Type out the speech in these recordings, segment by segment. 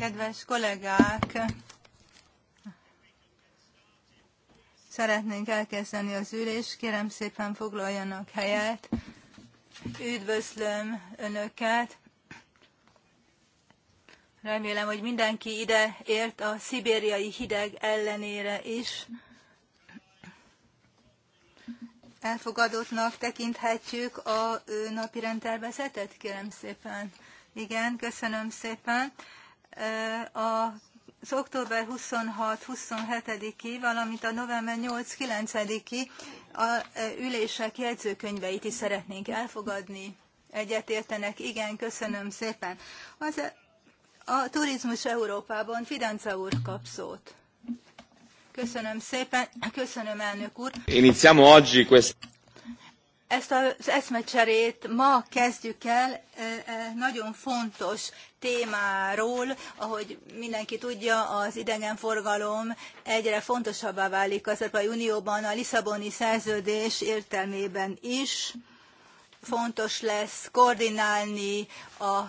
Kedves kollégák, szeretnénk elkezdeni az ülést. Kérem szépen foglaljanak helyet. Üdvözlöm Önöket. Remélem, hogy mindenki ide ért a szibériai hideg ellenére is. Elfogadottnak tekinthetjük a napi rendtervezetet? Kérem szépen. Igen, köszönöm szépen az október 26-27-i, valamint a november 8-9-i ülések jegyzőkönyveit is szeretnénk elfogadni. egyetértenek Igen, köszönöm szépen. Az a Turizmus Európában Fidanca úr kap szót. Köszönöm szépen, köszönöm elnök úr. Iniziamo oggi questo. Ezt az eszmecserét ma kezdjük el nagyon fontos témáról, ahogy mindenki tudja, az idegenforgalom egyre fontosabbá válik az Európai Unióban, a Lisszaboni szerződés értelmében is. Fontos lesz koordinálni a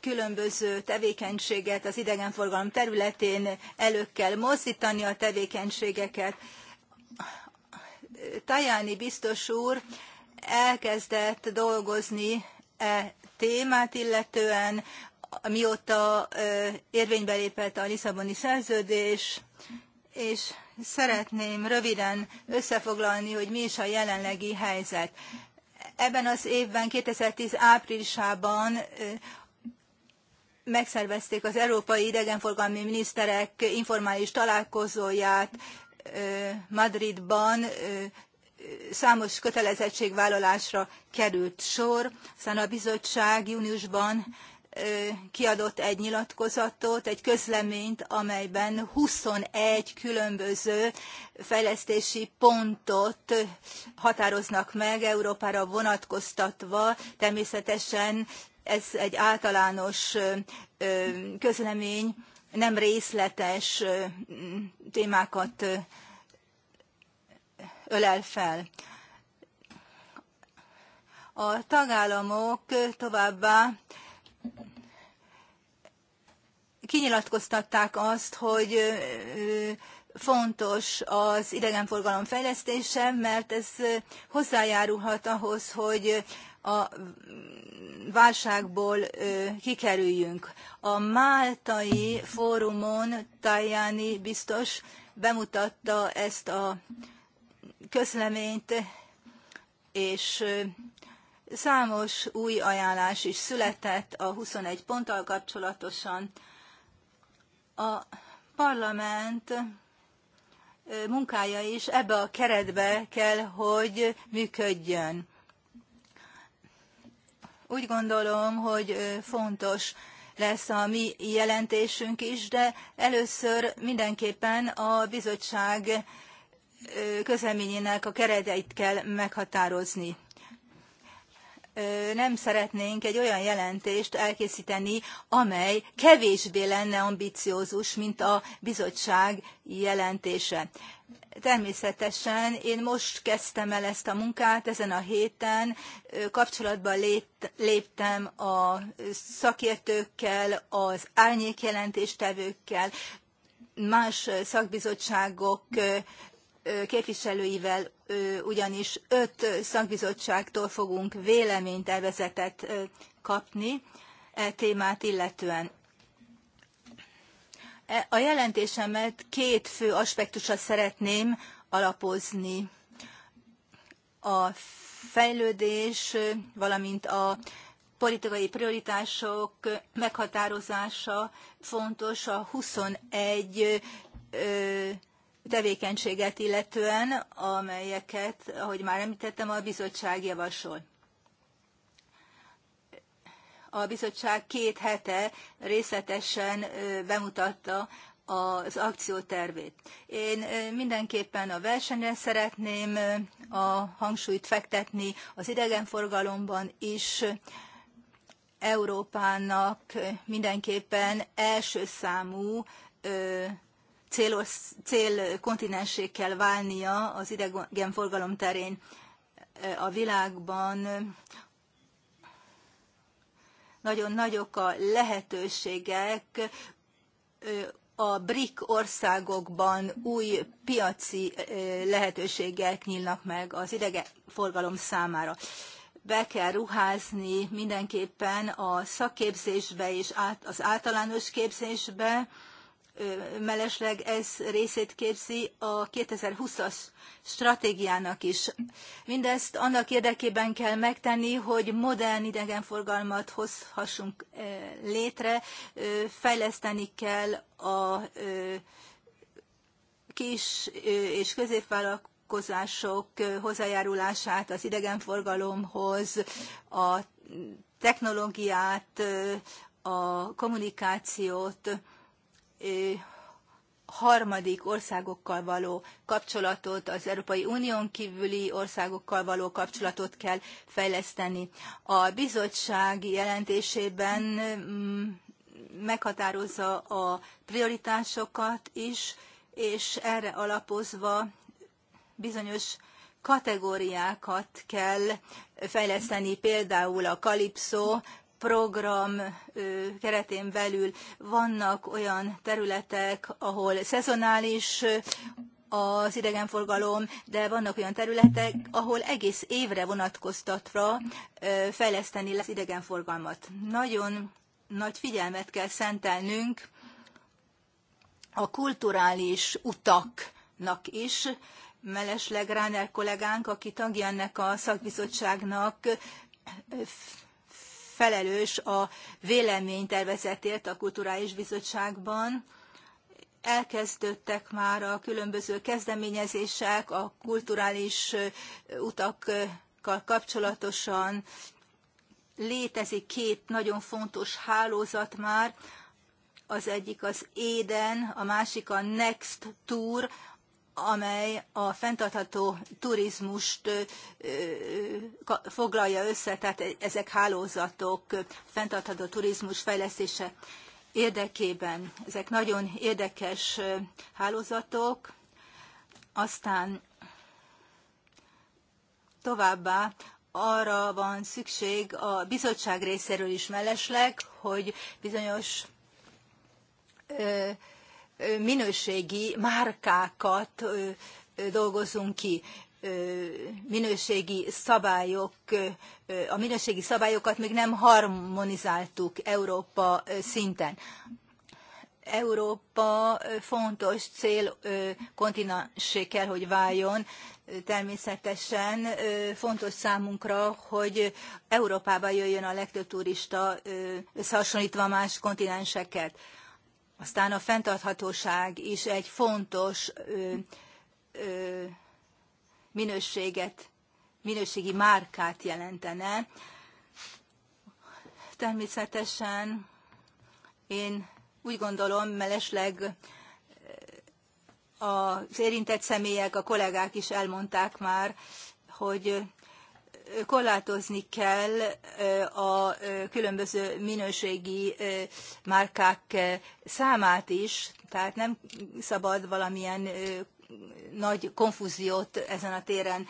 különböző tevékenységet az idegenforgalom területén, elő kell mozdítani a tevékenységeket, Tajani biztos úr elkezdett dolgozni e témát illetően, mióta érvénybe lépett a Lisszaboni szerződés, és szeretném röviden összefoglalni, hogy mi is a jelenlegi helyzet. Ebben az évben, 2010 áprilisában megszervezték az Európai Idegenforgalmi Miniszterek informális találkozóját, Madridban számos kötelezettségvállalásra került sor, aztán a bizottság júniusban kiadott egy nyilatkozatot, egy közleményt, amelyben 21 különböző fejlesztési pontot határoznak meg Európára vonatkoztatva. Természetesen ez egy általános közlemény, nem részletes témákat ölel fel. A tagállamok továbbá kinyilatkoztatták azt, hogy fontos az idegenforgalom fejlesztése, mert ez hozzájárulhat ahhoz, hogy a válságból kikerüljünk. A Máltai fórumon Tajani biztos bemutatta ezt a közleményt, és számos új ajánlás is született a 21 ponttal kapcsolatosan. A parlament munkája is ebbe a keretbe kell, hogy működjön. Úgy gondolom, hogy fontos lesz a mi jelentésünk is, de először mindenképpen a bizottság közleményének a kereteit kell meghatározni. Nem szeretnénk egy olyan jelentést elkészíteni, amely kevésbé lenne ambiciózus, mint a bizottság jelentése. Természetesen én most kezdtem el ezt a munkát, ezen a héten kapcsolatba léptem a szakértőkkel, az árnyékjelentéstevőkkel, más szakbizottságok képviselőivel ugyanis öt szakbizottságtól fogunk véleménytervezetet kapni e témát illetően. E, a jelentésemet két fő aspektusra szeretném alapozni. A fejlődés, valamint a politikai prioritások meghatározása fontos a 21 tevékenységet illetően, amelyeket, ahogy már említettem, a bizottság javasol a bizottság két hete részletesen bemutatta az akciótervét. Én mindenképpen a versenyre szeretném a hangsúlyt fektetni az idegenforgalomban is. Európának mindenképpen első számú célos, cél kell válnia az idegenforgalom terén a világban nagyon nagyok a lehetőségek a BRIC országokban új piaci lehetőségek nyílnak meg az idegenforgalom számára. Be kell ruházni mindenképpen a szakképzésbe és az általános képzésbe, mellesleg ez részét képzi a 2020-as stratégiának is. Mindezt annak érdekében kell megtenni, hogy modern idegenforgalmat hozhassunk létre, fejleszteni kell a kis és középvállalkozások hozzájárulását az idegenforgalomhoz, a technológiát, a kommunikációt harmadik országokkal való kapcsolatot, az Európai Unión kívüli országokkal való kapcsolatot kell fejleszteni. A bizottság jelentésében mm, meghatározza a prioritásokat is, és erre alapozva bizonyos kategóriákat kell fejleszteni, például a kalipszó program keretén belül vannak olyan területek, ahol szezonális az idegenforgalom, de vannak olyan területek, ahol egész évre vonatkoztatva fejleszteni lesz idegenforgalmat. Nagyon nagy figyelmet kell szentelnünk a kulturális utaknak is. Melesleg Ráner kollégánk, aki tagja ennek a szakbizottságnak, felelős a véleménytervezetért a Kulturális Bizottságban. Elkezdődtek már a különböző kezdeményezések a kulturális utakkal kapcsolatosan. Létezik két nagyon fontos hálózat már, az egyik az Éden, a másik a Next Tour, amely a fenntartható turizmust foglalja össze, tehát e, ezek hálózatok, fenntartható turizmus fejlesztése érdekében. Ezek nagyon érdekes hálózatok. Aztán továbbá arra van szükség a bizottság részéről is mellesleg, hogy bizonyos minőségi márkákat dolgozunk ki minőségi szabályok, a minőségi szabályokat még nem harmonizáltuk Európa szinten. Európa fontos cél kontinensé kell, hogy váljon. Természetesen fontos számunkra, hogy Európába jöjjön a legtöbb turista, összehasonlítva más kontinenseket. Aztán a fenntarthatóság is egy fontos ö, ö, minőséget, minőségi márkát jelentene. Természetesen én úgy gondolom, melesleg az érintett személyek, a kollégák is elmondták már, hogy korlátozni kell a különböző minőségi márkák számát is, tehát nem szabad valamilyen nagy konfúziót ezen a téren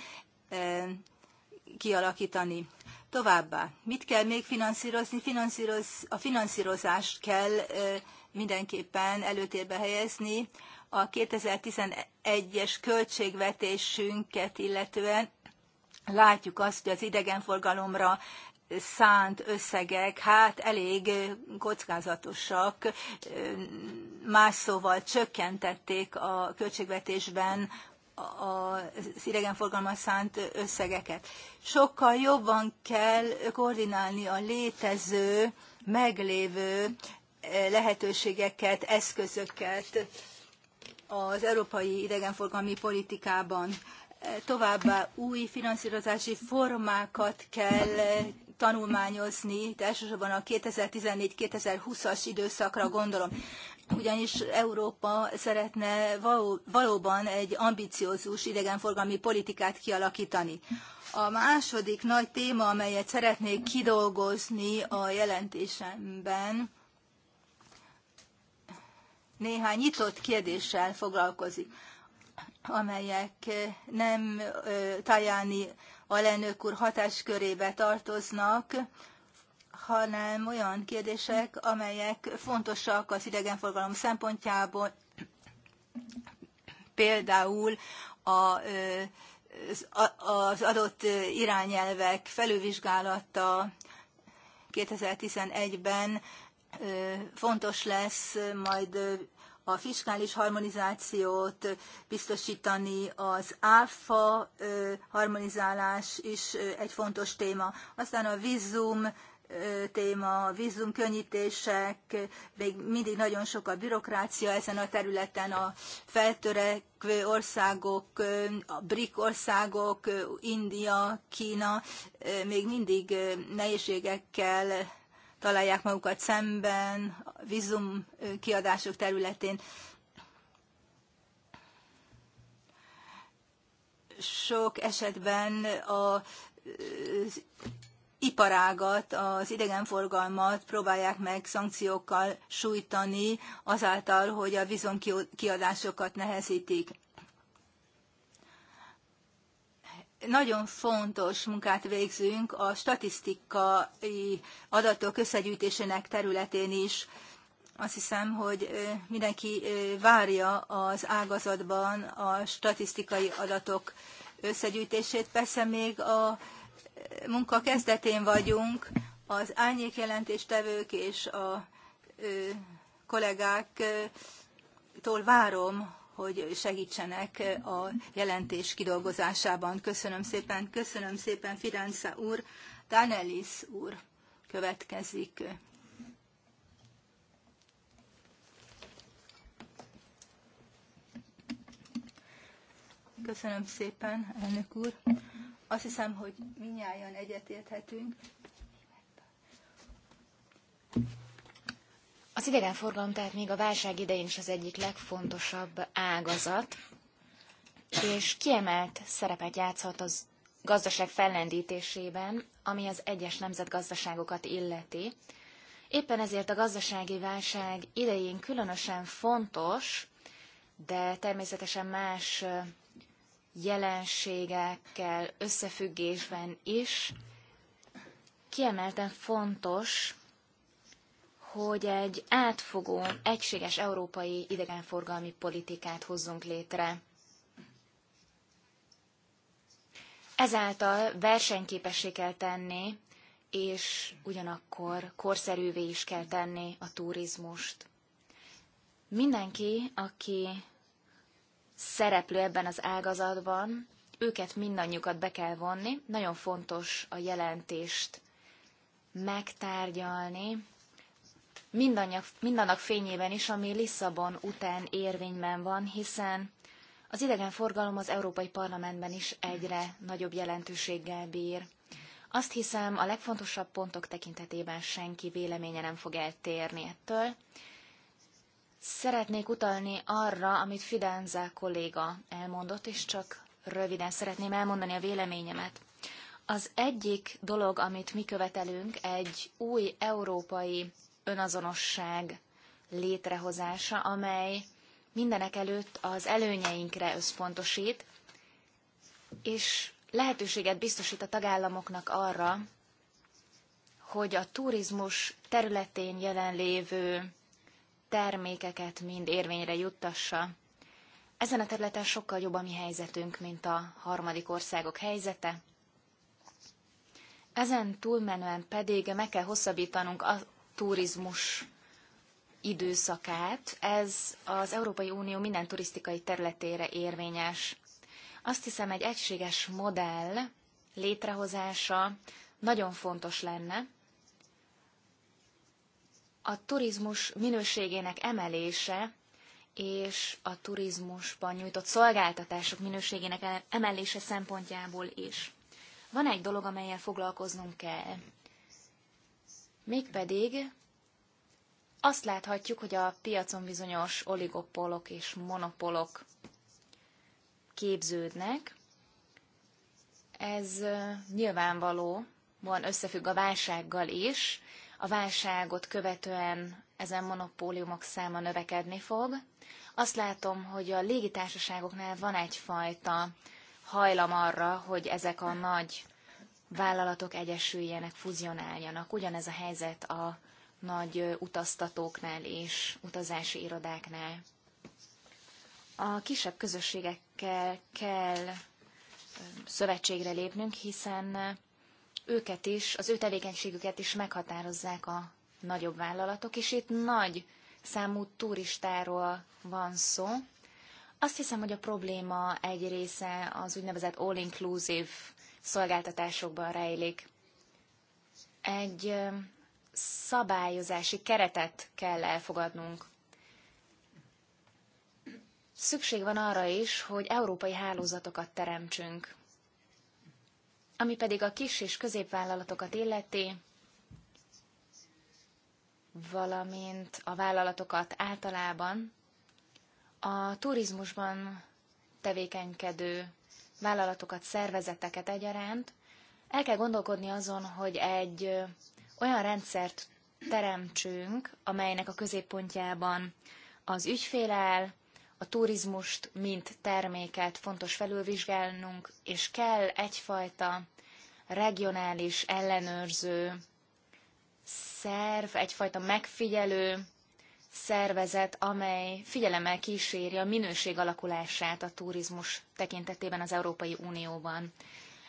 kialakítani. Továbbá, mit kell még finanszírozni? Finanszíroz, a finanszírozást kell mindenképpen előtérbe helyezni a 2011-es költségvetésünket illetően látjuk azt, hogy az idegenforgalomra szánt összegek hát elég kockázatosak, más szóval csökkentették a költségvetésben az idegenforgalma szánt összegeket. Sokkal jobban kell koordinálni a létező, meglévő lehetőségeket, eszközöket az európai idegenforgalmi politikában továbbá új finanszírozási formákat kell eh, tanulmányozni, itt elsősorban a 2014-2020-as időszakra gondolom, ugyanis Európa szeretne valóban egy ambiciózus idegenforgalmi politikát kialakítani. A második nagy téma, amelyet szeretnék kidolgozni a jelentésemben, néhány nyitott kérdéssel foglalkozik amelyek eh, nem eh, Tajáni alelnök úr hatáskörébe tartoznak, hanem olyan kérdések, amelyek fontosak az idegenforgalom szempontjából, például a, eh, az adott irányelvek felülvizsgálata 2011-ben fontos lesz, majd a fiskális harmonizációt biztosítani, az áfa harmonizálás is egy fontos téma. Aztán a vízum téma, vízum könnyítések, még mindig nagyon sok a bürokrácia ezen a területen, a feltörekvő országok, a BRIC országok, India, Kína még mindig nehézségekkel találják magukat szemben vízum kiadások területén. Sok esetben a iparágat, az idegenforgalmat próbálják meg szankciókkal sújtani azáltal, hogy a kiadásokat nehezítik. nagyon fontos munkát végzünk a statisztikai adatok összegyűjtésének területén is. Azt hiszem, hogy mindenki várja az ágazatban a statisztikai adatok összegyűjtését. Persze még a munka kezdetén vagyunk, az árnyék és a kollégáktól várom hogy segítsenek a jelentés kidolgozásában. Köszönöm szépen, köszönöm szépen Firenze úr, Danelis úr következik. Köszönöm szépen, elnök úr. Azt hiszem, hogy minnyáján egyetérthetünk az idegenforgalom tehát még a válság idején is az egyik legfontosabb ágazat, és kiemelt szerepet játszhat az gazdaság fellendítésében, ami az egyes nemzetgazdaságokat illeti. Éppen ezért a gazdasági válság idején különösen fontos, de természetesen más jelenségekkel összefüggésben is kiemelten fontos hogy egy átfogó, egységes európai idegenforgalmi politikát hozzunk létre. Ezáltal versenyképessé kell tenni, és ugyanakkor korszerűvé is kell tenni a turizmust. Mindenki, aki szereplő ebben az ágazatban, őket mindannyiukat be kell vonni. Nagyon fontos a jelentést megtárgyalni, mindannak, fényében is, ami Lisszabon után érvényben van, hiszen az idegenforgalom az Európai Parlamentben is egyre nagyobb jelentőséggel bír. Azt hiszem, a legfontosabb pontok tekintetében senki véleménye nem fog eltérni ettől. Szeretnék utalni arra, amit Fidenza kolléga elmondott, és csak röviden szeretném elmondani a véleményemet. Az egyik dolog, amit mi követelünk, egy új európai önazonosság létrehozása, amely mindenek előtt az előnyeinkre összpontosít, és lehetőséget biztosít a tagállamoknak arra, hogy a turizmus területén jelenlévő termékeket mind érvényre juttassa. Ezen a területen sokkal jobb a mi helyzetünk, mint a harmadik országok helyzete. Ezen túlmenően pedig meg kell hosszabbítanunk turizmus időszakát. Ez az Európai Unió minden turisztikai területére érvényes. Azt hiszem, egy egységes modell létrehozása nagyon fontos lenne. A turizmus minőségének emelése és a turizmusban nyújtott szolgáltatások minőségének e- emelése szempontjából is. Van egy dolog, amelyel foglalkoznunk kell. Mégpedig azt láthatjuk, hogy a piacon bizonyos oligopolok és monopolok képződnek. Ez nyilvánvalóan összefügg a válsággal is. A válságot követően ezen monopóliumok száma növekedni fog. Azt látom, hogy a légitársaságoknál van egyfajta hajlam arra, hogy ezek a nagy vállalatok egyesüljenek, fuzionáljanak. Ugyanez a helyzet a nagy utaztatóknál és utazási irodáknál. A kisebb közösségekkel kell szövetségre lépnünk, hiszen őket is, az ő tevékenységüket is meghatározzák a nagyobb vállalatok, és itt nagy számú turistáról van szó. Azt hiszem, hogy a probléma egy része az úgynevezett all-inclusive szolgáltatásokban rejlik. Egy szabályozási keretet kell elfogadnunk. Szükség van arra is, hogy európai hálózatokat teremtsünk. Ami pedig a kis és középvállalatokat illeti, valamint a vállalatokat általában, a turizmusban tevékenykedő vállalatokat, szervezeteket egyaránt, el kell gondolkodni azon, hogy egy olyan rendszert teremtsünk, amelynek a középpontjában az ügyfél áll, a turizmust, mint terméket fontos felülvizsgálnunk, és kell egyfajta regionális ellenőrző szerv, egyfajta megfigyelő szervezet, amely figyelemmel kíséri a minőség alakulását a turizmus tekintetében az Európai Unióban.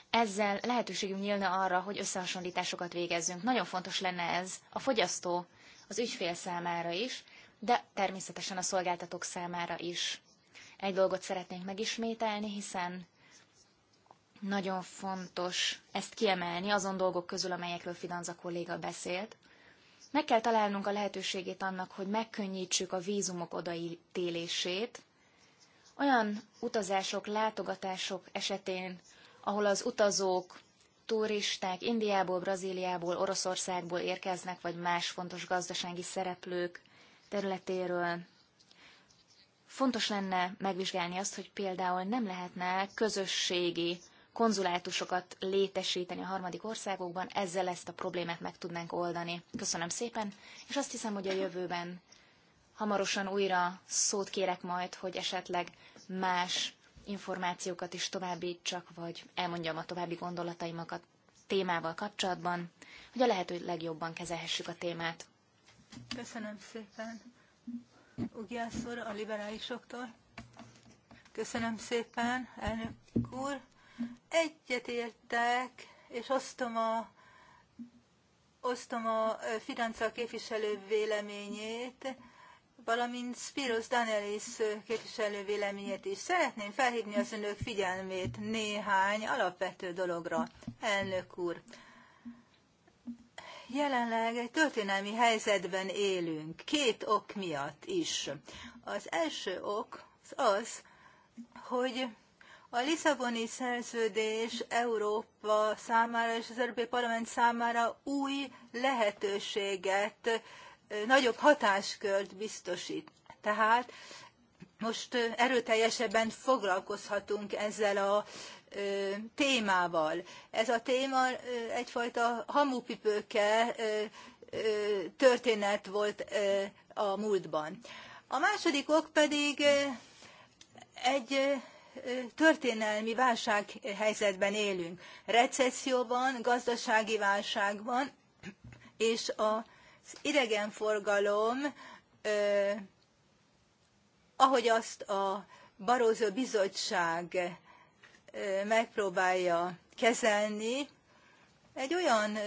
Ezzel lehetőségünk nyílna arra, hogy összehasonlításokat végezzünk. Nagyon fontos lenne ez a fogyasztó, az ügyfél számára is, de természetesen a szolgáltatók számára is. Egy dolgot szeretnénk megismételni, hiszen nagyon fontos ezt kiemelni azon dolgok közül, amelyekről Fidanza kolléga beszélt. Meg kell találnunk a lehetőségét annak, hogy megkönnyítsük a vízumok odaítélését. Olyan utazások, látogatások esetén, ahol az utazók, turisták Indiából, Brazíliából, Oroszországból érkeznek, vagy más fontos gazdasági szereplők területéről. Fontos lenne megvizsgálni azt, hogy például nem lehetne közösségi konzulátusokat létesíteni a harmadik országokban, ezzel ezt a problémát meg tudnánk oldani. Köszönöm szépen, és azt hiszem, hogy a jövőben hamarosan újra szót kérek majd, hogy esetleg más információkat is továbbítsak, vagy elmondjam a további gondolataimakat témával kapcsolatban, hogy a lehető legjobban kezelhessük a témát. Köszönöm szépen. Ugyászor a liberálisoktól. Köszönöm szépen, elnök úr. Egyetértek, és osztom a, osztom a Fidanca képviselő véleményét, valamint Spiros Danelis képviselő véleményét is. Szeretném felhívni az önök figyelmét néhány alapvető dologra, elnök úr. Jelenleg egy történelmi helyzetben élünk, két ok miatt is. Az első ok az, az hogy a Lisszaboni szerződés Európa számára és az Európai Parlament számára új lehetőséget, nagyobb hatáskört biztosít. Tehát most erőteljesebben foglalkozhatunk ezzel a témával. Ez a téma egyfajta hamupipőke történet volt a múltban. A második ok pedig egy történelmi válsághelyzetben élünk. Recesszióban, gazdasági válságban, és az idegenforgalom, ahogy azt a Barózó Bizottság megpróbálja kezelni, egy olyan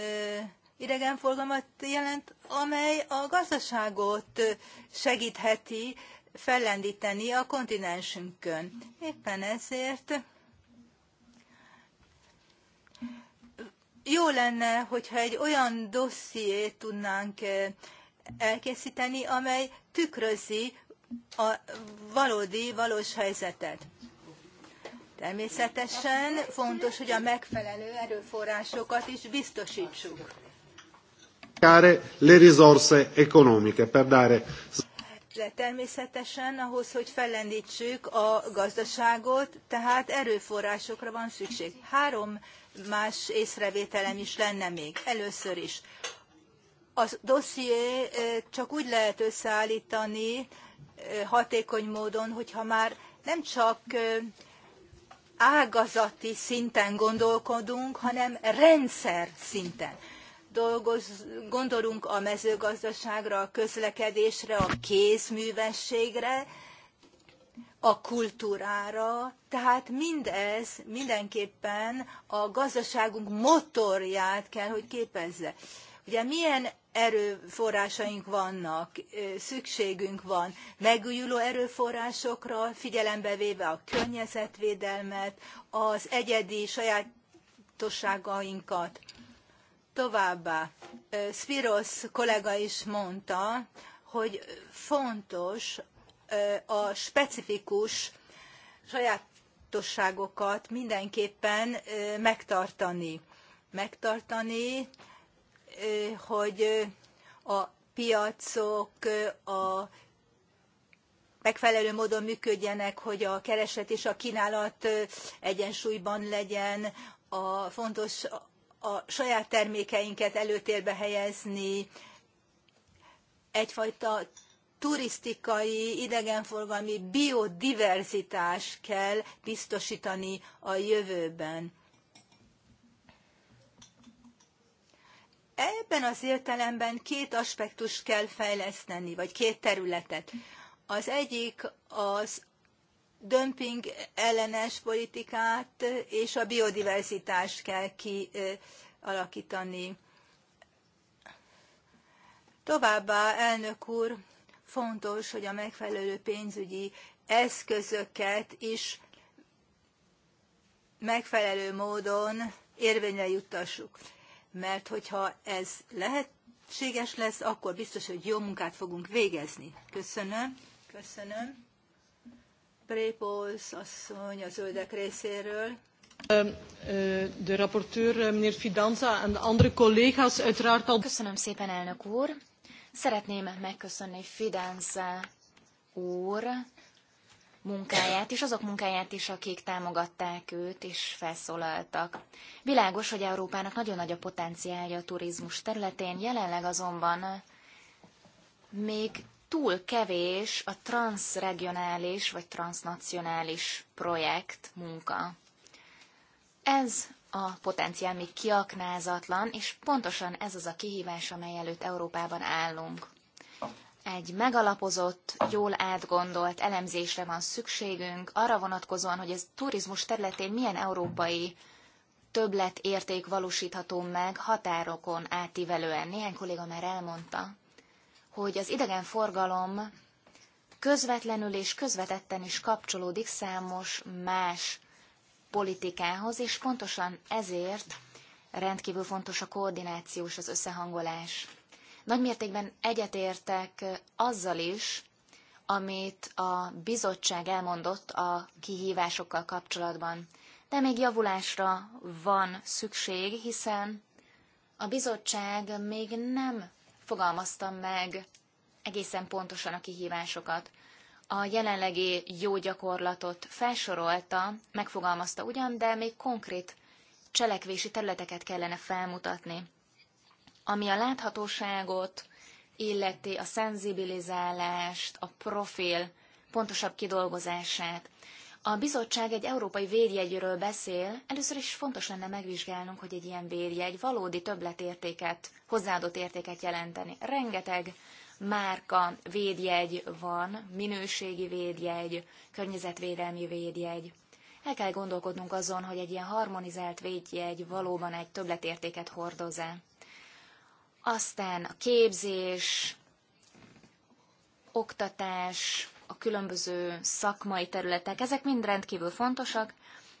idegenforgalmat jelent, amely a gazdaságot segítheti, fellendíteni a kontinensünkön. Éppen ezért jó lenne, hogyha egy olyan dossziét tudnánk eh, elkészíteni, amely tükrözi a valódi, valós helyzetet. Természetesen fontos, hogy a megfelelő erőforrásokat is biztosítsuk. le risorse economiche per dare szereple természetesen ahhoz, hogy fellendítsük a gazdaságot, tehát erőforrásokra van szükség. Három más észrevételem is lenne még. Először is. A dosszié csak úgy lehet összeállítani hatékony módon, hogyha már nem csak ágazati szinten gondolkodunk, hanem rendszer szinten dolgoz, gondolunk a mezőgazdaságra, a közlekedésre, a kézművességre, a kultúrára, tehát mindez mindenképpen a gazdaságunk motorját kell, hogy képezze. Ugye milyen erőforrásaink vannak, szükségünk van megújuló erőforrásokra, figyelembe véve a környezetvédelmet, az egyedi sajátosságainkat. Továbbá, Spiros kollega is mondta, hogy fontos a specifikus sajátosságokat mindenképpen megtartani. Megtartani, hogy a piacok a megfelelő módon működjenek, hogy a kereset és a kínálat egyensúlyban legyen, a fontos a saját termékeinket előtérbe helyezni, egyfajta turisztikai, idegenforgalmi biodiverzitás kell biztosítani a jövőben. Ebben az értelemben két aspektust kell fejleszteni, vagy két területet. Az egyik az dömping ellenes politikát és a biodiverzitást kell kialakítani. Továbbá, elnök úr, fontos, hogy a megfelelő pénzügyi eszközöket is megfelelő módon érvényre juttassuk. Mert hogyha ez lehetséges lesz, akkor biztos, hogy jó munkát fogunk végezni. Köszönöm. Köszönöm asszony a zöldek részéről. Ehm, eh, de rapporteur, eh, meneer Fidanza, en de andere collega's uiteraard al... Köszönöm szépen, elnök úr. Szeretném megköszönni Fidanza úr munkáját, és azok munkáját is, akik támogatták őt, és felszólaltak. Világos, hogy Európának nagyon nagy a potenciálja a turizmus területén, jelenleg azonban még túl kevés a transregionális vagy transnacionális projekt munka. Ez a potenciál még kiaknázatlan, és pontosan ez az a kihívás, amely előtt Európában állunk. Egy megalapozott, jól átgondolt elemzésre van szükségünk, arra vonatkozóan, hogy ez turizmus területén milyen európai többletérték valósítható meg határokon átívelően. Néhány kolléga már elmondta, hogy az idegenforgalom közvetlenül és közvetetten is kapcsolódik számos más politikához, és pontosan ezért rendkívül fontos a koordináció és az összehangolás. Nagymértékben egyetértek azzal is, amit a bizottság elmondott a kihívásokkal kapcsolatban. De még javulásra van szükség, hiszen a bizottság még nem fogalmaztam meg egészen pontosan a kihívásokat. A jelenlegi jó gyakorlatot felsorolta, megfogalmazta ugyan, de még konkrét cselekvési területeket kellene felmutatni. Ami a láthatóságot illeti, a szenzibilizálást, a profil pontosabb kidolgozását, a bizottság egy európai védjegyről beszél, először is fontos lenne megvizsgálnunk, hogy egy ilyen védjegy valódi többletértéket, hozzáadott értéket jelenteni. Rengeteg márka védjegy van, minőségi védjegy, környezetvédelmi védjegy. El kell gondolkodnunk azon, hogy egy ilyen harmonizált védjegy valóban egy többletértéket hordoz-e. Aztán a képzés, oktatás, a különböző szakmai területek, ezek mind rendkívül fontosak,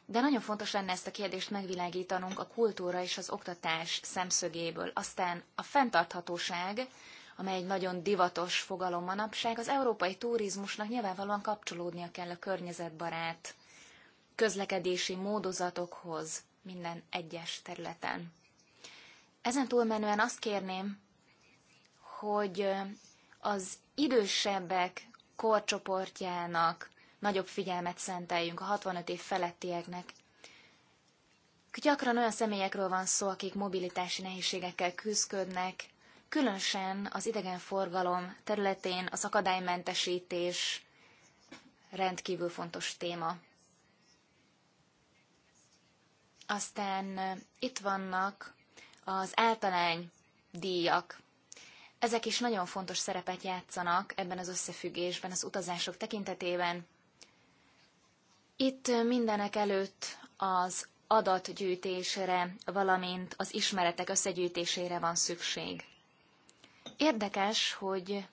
de nagyon fontos lenne ezt a kérdést megvilágítanunk a kultúra és az oktatás szemszögéből. Aztán a fenntarthatóság, amely egy nagyon divatos fogalom manapság, az európai turizmusnak nyilvánvalóan kapcsolódnia kell a környezetbarát közlekedési módozatokhoz minden egyes területen. Ezen túlmenően azt kérném, hogy az idősebbek korcsoportjának nagyobb figyelmet szenteljünk, a 65 év felettieknek. Gyakran olyan személyekről van szó, akik mobilitási nehézségekkel küzdködnek, különösen az idegenforgalom területén az akadálymentesítés rendkívül fontos téma. Aztán eh, itt vannak az általány díjak, ezek is nagyon fontos szerepet játszanak ebben az összefüggésben, az utazások tekintetében. Itt mindenek előtt az adatgyűjtésre, valamint az ismeretek összegyűjtésére van szükség. Érdekes, hogy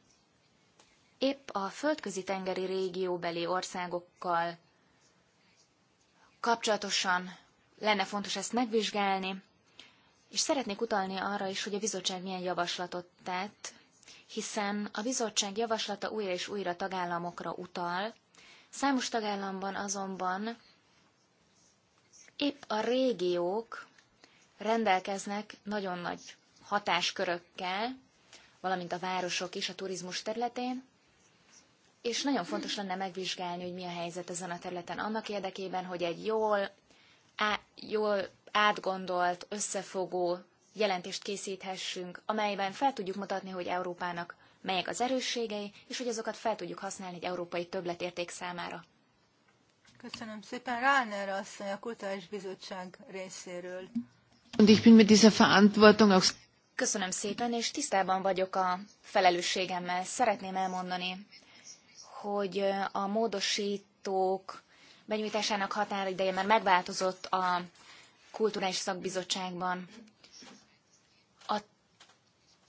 épp a földközi tengeri régióbeli országokkal kapcsolatosan lenne fontos ezt megvizsgálni, és szeretnék utalni arra is, hogy a bizottság milyen javaslatot tett, hiszen a bizottság javaslata újra és újra tagállamokra utal, számos tagállamban azonban épp a régiók rendelkeznek nagyon nagy hatáskörökkel, valamint a városok is a turizmus területén, és nagyon fontos lenne megvizsgálni, hogy mi a helyzet ezen a területen annak érdekében, hogy egy jól, á, jól átgondolt, összefogó jelentést készíthessünk, amelyben fel tudjuk mutatni, hogy Európának melyek az erősségei, és hogy azokat fel tudjuk használni egy európai többletérték számára. Köszönöm szépen. Ráner asszony a Kultúrás Bizottság részéről. Und ich bin mit dieser Verantwortung auch Köszönöm szépen, és tisztában vagyok a felelősségemmel. Szeretném elmondani, hogy a módosítók benyújtásának határideje már megváltozott a kulturális szakbizottságban. A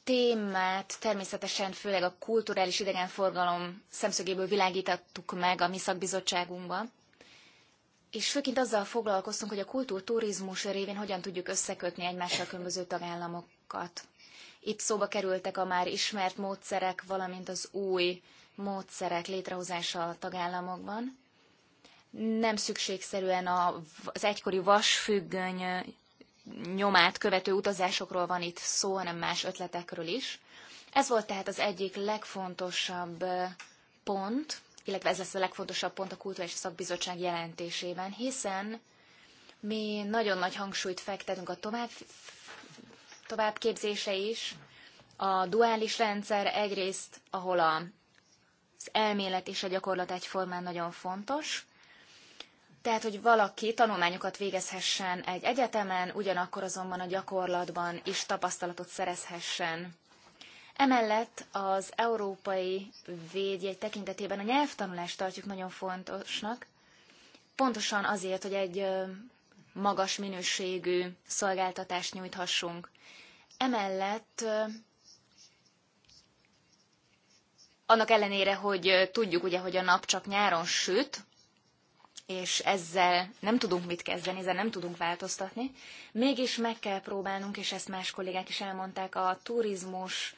témát természetesen főleg a kulturális idegenforgalom szemszögéből világítottuk meg a mi szakbizottságunkban, és főként azzal foglalkoztunk, hogy a kultúrturizmus révén hogyan tudjuk összekötni egymással különböző tagállamokat. Itt szóba kerültek a már ismert módszerek, valamint az új módszerek létrehozása a tagállamokban nem szükségszerűen az egykori vasfüggöny nyomát követő utazásokról van itt szó, hanem más ötletekről is. Ez volt tehát az egyik legfontosabb pont, illetve ez lesz a legfontosabb pont a Kulturális Szakbizottság jelentésében, hiszen mi nagyon nagy hangsúlyt fektetünk a tovább, továbbképzése is. A duális rendszer egyrészt, ahol a, az elmélet és a gyakorlat egyformán nagyon fontos, tehát, hogy valaki tanulmányokat végezhessen egy egyetemen, ugyanakkor azonban a gyakorlatban is tapasztalatot szerezhessen. Emellett az európai védjegy tekintetében a nyelvtanulást tartjuk nagyon fontosnak, pontosan azért, hogy egy magas minőségű szolgáltatást nyújthassunk. Emellett annak ellenére, hogy tudjuk ugye, hogy a nap csak nyáron süt, és ezzel nem tudunk mit kezdeni, ezzel nem tudunk változtatni. Mégis meg kell próbálnunk, és ezt más kollégák is elmondták, a turizmus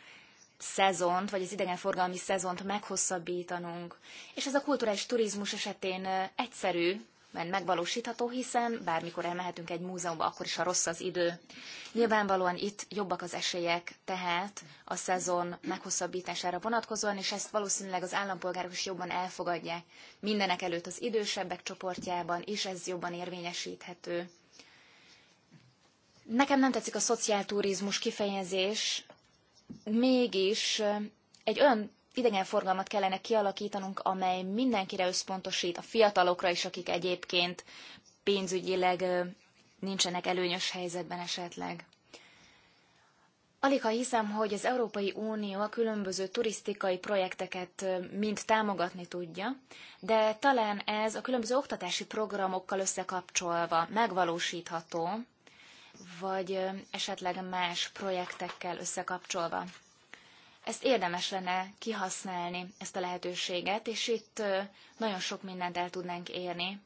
szezont, vagy az idegenforgalmi szezont meghosszabbítanunk. És ez a kulturális turizmus esetén egyszerű, mert megvalósítható, hiszen bármikor elmehetünk egy múzeumba, akkor is, a rossz az idő. Nyilvánvalóan itt jobbak az esélyek, tehát a szezon meghosszabbítására vonatkozóan, és ezt valószínűleg az állampolgárok is jobban elfogadják. Mindenek előtt az idősebbek csoportjában is ez jobban érvényesíthető. Nekem nem tetszik a szociálturizmus kifejezés, mégis egy olyan idegenforgalmat kellene kialakítanunk, amely mindenkire összpontosít, a fiatalokra is, akik egyébként pénzügyileg nincsenek előnyös helyzetben esetleg. Alig ha hiszem, hogy az Európai Unió a különböző turisztikai projekteket mind támogatni tudja, de talán ez a különböző oktatási programokkal összekapcsolva megvalósítható, vagy esetleg más projektekkel összekapcsolva ezt érdemes lenne kihasználni, ezt a lehetőséget, és itt nagyon sok mindent el tudnánk érni.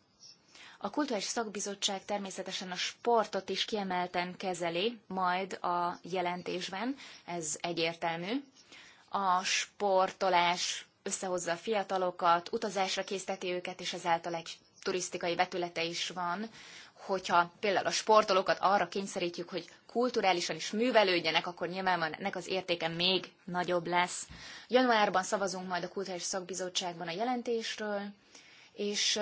A Kulturális Szakbizottság természetesen a sportot is kiemelten kezeli, majd a jelentésben, ez egyértelmű. A sportolás összehozza a fiatalokat, utazásra készteti őket, és ezáltal egy turisztikai vetülete is van, hogyha például a sportolókat arra kényszerítjük, hogy kulturálisan is művelődjenek, akkor nyilvánvalóan ennek az értéke még nagyobb lesz. Januárban szavazunk majd a Kulturális Szakbizottságban a jelentésről, és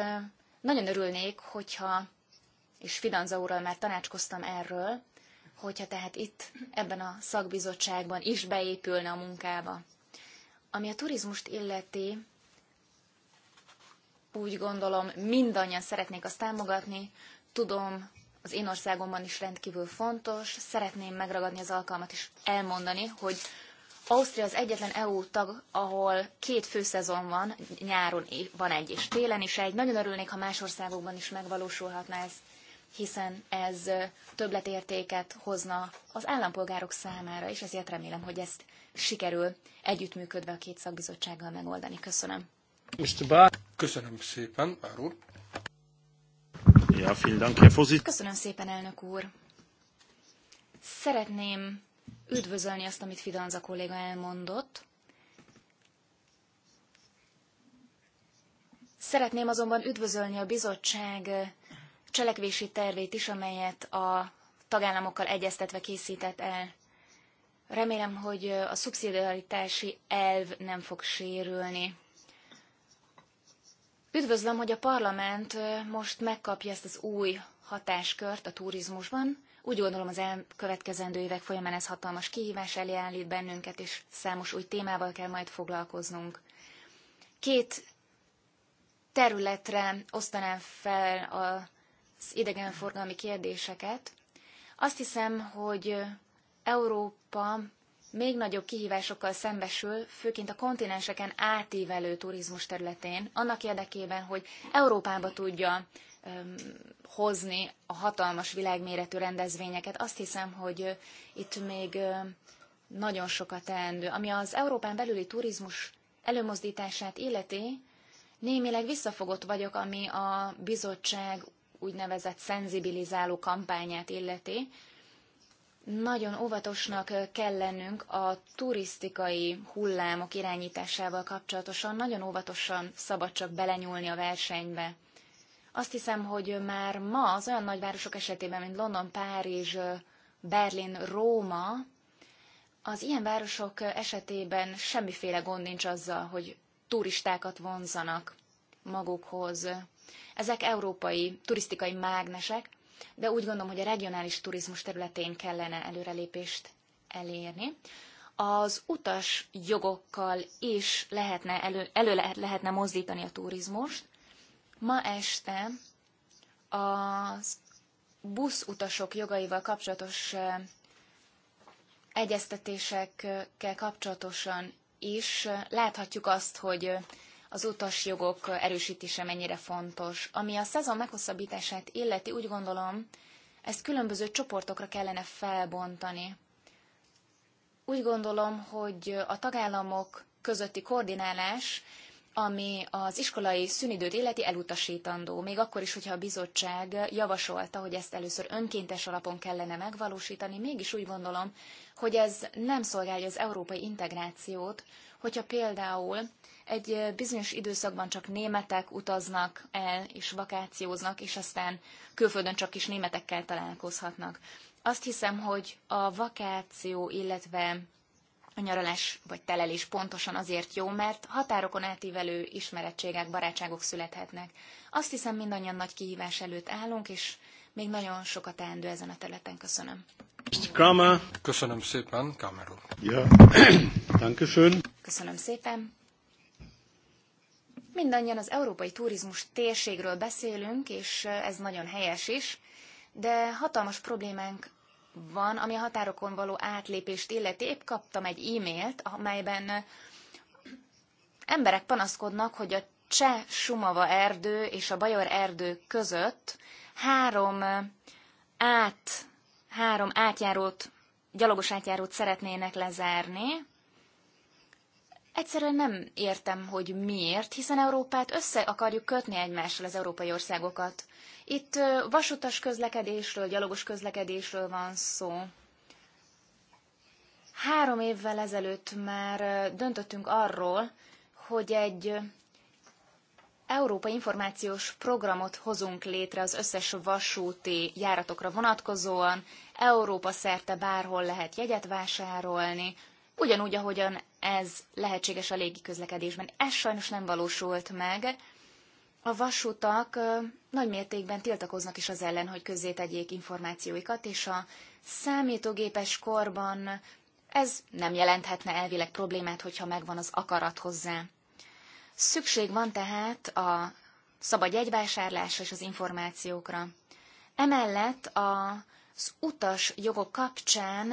nagyon örülnék, hogyha, és Fidanza úrral már tanácskoztam erről, hogyha tehát itt, ebben a szakbizottságban is beépülne a munkába. Ami a turizmust illeti, úgy gondolom, mindannyian szeretnék azt támogatni. Tudom, az én országomban is rendkívül fontos. Szeretném megragadni az alkalmat és elmondani, hogy Ausztria az egyetlen EU tag, ahol két főszezon van, nyáron van egy és télen is egy. Nagyon örülnék, ha más országokban is megvalósulhatna ez, hiszen ez többletértéket hozna az állampolgárok számára, és ezért remélem, hogy ezt sikerül együttműködve a két szakbizottsággal megoldani. Köszönöm. Köszönöm szépen, Bár úr. Köszönöm szépen, elnök úr. Szeretném üdvözölni azt, amit Fidanza kolléga elmondott. Szeretném azonban üdvözölni a bizottság cselekvési tervét is, amelyet a tagállamokkal egyeztetve készített el. Remélem, hogy a szubszidiaritási elv nem fog sérülni. Üdvözlöm, hogy a parlament most megkapja ezt az új hatáskört a turizmusban. Úgy gondolom az elkövetkezendő évek folyamán ez hatalmas kihívás elé állít bennünket, és számos új témával kell majd foglalkoznunk. Két területre osztanám fel az idegenforgalmi kérdéseket. Azt hiszem, hogy Európa még nagyobb kihívásokkal szembesül, főként a kontinenseken átívelő turizmus területén, annak érdekében, hogy Európába tudja öm, hozni a hatalmas világméretű rendezvényeket. Azt hiszem, hogy itt még öm, nagyon sokat teendő. Ami az Európán belüli turizmus előmozdítását illeti, némileg visszafogott vagyok, ami a bizottság úgynevezett szenzibilizáló kampányát illeti, nagyon óvatosnak kell lennünk a turisztikai hullámok irányításával kapcsolatosan, nagyon óvatosan szabad csak belenyúlni a versenybe. Azt hiszem, hogy már ma az olyan nagyvárosok esetében, mint London, Párizs, Berlin, Róma, az ilyen városok esetében semmiféle gond nincs azzal, hogy turistákat vonzanak magukhoz. Ezek európai turisztikai mágnesek, de úgy gondolom, hogy a regionális turizmus területén kellene előrelépést elérni. Az utas jogokkal is lehetne elő, elő lehet, lehetne mozdítani a turizmust. Ma este az buszutasok jogaival kapcsolatos eh, egyeztetésekkel kapcsolatosan is eh, láthatjuk azt, hogy eh, az utasjogok erősítése mennyire fontos. Ami a szezon meghosszabbítását illeti, úgy gondolom, ezt különböző csoportokra kellene felbontani. Úgy gondolom, hogy a tagállamok közötti koordinálás, ami az iskolai szünidőt illeti elutasítandó, még akkor is, hogyha a bizottság javasolta, hogy ezt először önkéntes alapon kellene megvalósítani, mégis úgy gondolom, hogy ez nem szolgálja az európai integrációt, hogyha például egy bizonyos időszakban csak németek utaznak el és vakációznak, és aztán külföldön csak is németekkel találkozhatnak. Azt hiszem, hogy a vakáció, illetve a nyaralás vagy telelés pontosan azért jó, mert határokon átívelő ismerettségek, barátságok születhetnek. Azt hiszem, mindannyian nagy kihívás előtt állunk, és még nagyon sokat teendő ezen a területen. Köszönöm. Köszönöm szépen, Kramer Ja, danke schön. Köszönöm szépen. Mindannyian az európai turizmus térségről beszélünk, és ez nagyon helyes is, de hatalmas problémánk van, ami a határokon való átlépést illeti. Épp kaptam egy e-mailt, amelyben emberek panaszkodnak, hogy a cseh Sumava erdő és a Bajor erdő között három át, három átjárót, gyalogos átjárót szeretnének lezárni, Egyszerűen nem értem, hogy miért, hiszen Európát össze akarjuk kötni egymással az európai országokat. Itt vasutas közlekedésről, gyalogos közlekedésről van szó. Három évvel ezelőtt már döntöttünk arról, hogy egy európai információs programot hozunk létre az összes vasúti járatokra vonatkozóan. Európa szerte bárhol lehet jegyet vásárolni, ugyanúgy, ahogyan ez lehetséges a légiközlekedésben. Ez sajnos nem valósult meg. A vasutak nagy mértékben tiltakoznak is az ellen, hogy tegyék információikat, és a számítógépes korban ez nem jelenthetne elvileg problémát, hogyha megvan az akarat hozzá. Szükség van tehát a szabad jegyvásárlásra és az információkra. Emellett az utas jogok kapcsán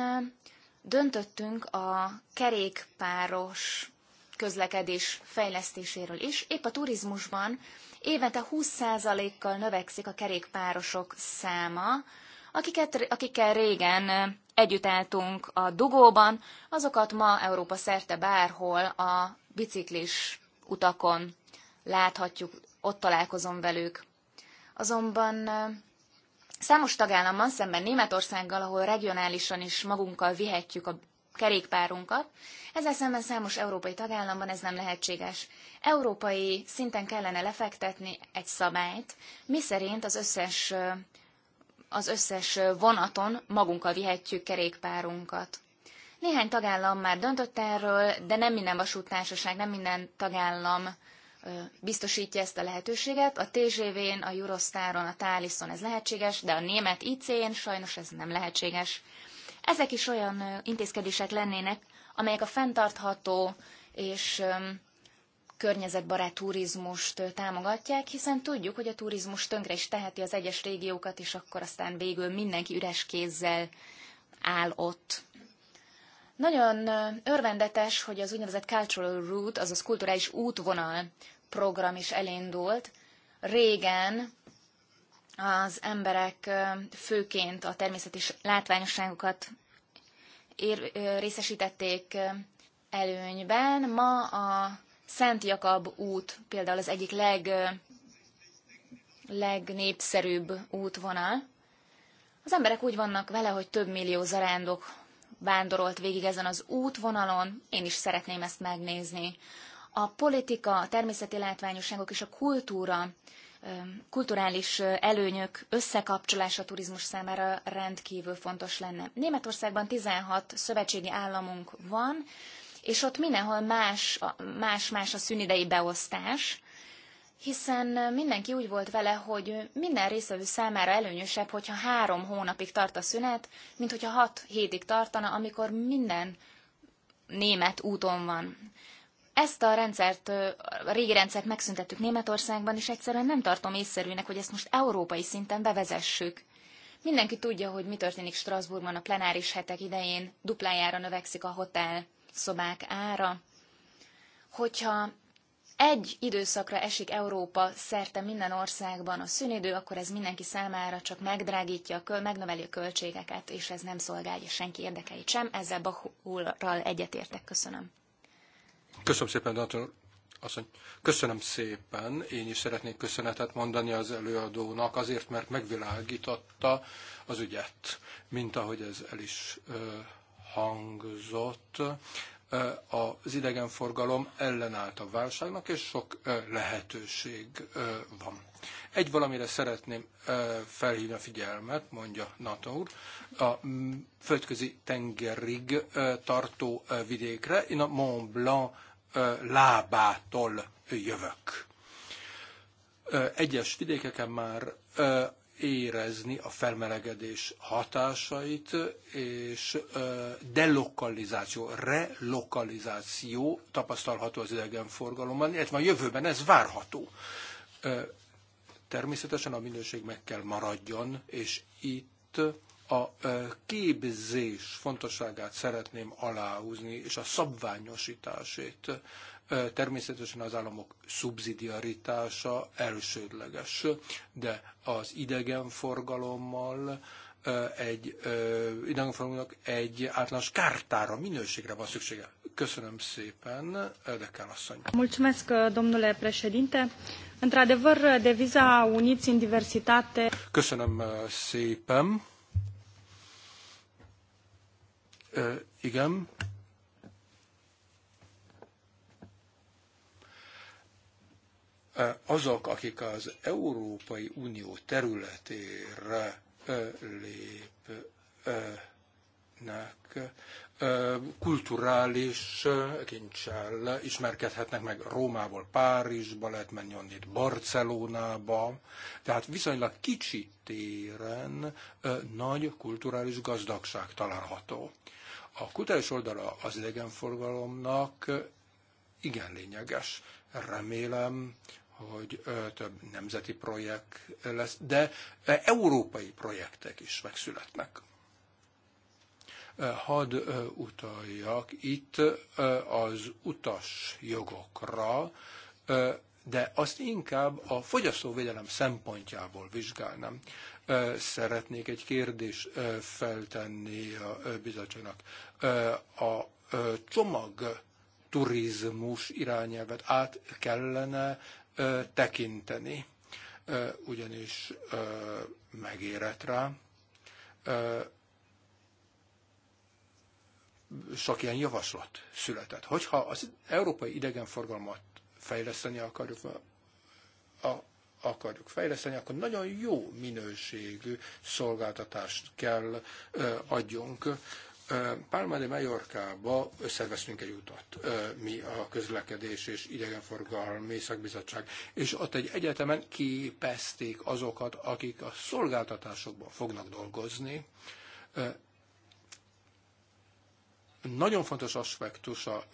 döntöttünk a kerékpáros közlekedés fejlesztéséről is. Épp a turizmusban évente 20%-kal növekszik a kerékpárosok száma, akiket, akikkel régen együtt álltunk a dugóban, azokat ma Európa szerte bárhol a biciklis utakon láthatjuk, ott találkozom velük. Azonban Számos tagállamban szemben Németországgal, ahol regionálisan is magunkkal vihetjük a kerékpárunkat, ezzel szemben számos európai tagállamban ez nem lehetséges. Európai szinten kellene lefektetni egy szabályt, miszerint az összes, az összes vonaton magunkkal vihetjük kerékpárunkat. Néhány tagállam már döntött erről, de nem minden vasútársaság, nem minden tagállam biztosítja ezt a lehetőséget. A TGV-n, a Eurostaron, a táliszon ez lehetséges, de a német IC-n sajnos ez nem lehetséges. Ezek is olyan intézkedések lennének, amelyek a fenntartható és környezetbarát turizmust támogatják, hiszen tudjuk, hogy a turizmus tönkre is teheti az egyes régiókat, és akkor aztán végül mindenki üres kézzel áll ott. Nagyon örvendetes, hogy az úgynevezett Cultural Route, azaz kulturális útvonal program is elindult. Régen az emberek főként a természeti látványosságokat ér, részesítették előnyben. Ma a Szent Jakab út például az egyik leg, legnépszerűbb útvonal. Az emberek úgy vannak vele, hogy több millió zarándok vándorolt végig ezen az útvonalon, én is szeretném ezt megnézni. A politika, a természeti látványosságok és a kultúra, kulturális előnyök összekapcsolása a turizmus számára rendkívül fontos lenne. Németországban 16 szövetségi államunk van, és ott mindenhol más-más a szünidei beosztás, hiszen mindenki úgy volt vele, hogy minden részvevő számára előnyösebb, hogyha három hónapig tart a szünet, mint hogyha hat hétig tartana, amikor minden német úton van. Ezt a rendszert, a régi rendszert megszüntettük Németországban, és egyszerűen nem tartom észszerűnek, hogy ezt most európai szinten bevezessük. Mindenki tudja, hogy mi történik Strasbourgban a plenáris hetek idején, duplájára növekszik a hotel szobák ára. Hogyha egy időszakra esik Európa szerte minden országban a szünidő, akkor ez mindenki számára csak megdrágítja, megnöveli a költségeket, és ez nem szolgálja senki érdekeit sem. Ezzel Bachulral egyetértek. Köszönöm. Köszönöm szépen, Dantor asszony. Köszönöm szépen. Én is szeretnék köszönetet mondani az előadónak azért, mert megvilágította az ügyet, mint ahogy ez el is hangzott az idegenforgalom ellenállt a válságnak, és sok lehetőség van. Egy valamire szeretném felhívni a figyelmet, mondja NATO úr, a földközi tengerig tartó vidékre, én a Mont Blanc lábától jövök. Egyes vidékeken már érezni a felmelegedés hatásait, és delokalizáció, relokalizáció tapasztalható az idegenforgalomban, illetve a jövőben ez várható. Természetesen a minőség meg kell maradjon, és itt a képzés fontosságát szeretném aláhúzni, és a szabványosításét Természetesen az államok szubszidiaritása elsődleges, de az idegenforgalommal egy idegenforgalomnak egy általános kártára, minőségre van szüksége. Köszönöm szépen, Dekán asszony. Mulțumesc, domnule președinte. Într-adevăr, deviza uniți în diversitate. Köszönöm szépen. Igen, azok, akik az Európai Unió területére lépnek, kulturális kincsel ismerkedhetnek meg Rómából, Párizsba, lehet menni onnit Barcelonába, tehát viszonylag kicsi téren nagy kulturális gazdagság található. A kutatás oldala az idegenforgalomnak igen lényeges. Remélem, hogy több nemzeti projekt lesz, de európai projektek is megszületnek. Hadd utaljak itt az utas jogokra, de azt inkább a fogyasztóvédelem szempontjából vizsgálnám. Szeretnék egy kérdést feltenni a bizottságnak. A csomag turizmus irányelvet át kellene tekinteni, ugyanis megérett rá. Sok ilyen javaslat született. Hogyha az európai idegenforgalmat fejleszteni akarjuk, a, akarjuk fejleszteni, akkor nagyon jó minőségű szolgáltatást kell adjunk Palma de Mallorca-ba összerveztünk egy utat, mi a közlekedés és idegenforgalmi szakbizottság, és ott egy egyetemen kipeszték azokat, akik a szolgáltatásokban fognak dolgozni. Nagyon fontos aspektus a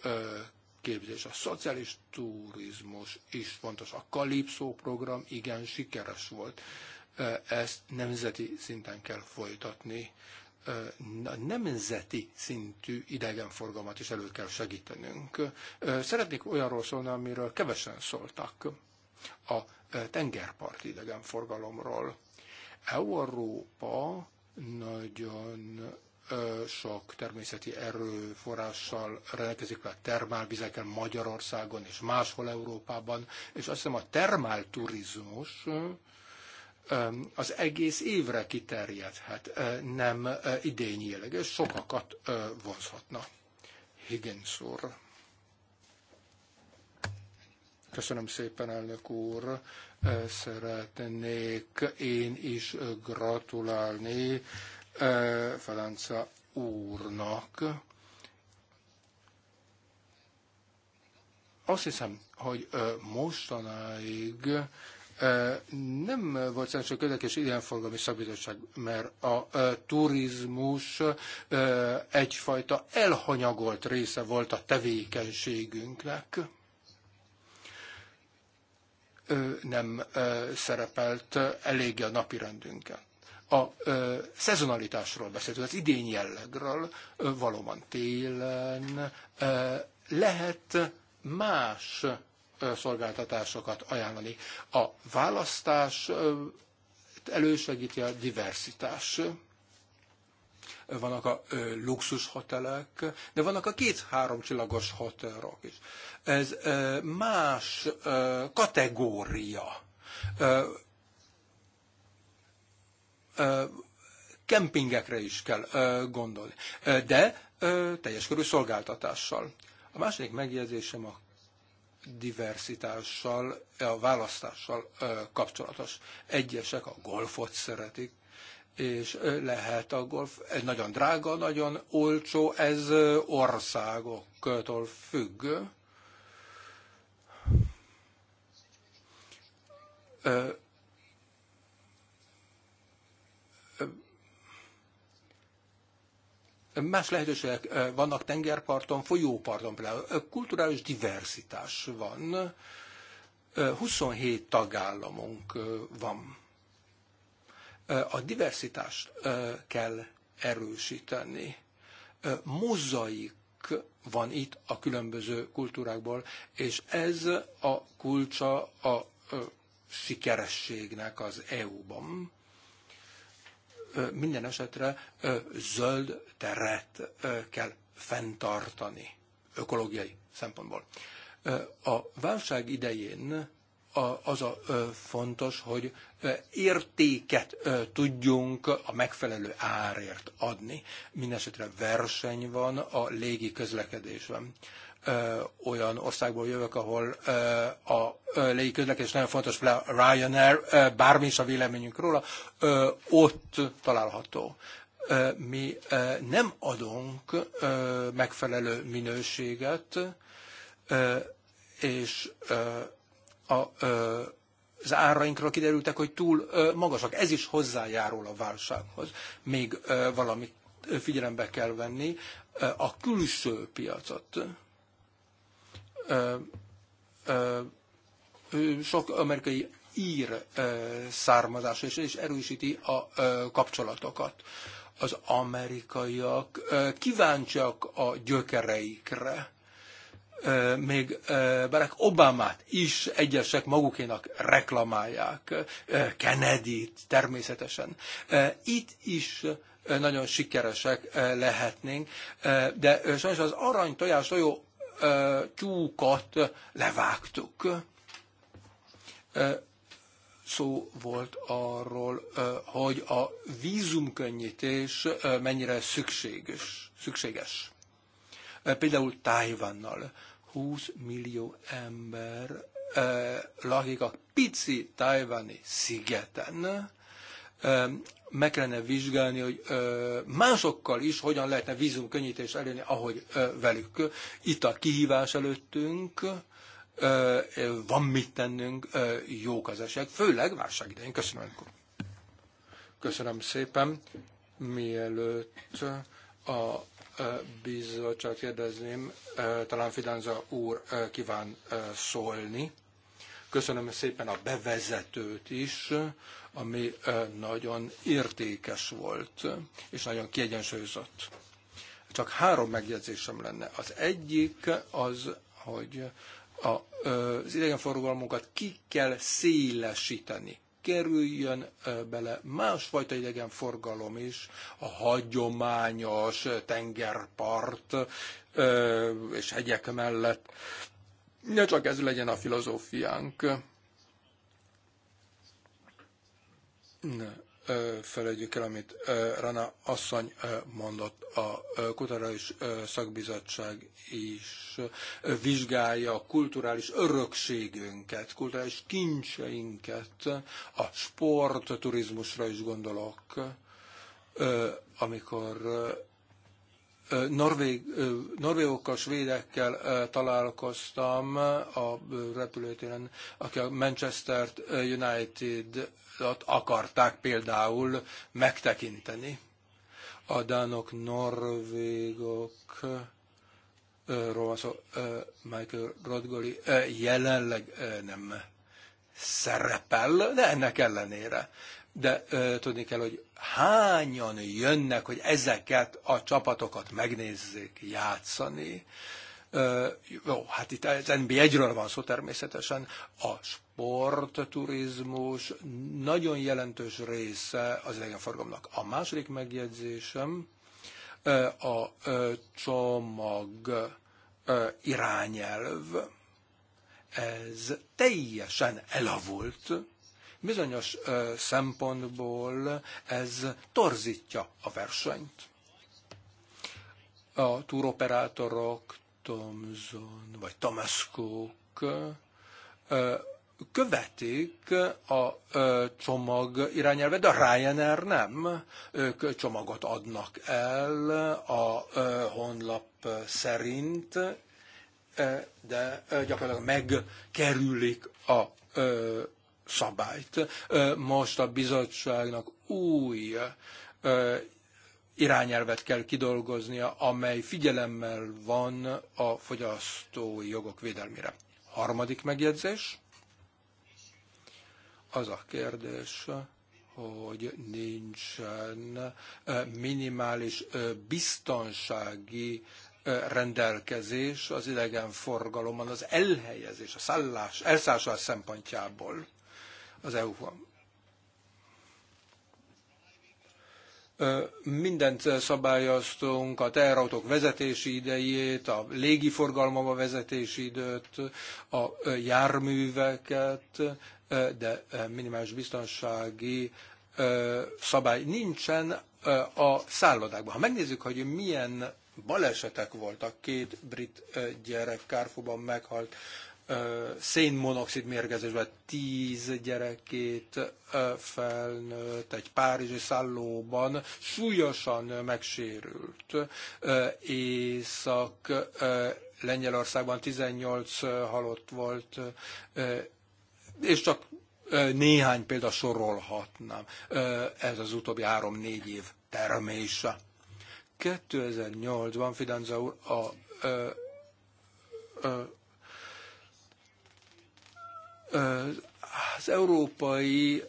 képzés. A szociális turizmus is fontos. A Kalipszó program igen sikeres volt. Ezt nemzeti szinten kell folytatni nemzeti szintű idegenforgalmat is elő kell segítenünk. Szeretnék olyanról szólni, amiről kevesen szóltak, a tengerparti idegenforgalomról. Európa nagyon sok természeti erőforrással rendelkezik, a termálvizeken Magyarországon és máshol Európában, és azt hiszem a termálturizmus az egész évre kiterjedhet, nem idényileg, és sokakat vonzhatna. Higgins úr. Köszönöm szépen, elnök úr. Szeretnék én is gratulálni Felánca úrnak. Azt hiszem, hogy mostanáig nem volt szerencsé közlekedés idegenforgalmi szakbizottság, mert a turizmus egyfajta elhanyagolt része volt a tevékenységünknek ő nem szerepelt eléggé a napi rendünkön. A ö, szezonalitásról beszéltünk, az idény jellegről valóban télen lehet más szolgáltatásokat ajánlani. A választás elősegíti a diversitás. Vannak a luxus hotelek, de vannak a két-három csillagos hotelok is. Ez más kategória kempingekre is kell gondolni, de teljes körű szolgáltatással. A második megjegyzésem a diversitással, eh, a választással eh, kapcsolatos. Egyesek a golfot szeretik, és eh, lehet a golf, ez nagyon drága, nagyon olcsó, ez országoktól függ. Ö, Más lehetőségek vannak tengerparton, folyóparton például. Kulturális diversitás van. 27 tagállamunk van. A diversitást kell erősíteni. Mozaik van itt a különböző kultúrákból, és ez a kulcsa a sikerességnek az EU-ban minden esetre zöld teret kell fenntartani ökológiai szempontból. A válság idején az a fontos, hogy értéket tudjunk a megfelelő árért adni. Mindenesetre verseny van a légi közlekedésben olyan országból jövök, ahol a légi közlekedés nagyon fontos, Ryanair, bármi is a véleményünk róla, ott található. Mi nem adunk megfelelő minőséget, és a az árainkról kiderültek, hogy túl magasak. Ez is hozzájárul a válsághoz. Még valamit figyelembe kell venni, a külső piacot sok amerikai ír származás, és, és erősíti a kapcsolatokat. Az amerikaiak kíváncsiak a gyökereikre. Még Barack Obamát is egyesek magukénak reklamálják, kennedy természetesen. Itt is nagyon sikeresek lehetnénk, de sajnos az arany tojás tojó tyúkat levágtuk. Szó volt arról, hogy a vízumkönnyítés mennyire szükséges. szükséges. Például Tájvannal 20 millió ember lakik a pici tájvani szigeten, meg kellene vizsgálni, hogy másokkal is hogyan lehetne vízumkönnyítés elérni, ahogy velük. Itt a kihívás előttünk, van mit tennünk, jók az esélyek, főleg válság idején. Köszönöm. Köszönöm szépen. Mielőtt a bizottság kérdezném, talán Fidanza úr kíván szólni. Köszönöm szépen a bevezetőt is, ami nagyon értékes volt, és nagyon kiegyensúlyozott. Csak három megjegyzésem lenne. Az egyik az, hogy a, az idegenforgalmunkat ki kell szélesíteni kerüljön bele másfajta idegenforgalom is, a hagyományos tengerpart és hegyek mellett ne csak ez legyen a filozófiánk. Ne felejtjük el, amit Rana asszony mondott, a Kulturális Szakbizottság is vizsgálja a kulturális örökségünket, kulturális kincseinket, a sport, turizmusra is gondolok, amikor Norvég, norvégokkal, svédekkel találkoztam a repülőtéren, akik a Manchester United akarták például megtekinteni. A dánok, norvégok, ról Michael Rodgoli jelenleg nem szerepel, de ennek ellenére de ö, tudni kell, hogy hányan jönnek, hogy ezeket a csapatokat megnézzék játszani. Ö, jó, hát itt az NB1-ről van szó természetesen. A sportturizmus nagyon jelentős része az idegenforgalomnak. A második megjegyzésem ö, a ö, csomag ö, irányelv. Ez teljesen elavult Bizonyos szempontból ez torzítja a versenyt. A túroperátorok, Thomson vagy Thomas Cook követik a csomag irányelvet, de a Ryanair nem. Ők csomagot adnak el a honlap szerint, de gyakorlatilag megkerülik a szabályt. Most a bizottságnak új irányelvet kell kidolgoznia, amely figyelemmel van a fogyasztói jogok védelmére. Harmadik megjegyzés, az a kérdés, hogy nincsen minimális biztonsági rendelkezés az idegenforgalomban, az elhelyezés, a szállás, elszállás szempontjából az EU-ban. Mindent szabályoztunk, a teherautók vezetési idejét, a a vezetési időt, a járműveket, de minimális biztonsági szabály nincsen a szállodákban. Ha megnézzük, hogy milyen balesetek voltak, két brit gyerek Kárfóban meghalt, szénmonoxid mérgezésben tíz gyerekét felnőtt egy párizsi szállóban súlyosan megsérült. Észak Lengyelországban 18 halott volt, és csak néhány példa sorolhatnám. Ez az utóbbi három-négy év termése. 2008-ban Fidanza úr a, a, a az európai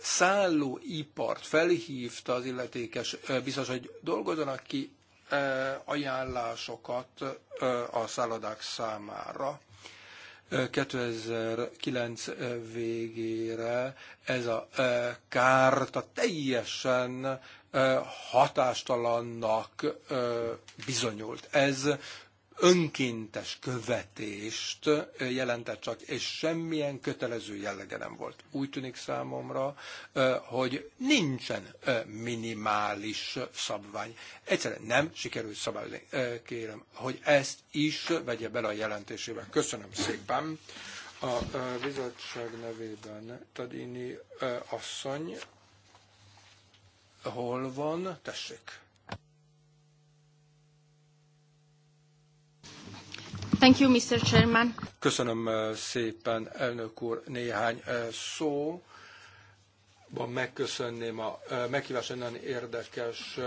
szállóipart felhívta az illetékes biztos, hogy dolgozzanak ki ajánlásokat a szállodák számára. 2009 végére ez a kárta teljesen hatástalannak bizonyult. Ez önkéntes követést jelentett csak, és semmilyen kötelező jellege nem volt. Úgy tűnik számomra, hogy nincsen minimális szabvány. Egyszerűen nem sikerült szabályozni. Kérem, hogy ezt is vegye bele a jelentésébe. Köszönöm szépen. A bizottság nevében Tadini asszony hol van? Tessék. Thank you, Mr. Chairman. Köszönöm eh, szépen, elnök úr, néhány eh, szó. Megköszönném a eh, meghívás nagyon érdekes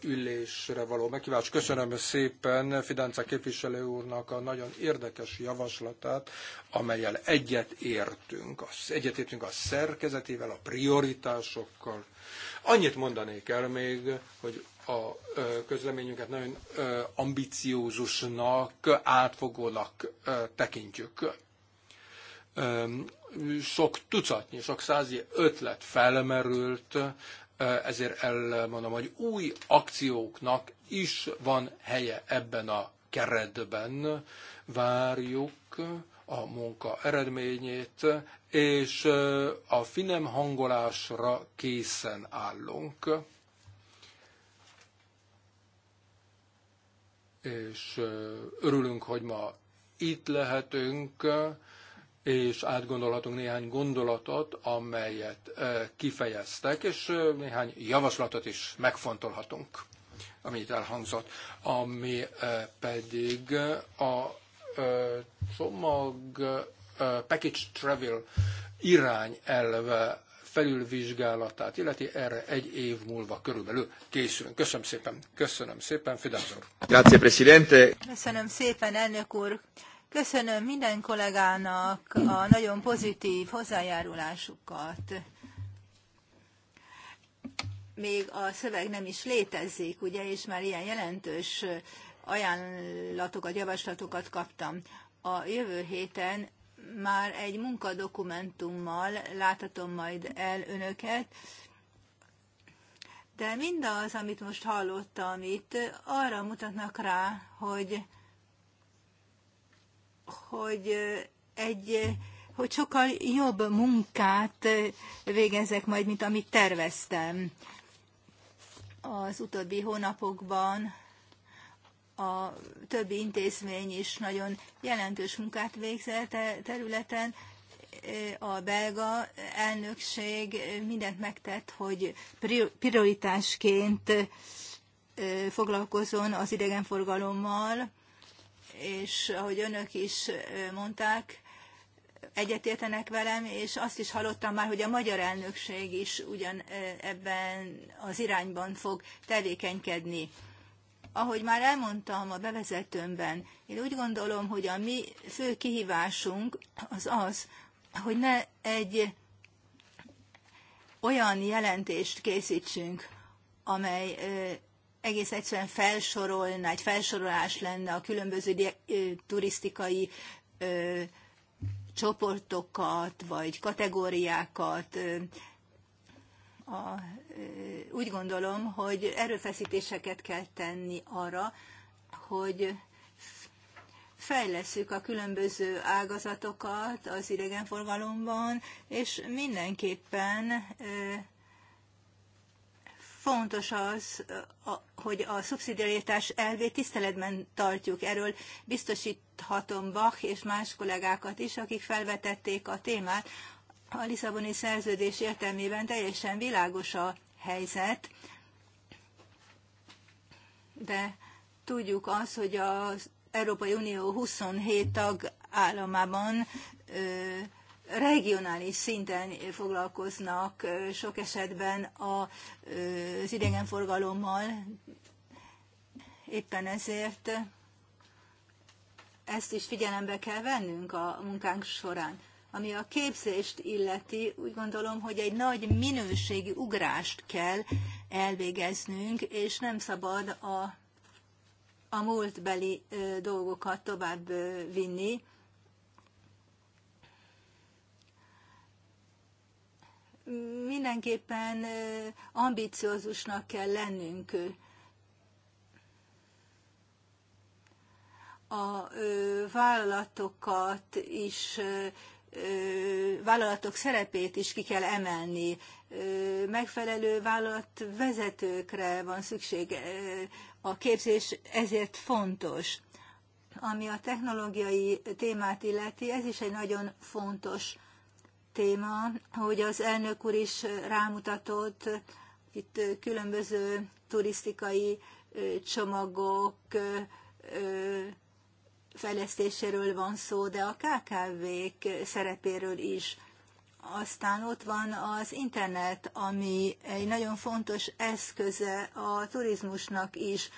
ülésre való meghívás. Köszönöm szépen Fidanca képviselő úrnak a nagyon érdekes javaslatát, amelyel egyetértünk. Egyetértünk a szerkezetével, a prioritásokkal. Annyit mondanék el még, hogy a közleményünket nagyon ambiciózusnak, átfogónak tekintjük. Sok tucatnyi, sok százi ötlet felmerült, ezért elmondom, hogy új akcióknak is van helye ebben a keretben. Várjuk a munka eredményét, és a finem hangolásra készen állunk. és örülünk, hogy ma itt lehetünk, és átgondolhatunk néhány gondolatot, amelyet kifejeztek, és néhány javaslatot is megfontolhatunk, amit elhangzott, ami pedig a csomag package travel irányelve felülvizsgálatát illeti, erre egy év múlva körülbelül készülünk. Köszönöm szépen, köszönöm szépen, Fidesz úr. Grazie, Presidente. Köszönöm szépen, elnök úr. Köszönöm minden kollégának a nagyon pozitív hozzájárulásukat. Még a szöveg nem is létezik, ugye, és már ilyen jelentős ajánlatokat, javaslatokat kaptam. A jövő héten már egy munkadokumentummal láthatom majd el önöket, de mindaz, amit most hallottam itt, arra mutatnak rá, hogy, hogy egy hogy sokkal jobb munkát végezek majd, mint amit terveztem az utóbbi hónapokban a többi intézmény is nagyon jelentős munkát végzett e területen. A belga elnökség mindent megtett, hogy prioritásként e, foglalkozon az idegenforgalommal, és ahogy önök is e, mondták, egyetértenek velem, és azt is hallottam már, hogy a magyar elnökség is ugyan ebben az irányban fog tevékenykedni. Ahogy már elmondtam a bevezetőmben, én úgy gondolom, hogy a mi fő kihívásunk az az, hogy ne egy olyan jelentést készítsünk, amely egész egyszerűen felsorolna, egy felsorolás lenne a különböző turisztikai csoportokat vagy kategóriákat, a, úgy gondolom, hogy erőfeszítéseket kell tenni arra, hogy fejleszük a különböző ágazatokat az idegenforgalomban, és mindenképpen fontos az, hogy a szubszidiaritás elvét tiszteletben tartjuk. Erről biztosíthatom Bach és más kollégákat is, akik felvetették a témát. A Lisszaboni szerződés értelmében teljesen világos a helyzet, de tudjuk azt, hogy az Európai Unió 27 tag államában regionális szinten foglalkoznak sok esetben a az idegenforgalommal. Éppen ezért ezt is figyelembe kell vennünk a munkánk során. Ami a képzést illeti, úgy gondolom, hogy egy nagy minőségi ugrást kell elvégeznünk, és nem szabad a, a múltbeli dolgokat tovább vinni. Mindenképpen ambiciózusnak kell lennünk. a vállalatokat is vállalatok szerepét is ki kell emelni. Megfelelő vállalatvezetőkre van szükség. A képzés ezért fontos. Ami a technológiai témát illeti, ez is egy nagyon fontos téma, hogy az elnök úr is rámutatott, itt különböző turisztikai csomagok, fejlesztéséről van szó, de a KKV-k szerepéről is. Aztán ott van az internet, ami egy nagyon fontos eszköze a turizmusnak is.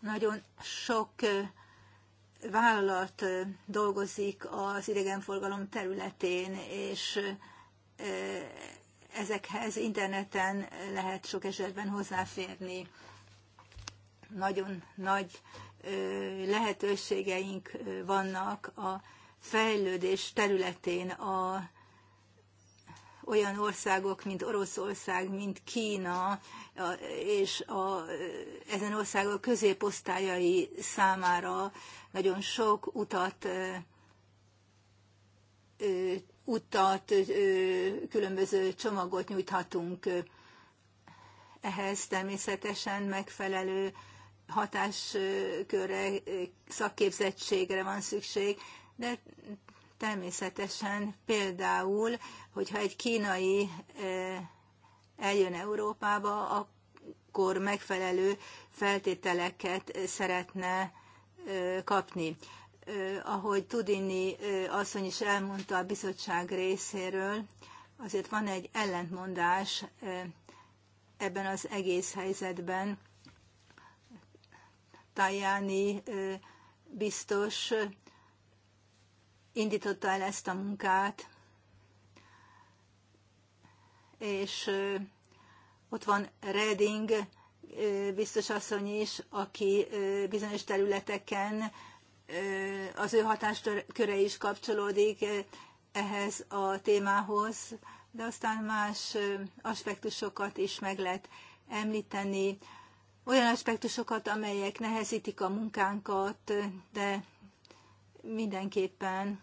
Nagyon sok vállalat dolgozik az idegenforgalom területén, és ezekhez interneten lehet sok esetben hozzáférni. Nagyon nagy lehetőségeink vannak a fejlődés területén a olyan országok, mint Oroszország, mint Kína, és a, ezen országok középosztályai számára nagyon sok utat, utat, különböző csomagot nyújthatunk. Ehhez természetesen megfelelő hatáskörre, szakképzettségre van szükség, de természetesen például, hogyha egy kínai e, eljön Európába, akkor megfelelő feltételeket szeretne e, kapni. E, ahogy Tudini asszony is elmondta a bizottság részéről, azért van egy ellentmondás ebben az egész helyzetben, Tajani biztos indította el ezt a munkát, és ott van Reding biztos asszony is, aki bizonyos területeken az ő hatásköre is kapcsolódik ehhez a témához, de aztán más aspektusokat is meg lehet említeni olyan aspektusokat, amelyek nehezítik a munkánkat, de mindenképpen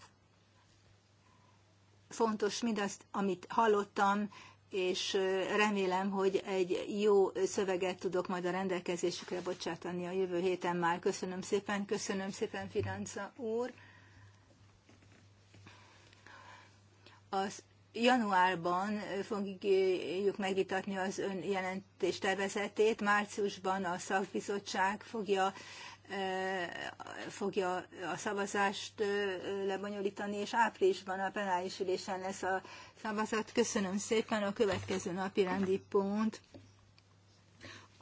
fontos mindazt, amit hallottam, és remélem, hogy egy jó szöveget tudok majd a rendelkezésükre bocsátani a jövő héten már. Köszönöm szépen, köszönöm szépen, Firanca úr. Az januárban fogjuk megvitatni az ön jelentés tervezetét, márciusban a szakbizottság fogja fogja a szavazást lebonyolítani, és áprilisban a plenáris ülésen lesz a szavazat. Köszönöm szépen. A következő napi rendi pont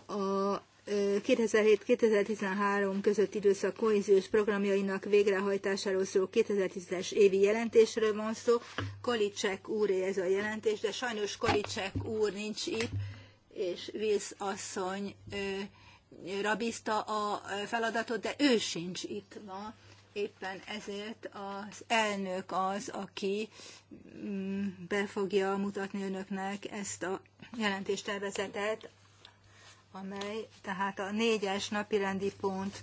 a 2007-2013 között időszak kohéziós programjainak végrehajtásáról szóló 2010-es évi jelentésről van szó. Kolicsek úré ez a jelentés, de sajnos Kolicsek úr nincs itt, és Vész asszony rabízta a feladatot, de ő sincs itt ma. Éppen ezért az elnök az, aki mm, be fogja mutatni önöknek ezt a jelentéstervezetet amely tehát a négyes napirendi pont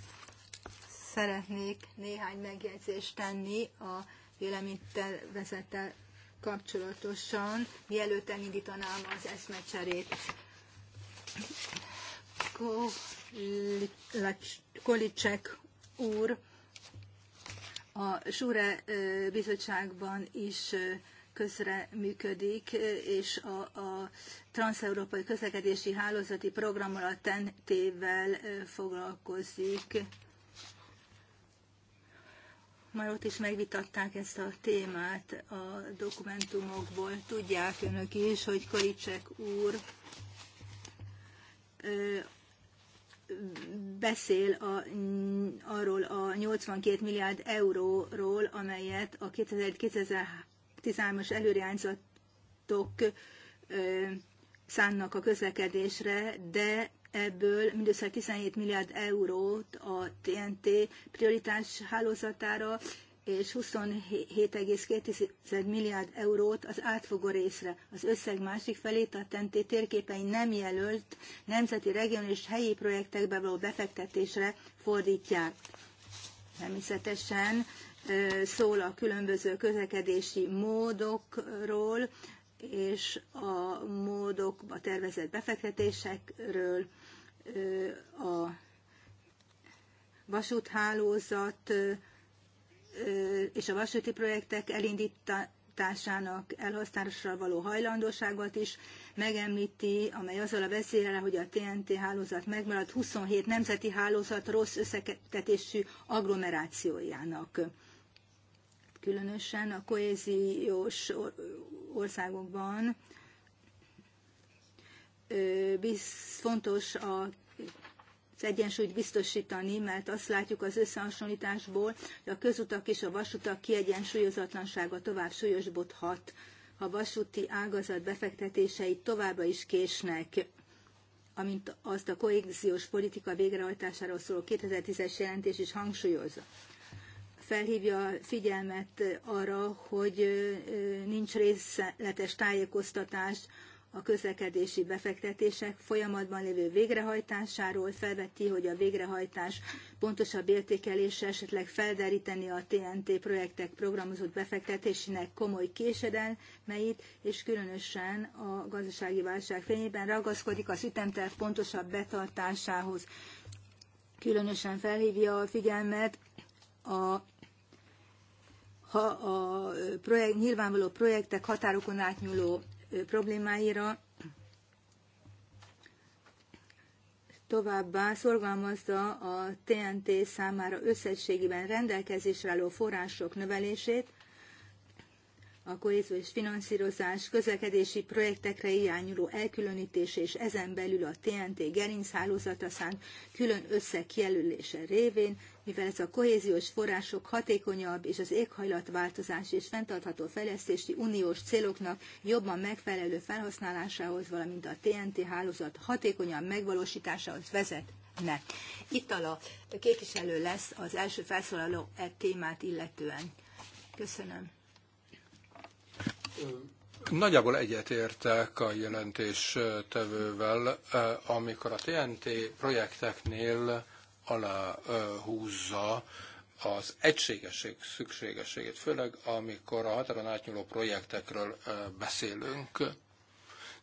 szeretnék néhány megjegyzést tenni a véleménytervezettel kapcsolatosan, mielőtt elindítanám az eszmecserét. Kolicek úr a Sure bizottságban is közre működik, és a, a transeurópai közlekedési hálózati programmal a TEN-tével foglalkozik. Már ott is megvitatták ezt a témát a dokumentumokból. Tudják önök is, hogy Koricsek úr beszél a, arról a 82 milliárd euróról, amelyet a partizános előirányzatok szánnak a közlekedésre, de ebből mindössze 17 milliárd eurót a TNT prioritás hálózatára, és 27,2 milliárd eurót az átfogó részre. Az összeg másik felét a TNT térképei nem jelölt nemzeti, regionális, helyi projektekbe való befektetésre fordítják. Természetesen szól a különböző közlekedési módokról, és a módokba tervezett befektetésekről, a vasúthálózat és a vasúti projektek elindításának elhasználásra való hajlandóságot is megemlíti, amely azzal a veszélyre, hogy a TNT hálózat megmarad 27 nemzeti hálózat rossz összekötetésű agglomerációjának különösen a kohéziós országokban fontos a az egyensúlyt biztosítani, mert azt látjuk az összehasonlításból, hogy a közutak és a vasutak kiegyensúlyozatlansága tovább súlyosbodhat, ha vasúti ágazat befektetései továbbra is késnek, amint azt a kohéziós politika végrehajtásáról szóló 2010-es jelentés is hangsúlyozza felhívja a figyelmet arra, hogy nincs részletes tájékoztatás a közlekedési befektetések folyamatban lévő végrehajtásáról, felveti, hogy a végrehajtás pontosabb értékelése esetleg felderíteni a TNT projektek programozott befektetésének komoly késedelmeit, és különösen a gazdasági válság fényében ragaszkodik az ütemterv pontosabb betartásához. Különösen felhívja a figyelmet a ha a projekt, nyilvánvaló projektek határokon átnyúló problémáira, Továbbá szorgalmazza a TNT számára összességében rendelkezésre álló források növelését, a kohéziós finanszírozás közlekedési projektekre irányuló elkülönítése és ezen belül a TNT gerinchálózata szánt külön összegjelölése révén, mivel ez a kohéziós források hatékonyabb és az éghajlatváltozás és fenntartható fejlesztési uniós céloknak jobban megfelelő felhasználásához, valamint a TNT hálózat hatékonyabb megvalósításához vezet ne. a képviselő lesz az első felszólaló e témát illetően. Köszönöm. Nagyjából egyetértek a jelentéstevővel, amikor a TNT projekteknél aláhúzza az egységesség szükségességét, főleg amikor a határon átnyúló projektekről beszélünk.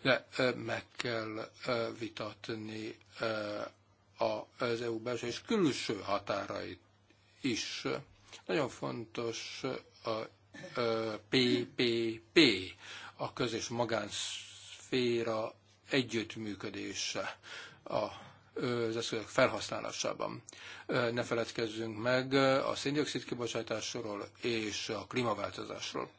De meg kell vitatni az EU belső és külső határait is. Nagyon fontos a PPP, a közös és magánszféra együttműködése a az eszközök felhasználásában. Ne feledkezzünk meg a széndiokszid kibocsátásról és a klímaváltozásról.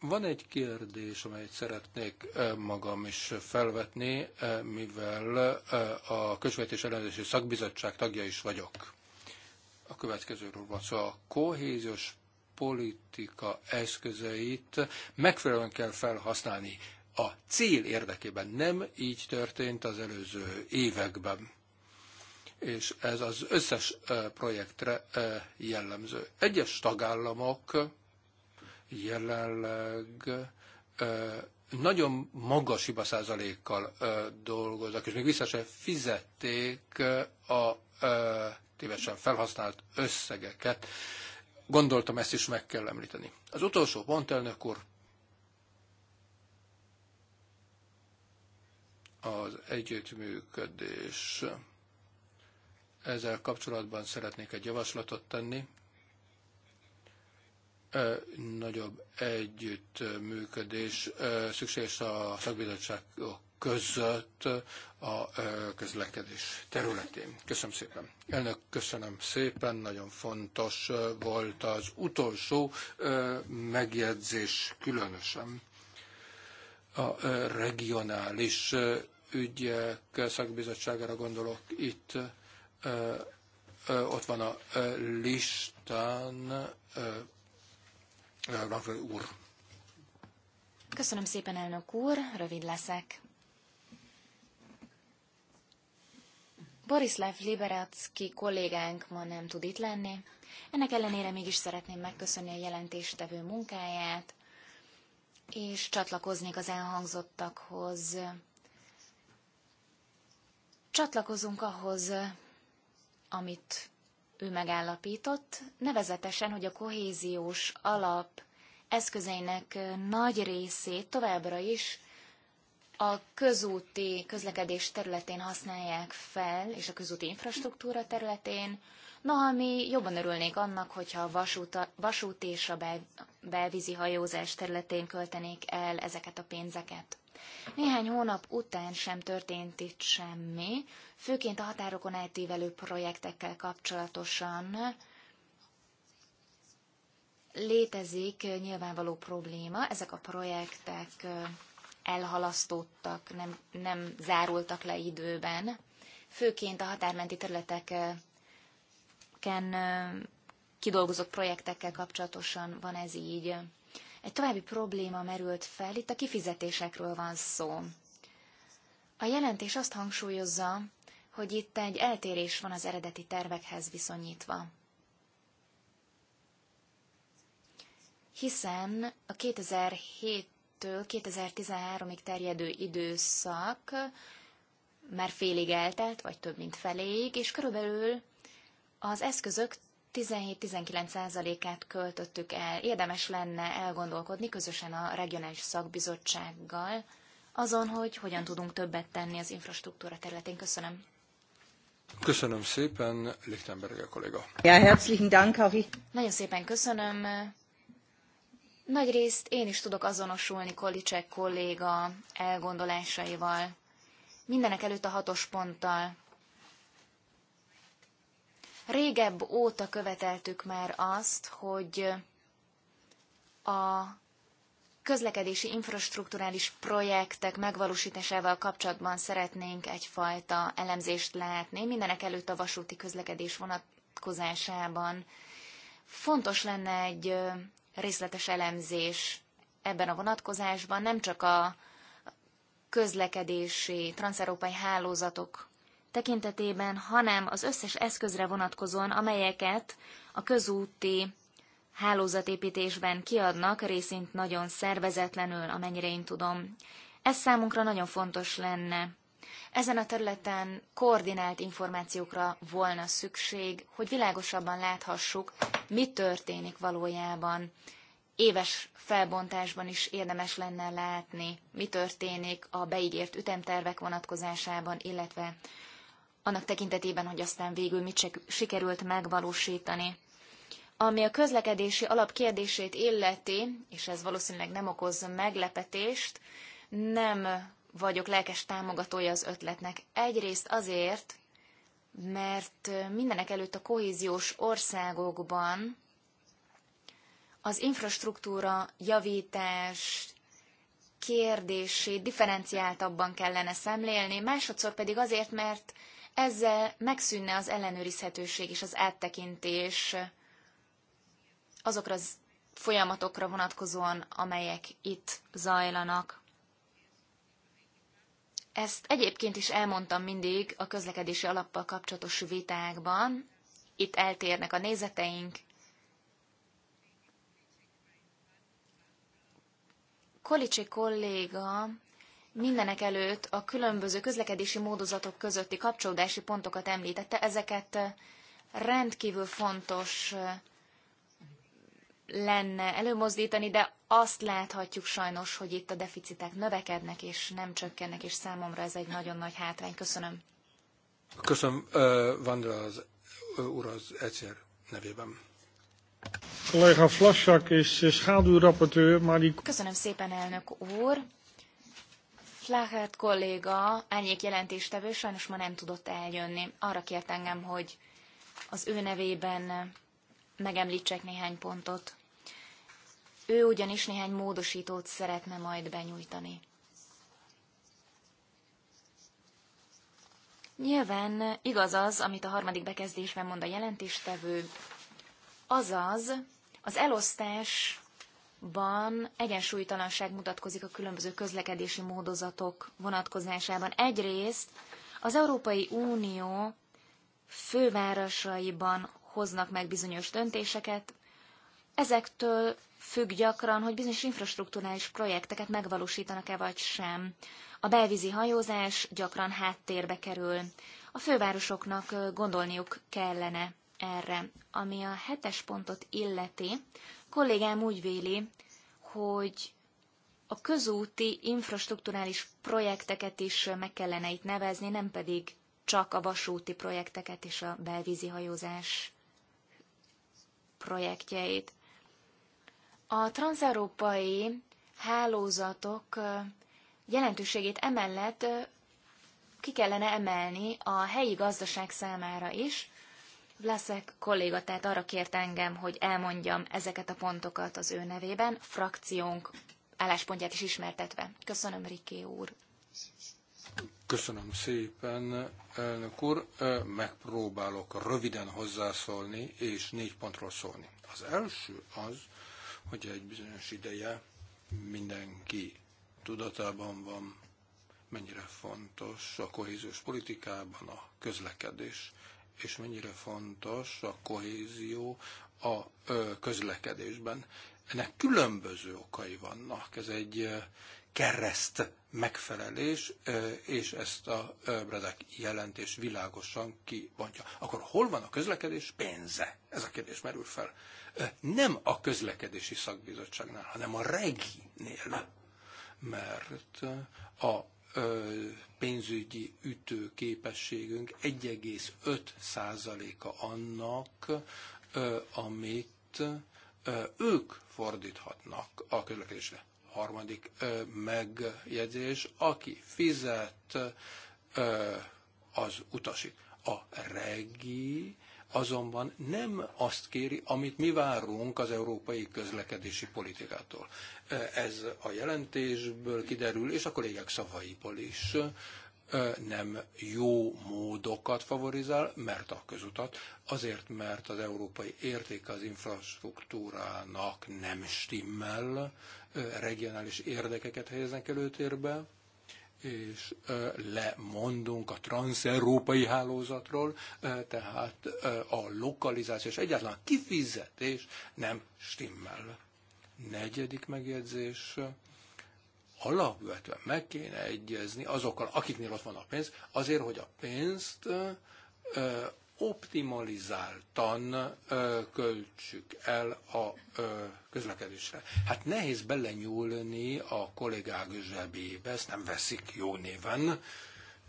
Van egy kérdés, amelyet szeretnék magam is felvetni, mivel a Közvetés Ellenőrzési Szakbizottság tagja is vagyok. A következőről van szó. A kohéziós politika eszközeit megfelelően kell felhasználni. A cél érdekében nem így történt az előző években. És ez az összes projektre jellemző. Egyes tagállamok jelenleg nagyon magas hiba százalékkal dolgoznak, és még vissza sem fizették a tévesen felhasznált összegeket gondoltam ezt is meg kell említeni. Az utolsó pont, elnök úr, az együttműködés. Ezzel kapcsolatban szeretnék egy javaslatot tenni. Nagyobb együttműködés szükséges a szakbizottságok között a közlekedés területén. Köszönöm szépen. Elnök, köszönöm szépen, nagyon fontos volt az utolsó megjegyzés különösen a regionális ügyek szakbizottságára gondolok itt. Ott van a listán Rafael úr. Köszönöm szépen, elnök úr, rövid leszek. Borislav Liberacki kollégánk ma nem tud itt lenni. Ennek ellenére mégis szeretném megköszönni a jelentéstevő munkáját, és csatlakoznék az elhangzottakhoz. Csatlakozunk ahhoz, amit ő megállapított, nevezetesen, hogy a kohéziós alap eszközeinek nagy részét továbbra is a közúti közlekedés területén használják fel, és a közúti infrastruktúra területén. Na, ami jobban örülnék annak, hogyha a vasúta, vasút és a belvízi hajózás területén költenék el ezeket a pénzeket. Néhány hónap után sem történt itt semmi, főként a határokon eltívelő projektekkel kapcsolatosan létezik nyilvánvaló probléma. Ezek a projektek elhalasztottak, nem, nem zárultak le időben. Főként a határmenti területeken kidolgozott projektekkel kapcsolatosan van ez így. Egy további probléma merült fel, itt a kifizetésekről van szó. A jelentés azt hangsúlyozza, hogy itt egy eltérés van az eredeti tervekhez viszonyítva. Hiszen a 2007 2007-től 2013-ig terjedő időszak már félig eltelt, vagy több mint feléig, és körülbelül az eszközök 17-19%-át költöttük el. Érdemes lenne elgondolkodni közösen a regionális szakbizottsággal azon, hogy hogyan tudunk többet tenni az infrastruktúra területén. Köszönöm. Köszönöm szépen, Lichtenberger kolléga. Ja, herzlichen Dank, Harry. Nagyon szépen köszönöm. Nagyrészt én is tudok azonosulni Kolicek kolléga elgondolásaival. Mindenek előtt a hatos ponttal. Régebb óta követeltük már azt, hogy a közlekedési infrastruktúrális projektek megvalósításával kapcsolatban szeretnénk egyfajta elemzést látni, mindenek előtt a vasúti közlekedés vonatkozásában. Fontos lenne egy részletes elemzés ebben a vonatkozásban, nem csak a közlekedési, transzeurópai hálózatok tekintetében, hanem az összes eszközre vonatkozóan, amelyeket a közúti hálózatépítésben kiadnak, részint nagyon szervezetlenül, amennyire én tudom. Ez számunkra nagyon fontos lenne. Ezen a területen koordinált információkra volna szükség, hogy világosabban láthassuk, mi történik valójában. Éves felbontásban is érdemes lenne látni, mi történik a beígért ütemtervek vonatkozásában, illetve annak tekintetében, hogy aztán végül mit se sikerült megvalósítani. Ami a közlekedési alap kérdését illeti, és ez valószínűleg nem okoz meglepetést, nem vagyok lelkes támogatója az ötletnek. Egyrészt azért, mert mindenek előtt a kohéziós országokban az infrastruktúra javítás kérdését differenciáltabban kellene szemlélni, másodszor pedig azért, mert ezzel megszűnne az ellenőrizhetőség és az áttekintés azokra az folyamatokra vonatkozóan, amelyek itt zajlanak. Ezt egyébként is elmondtam mindig a közlekedési alappal kapcsolatos vitákban. Itt eltérnek a nézeteink. Kolicsi kolléga mindenek előtt a különböző közlekedési módozatok közötti kapcsolódási pontokat említette. Ezeket rendkívül fontos lenne előmozdítani, de azt láthatjuk sajnos, hogy itt a deficitek növekednek és nem csökkennek, és számomra ez egy nagyon nagy hátrány. Köszönöm. Köszönöm, uh, Vandra az uh, úr az egyszer nevében. Collega Flassak és schaduwrapporteur, Köszönöm szépen, elnök úr. Flachert kolléga, árnyék jelentéstevő, sajnos ma nem tudott eljönni. Arra kért engem, hogy az ő nevében megemlítsek néhány pontot. Ő ugyanis néhány módosítót szeretne majd benyújtani. Nyilván igaz az, amit a harmadik bekezdésben mond a jelentéstevő, azaz az elosztásban egyensúlytalanság mutatkozik a különböző közlekedési módozatok vonatkozásában. Egyrészt az Európai Unió fővárosaiban hoznak meg bizonyos döntéseket, ezektől függ gyakran, hogy bizonyos infrastruktúrális projekteket megvalósítanak-e vagy sem. A belvízi hajózás gyakran háttérbe kerül. A fővárosoknak gondolniuk kellene erre. Ami a hetes pontot illeti, kollégám úgy véli, hogy a közúti infrastruktúrális projekteket is meg kellene itt nevezni, nem pedig csak a vasúti projekteket és a belvízi hajózás projektjeit. A transzeurópai hálózatok jelentőségét emellett ki kellene emelni a helyi gazdaság számára is. Vlaszek kolléga tehát arra kért engem, hogy elmondjam ezeket a pontokat az ő nevében, frakciónk álláspontját is ismertetve. Köszönöm, Riké úr. Köszönöm szépen, elnök úr. Megpróbálok röviden hozzászólni és négy pontról szólni. Az első az, hogyha egy bizonyos ideje mindenki tudatában van, mennyire fontos a kohéziós politikában a közlekedés, és mennyire fontos a kohézió a közlekedésben. Ennek különböző okai vannak. Ez egy kereszt megfelelés, és ezt a Bradek jelentés világosan kibontja. Akkor hol van a közlekedés pénze? Ez a kérdés merül fel. Nem a közlekedési szakbizottságnál, hanem a reginél. Mert a pénzügyi ütőképességünk 1,5%-a annak, amit ők fordíthatnak a közlekedésre. Harmadik megjegyzés, aki fizet, az utasít. A regi azonban nem azt kéri, amit mi várunk az európai közlekedési politikától. Ez a jelentésből kiderül, és a kollégák szavaiból is nem jó módokat favorizál, mert a közutat, azért, mert az európai értéke az infrastruktúrának nem stimmel, regionális érdekeket helyeznek előtérbe, és lemondunk a transzeurópai hálózatról, tehát a lokalizáció és egyáltalán a kifizetés nem stimmel. Negyedik megjegyzés, alapvetően meg kéne egyezni azokkal, akiknél ott van a pénz, azért, hogy a pénzt optimalizáltan ö, költsük el a ö, közlekedésre. Hát nehéz belenyúlni a kollégák zsebébe, ezt nem veszik jó néven,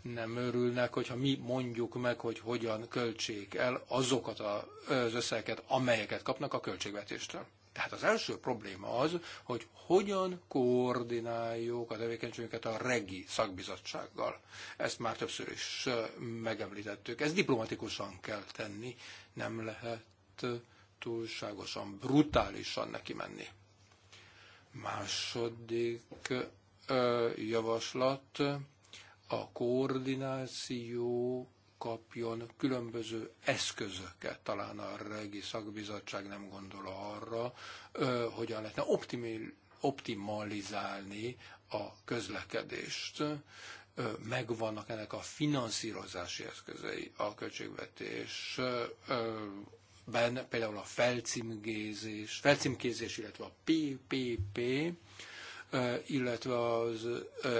nem örülnek, hogyha mi mondjuk meg, hogy hogyan költsék el azokat az összegeket, amelyeket kapnak a költségvetéstől. Tehát az első probléma az, hogy hogyan koordináljuk a tevékenységünket a regi szakbizottsággal. Ezt már többször is megemlítettük. Ezt diplomatikusan kell tenni, nem lehet túlságosan, brutálisan neki menni. Második javaslat a koordináció kapjon különböző eszközöket. Talán a Regi Szakbizottság nem gondol arra, hogyan lehetne optimalizálni a közlekedést. Megvannak ennek a finanszírozási eszközei a költségvetés ben például a felcímkézés, felcímkézés, illetve a PPP illetve az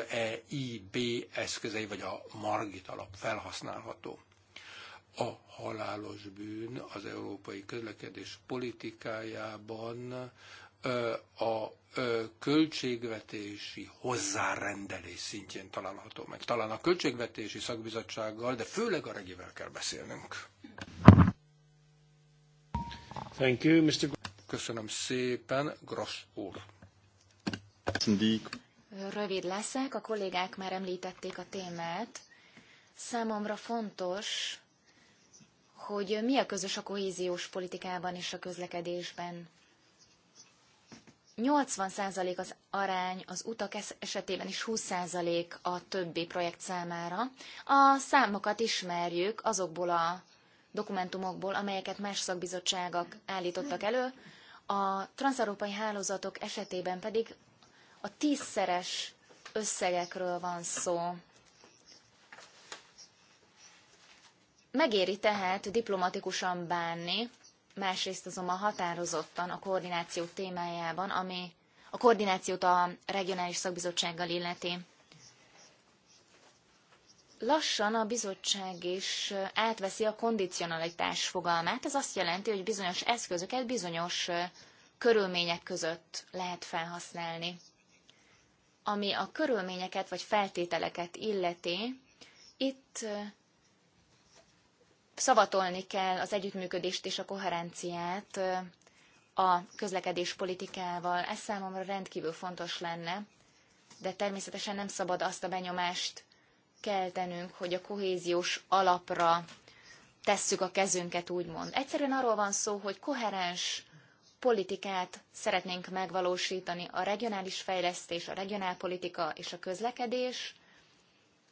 EIB eszközei, vagy a Margit alap felhasználható. A halálos bűn az európai közlekedés politikájában a költségvetési hozzárendelés szintjén található meg. Talán a költségvetési szakbizottsággal, de főleg a regivel kell beszélnünk. Thank you, Mr. Köszönöm szépen, Grosz úr. Rövid leszek, a kollégák már említették a témát. Számomra fontos, hogy mi a közös a kohéziós politikában és a közlekedésben. 80% az arány az utak esetében, és 20% a többi projekt számára. A számokat ismerjük azokból a dokumentumokból, amelyeket más szakbizottságok állítottak elő, a transzeurópai hálózatok esetében pedig a tízszeres összegekről van szó. Megéri tehát diplomatikusan bánni, másrészt azonban határozottan a koordináció témájában, ami a koordinációt a regionális szakbizottsággal illeti. Lassan a bizottság is átveszi a kondicionalitás fogalmát. Ez azt jelenti, hogy bizonyos eszközöket bizonyos körülmények között lehet felhasználni ami a körülményeket vagy feltételeket illeti, itt szavatolni kell az együttműködést és a koherenciát a közlekedés politikával. Ez számomra rendkívül fontos lenne, de természetesen nem szabad azt a benyomást keltenünk, hogy a kohéziós alapra tesszük a kezünket, úgymond. Egyszerűen arról van szó, hogy koherens politikát szeretnénk megvalósítani, a regionális fejlesztés, a regionálpolitika és a közlekedés,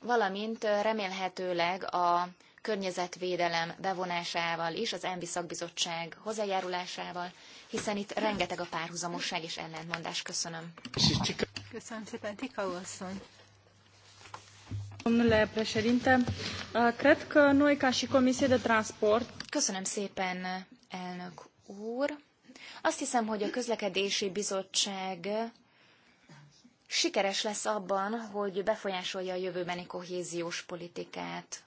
valamint remélhetőleg a környezetvédelem bevonásával is, az ENVI szakbizottság hozzájárulásával, hiszen itt rengeteg a párhuzamosság és ellentmondás. Köszönöm. Köszönöm szépen, Tika Olszon. Transport... Köszönöm szépen, elnök úr. Azt hiszem, hogy a közlekedési bizottság sikeres lesz abban, hogy befolyásolja a jövőbeni kohéziós politikát.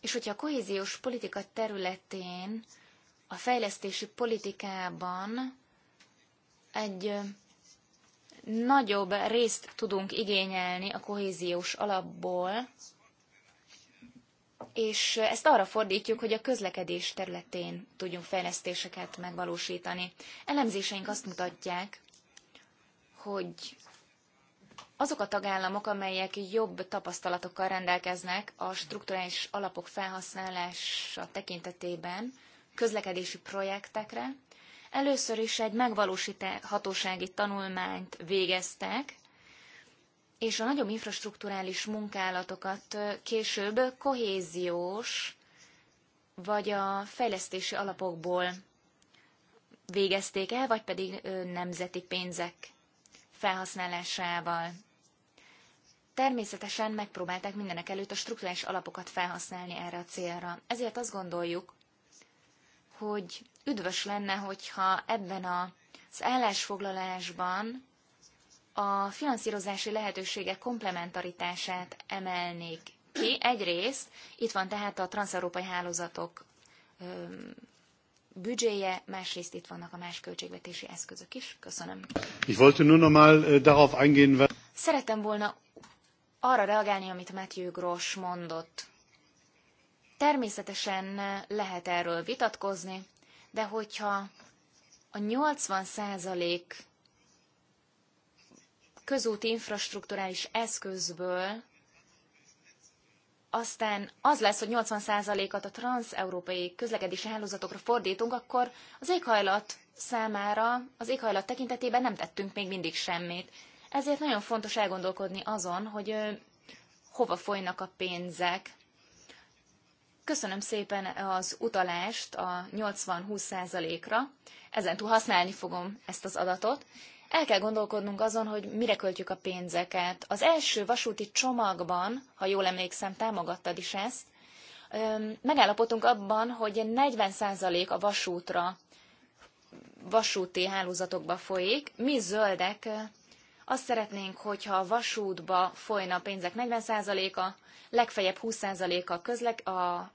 És hogyha a kohéziós politika területén, a fejlesztési politikában egy nagyobb részt tudunk igényelni a kohéziós alapból, és ezt arra fordítjuk, hogy a közlekedés területén tudjunk fejlesztéseket megvalósítani. Elemzéseink azt mutatják, hogy azok a tagállamok, amelyek jobb tapasztalatokkal rendelkeznek a strukturális alapok felhasználása tekintetében közlekedési projektekre, először is egy megvalósíthatósági tanulmányt végeztek, és a nagyobb infrastruktúrális munkálatokat később kohéziós vagy a fejlesztési alapokból végezték el, vagy pedig nemzeti pénzek felhasználásával. Természetesen megpróbálták mindenek előtt a struktúrális alapokat felhasználni erre a célra. Ezért azt gondoljuk, hogy üdvös lenne, hogyha ebben az állásfoglalásban a finanszírozási lehetőségek komplementaritását emelnék ki. Egyrészt itt van tehát a transzeurópai hálózatok büdzséje, másrészt itt vannak a más költségvetési eszközök is. Köszönöm. Ich wollte nur noch mal äh, darauf eingehen, Szerettem volna arra reagálni, amit Matthew Gross mondott. Természetesen lehet erről vitatkozni, de hogyha a 80 százalék közúti infrastruktúrális eszközből aztán az lesz, hogy 80%-at a transeurópai közlekedési hálózatokra fordítunk, akkor az éghajlat számára, az éghajlat tekintetében nem tettünk még mindig semmit. Ezért nagyon fontos elgondolkodni azon, hogy hova folynak a pénzek. Köszönöm szépen az utalást a 80-20%-ra, ezentúl használni fogom ezt az adatot, el kell gondolkodnunk azon, hogy mire költjük a pénzeket. Az első vasúti csomagban, ha jól emlékszem, támogattad is ezt, megállapodtunk abban, hogy 40% a vasútra, vasúti hálózatokba folyik. Mi zöldek azt szeretnénk, hogyha a vasútba folyna a pénzek 40%-a, legfeljebb 20%-a közlek, a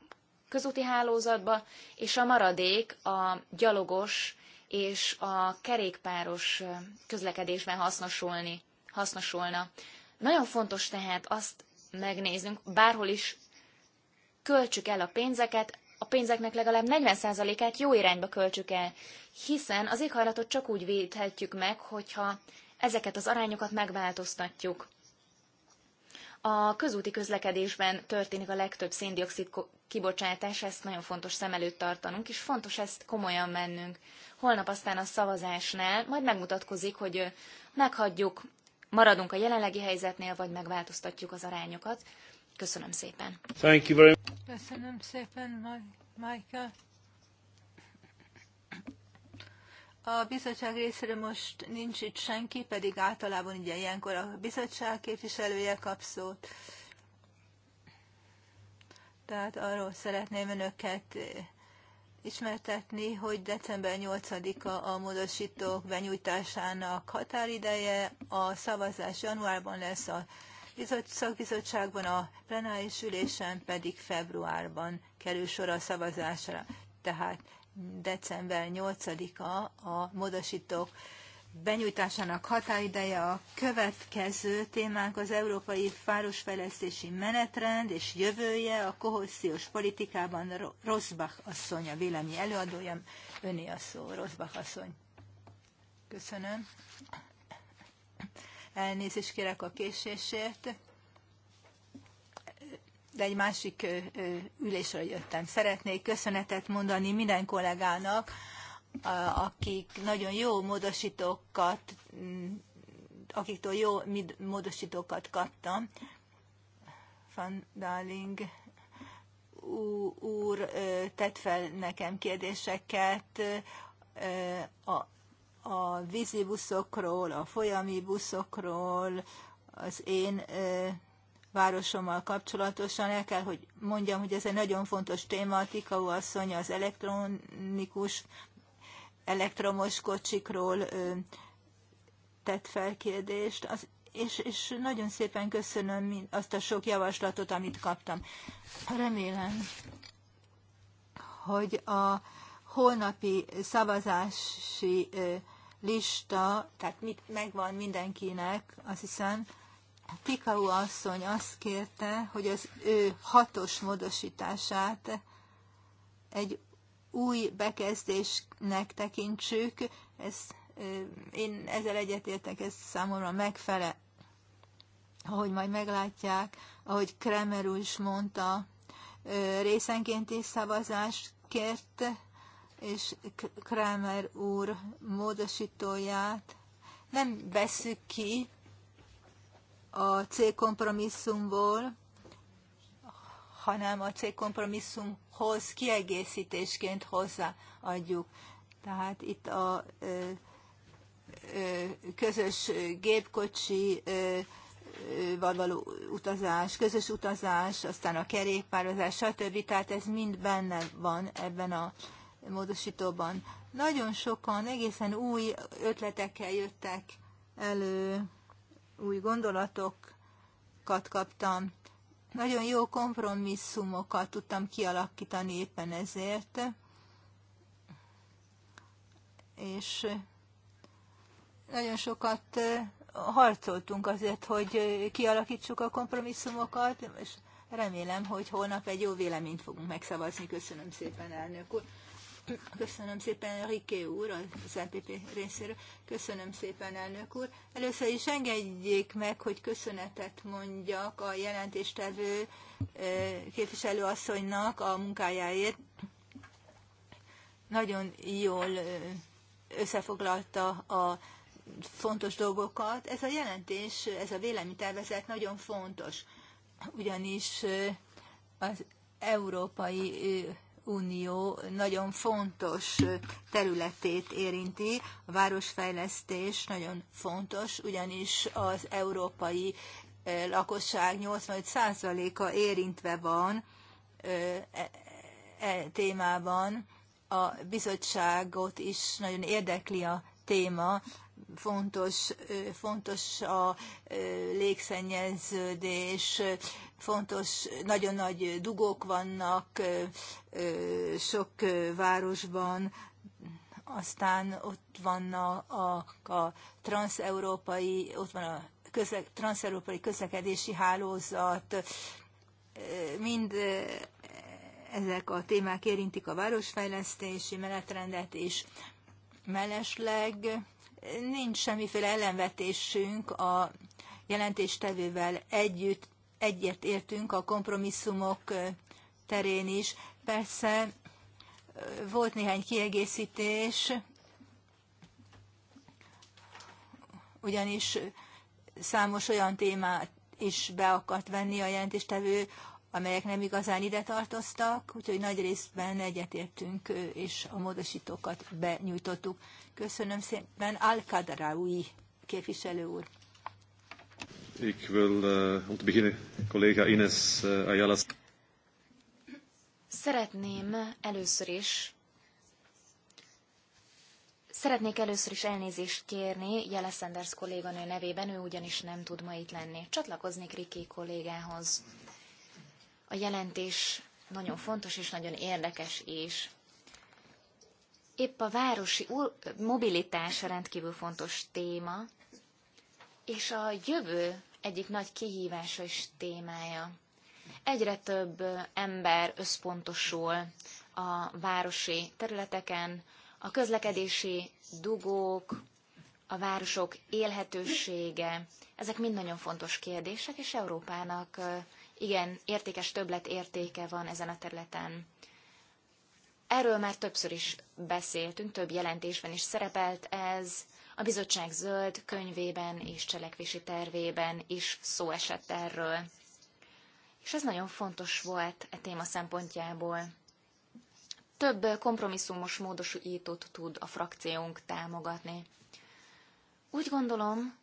közúti hálózatba, és a maradék a gyalogos és a kerékpáros közlekedésben hasznosulni, hasznosulna. Nagyon fontos tehát azt megnéznünk, bárhol is költsük el a pénzeket, a pénzeknek legalább 40%-át jó irányba költsük el, hiszen az éghajlatot csak úgy védhetjük meg, hogyha ezeket az arányokat megváltoztatjuk. A közúti közlekedésben történik a legtöbb széndiokszid kibocsátás, ezt nagyon fontos szem előtt tartanunk, és fontos ezt komolyan mennünk holnap aztán a szavazásnál majd megmutatkozik, hogy meghagyjuk, maradunk a jelenlegi helyzetnél, vagy megváltoztatjuk az arányokat. Köszönöm szépen. Thank you very much. Köszönöm szépen, Michael. A bizottság részéről most nincs itt senki, pedig általában ugye ilyenkor a bizottság képviselője kap szót. Tehát arról szeretném önöket ismertetni, hogy december 8-a a módosítók benyújtásának határideje, a szavazás januárban lesz a szakbizottságban, a plenáris ülésen pedig februárban kerül sor a szavazásra. Tehát december 8-a a módosítók benyújtásának határideje a következő témánk az Európai Városfejlesztési Menetrend és jövője a kohossziós politikában Rosbach asszony, a vélemény előadója, öné a szó, Rosbach asszony. Köszönöm. Elnézést kérek a késésért, de egy másik ülésre jöttem. Szeretnék köszönetet mondani minden kollégának, akik nagyon jó módosítókat, mm, akiktől jó módosítókat kaptam. Van Darling úr tett fel nekem kérdéseket a, a vízi buszokról, a folyami buszokról, az én városommal kapcsolatosan el kell, hogy mondjam, hogy ez egy nagyon fontos téma. Tikau asszony az elektronikus elektromos kocsikról tett fel kérdést, az, és, és nagyon szépen köszönöm azt a sok javaslatot, amit kaptam. Remélem, hogy a holnapi szavazási lista, tehát mit, megvan mindenkinek, azt hiszem, Pikau asszony azt kérte, hogy az ő hatos módosítását egy új bekezdésnek tekintsük, ez, én ezzel egyetértek, ez számomra megfele. Ahogy majd meglátják, ahogy Kremer úr is mondta, részenkénti szavazást kért, és Kramer úr módosítóját nem veszük ki a C kompromisszumból, hanem a C kompromisszum hoz kiegészítésként hozzáadjuk. Tehát itt a ö, ö, közös gépkocsi ö, való utazás, közös utazás, aztán a kerékpározás, stb. Tehát ez mind benne van ebben a módosítóban. Nagyon sokan egészen új ötletekkel jöttek elő, új gondolatokat kaptam. Nagyon jó kompromisszumokat tudtam kialakítani éppen ezért, és eh, nagyon sokat eh, harcoltunk azért, hogy eh, kialakítsuk a kompromisszumokat, és remélem, hogy holnap egy jó véleményt fogunk megszavazni. Köszönöm szépen, elnök úr. Köszönöm szépen, Riké úr, az LPP részéről. Köszönöm szépen, elnök úr. Először is engedjék meg, hogy köszönetet mondjak a jelentéstevő eh, képviselőasszonynak a munkájáért. Nagyon jól eh, összefoglalta a fontos dolgokat. Ez a jelentés, ez a véleménytervezet nagyon fontos, ugyanis eh, az európai Unió nagyon fontos területét érinti. A városfejlesztés nagyon fontos, ugyanis az európai eh, lakosság 85%-a érintve van eh, e, e, témában. A bizottságot is nagyon érdekli a téma, fontos, fontos a légszennyeződés, fontos, nagyon nagy dugók vannak sok városban, aztán ott van a, a, a transeurópai, ott van a közle, transeurópai közlekedési hálózat, mind ezek a témák érintik a városfejlesztési menetrendet és Mellesleg Nincs semmiféle ellenvetésünk a jelentéstevővel együtt, egyet értünk a kompromisszumok terén is. Persze volt néhány kiegészítés, ugyanis számos olyan témát is be akart venni a jelentéstevő, amelyek nem igazán ide tartoztak, úgyhogy nagy részben egyetértünk, és a módosítókat benyújtottuk. Köszönöm szépen, al új képviselő úr. Ik wil uh, om te beginnen collega Ines uh, Ayala. Szeretném először is Szeretnék először is elnézést kérni Jele Sanders kolléganő nevében, ő ugyanis nem tud ma itt lenni. Csatlakoznék Riki kollégához. A jelentés nagyon fontos és nagyon érdekes is. Épp a városi mobilitás rendkívül fontos téma, és a jövő egyik nagy kihívása és témája. Egyre több ember összpontosul a városi területeken, a közlekedési dugók, a városok élhetősége, ezek mind nagyon fontos kérdések, és Európának igen értékes többletértéke van ezen a területen. Erről már többször is beszéltünk, több jelentésben is szerepelt ez, a bizottság zöld könyvében és cselekvési tervében is szó esett erről. És ez nagyon fontos volt a e téma szempontjából. Több kompromisszumos módosítót tud a frakciónk támogatni. Úgy gondolom,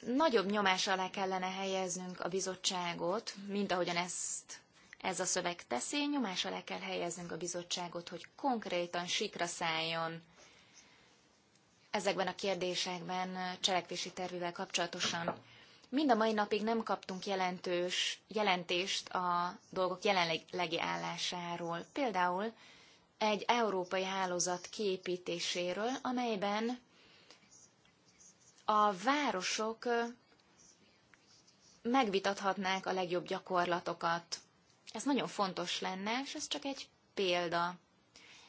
nagyobb nyomás alá kellene helyeznünk a bizottságot, mint ahogyan ezt ez a szöveg teszi, nyomás alá kell helyeznünk a bizottságot, hogy konkrétan sikra szálljon ezekben a kérdésekben, cselekvési tervével kapcsolatosan. Mind a mai napig nem kaptunk jelentős jelentést a dolgok jelenlegi állásáról. Például egy európai hálózat kiépítéséről, amelyben a városok megvitathatnák a legjobb gyakorlatokat ez nagyon fontos lenne, és ez csak egy példa.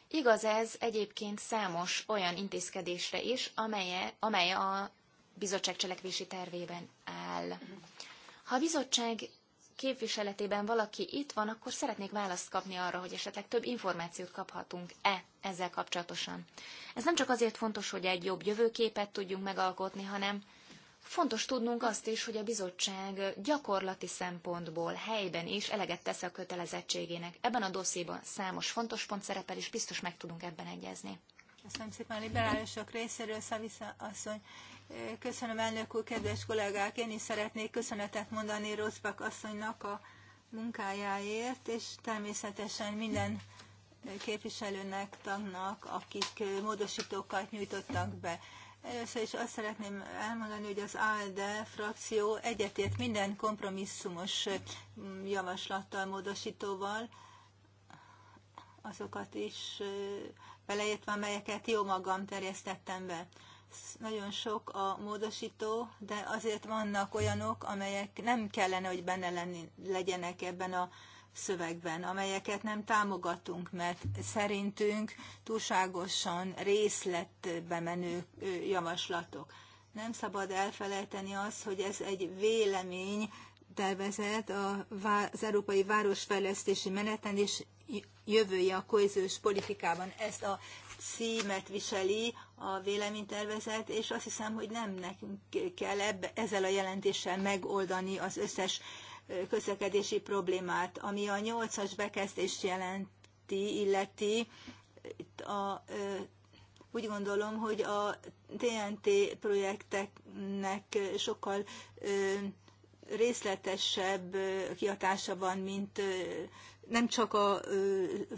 Igaz ez egyébként számos olyan intézkedésre is, amelye, amely a bizottság cselekvési tervében áll. Ha a bizottság képviseletében valaki itt van, akkor szeretnék választ kapni arra, hogy esetleg több információt kaphatunk-e ezzel kapcsolatosan. Ez nem csak azért fontos, hogy egy jobb jövőképet tudjunk megalkotni, hanem Fontos tudnunk azt is, hogy a bizottság gyakorlati szempontból helyben is eleget tesz a kötelezettségének. Ebben a dossziéban számos fontos pont szerepel, és biztos meg tudunk ebben egyezni. Köszönöm szépen a liberálisok részéről, Szavisza asszony. Köszönöm elnök úr, kedves kollégák, én is szeretnék köszönetet mondani Rosszbak asszonynak a munkájáért, és természetesen minden képviselőnek, tagnak, akik módosítókat nyújtottak be. Először is azt szeretném elmondani, hogy az ALDE frakció egyetért minden kompromisszumos mm, javaslattal, módosítóval, azokat is beleértve, amelyeket jó magam terjesztettem be. Nagyon sok a módosító, de azért vannak olyanok, amelyek nem kellene, hogy benne lenni, legyenek ebben a szövegben, amelyeket nem támogatunk, mert szerintünk túlságosan részletbe menő javaslatok. Nem szabad elfelejteni azt, hogy ez egy vélemény tervezet az Európai Városfejlesztési Meneten és jövője a kohéziós politikában. Ezt a címet viseli a véleménytervezet, és azt hiszem, hogy nem nekünk kell ebbe, ezzel a jelentéssel megoldani az összes közlekedési problémát, ami a nyolcas bekezdést jelenti, illeti. Itt a, úgy gondolom, hogy a TNT projekteknek sokkal részletesebb kiatása van, mint nem csak a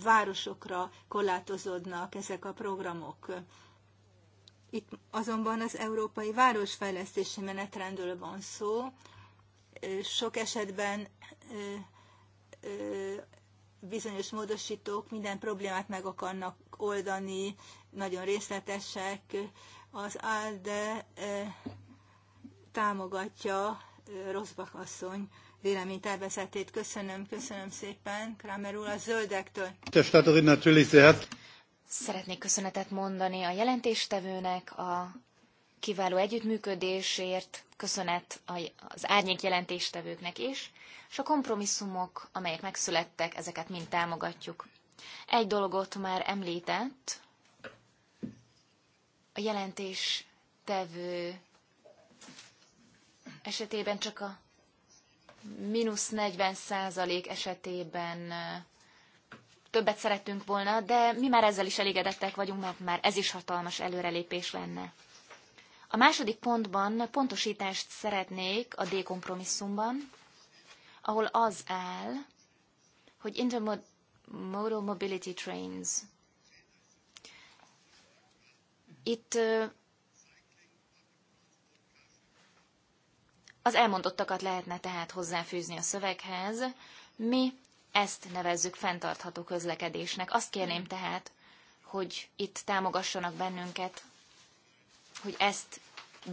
városokra korlátozódnak ezek a programok. Itt azonban az európai városfejlesztési menetrendről van szó, sok esetben bizonyos módosítók minden problémát meg akarnak oldani, nagyon részletesek. Az ALDE támogatja Rosbach asszony véleménytervezetét. Köszönöm, köszönöm szépen, Kramer úr, a zöldektől. Szeretnék köszönetet mondani a jelentéstevőnek, a kiváló együttműködésért, köszönet az árnyék jelentéstevőknek is, és a kompromisszumok, amelyek megszülettek, ezeket mind támogatjuk. Egy dologot már említett, a jelentéstevő esetében csak a mínusz 40 százalék esetében többet szerettünk volna, de mi már ezzel is elégedettek vagyunk, mert már ez is hatalmas előrelépés lenne. A második pontban pontosítást szeretnék a D-kompromisszumban, ahol az áll, hogy intermodal mobility trains. Itt az elmondottakat lehetne tehát hozzáfűzni a szöveghez. Mi ezt nevezzük fenntartható közlekedésnek. Azt kérném tehát, hogy itt támogassanak bennünket, hogy ezt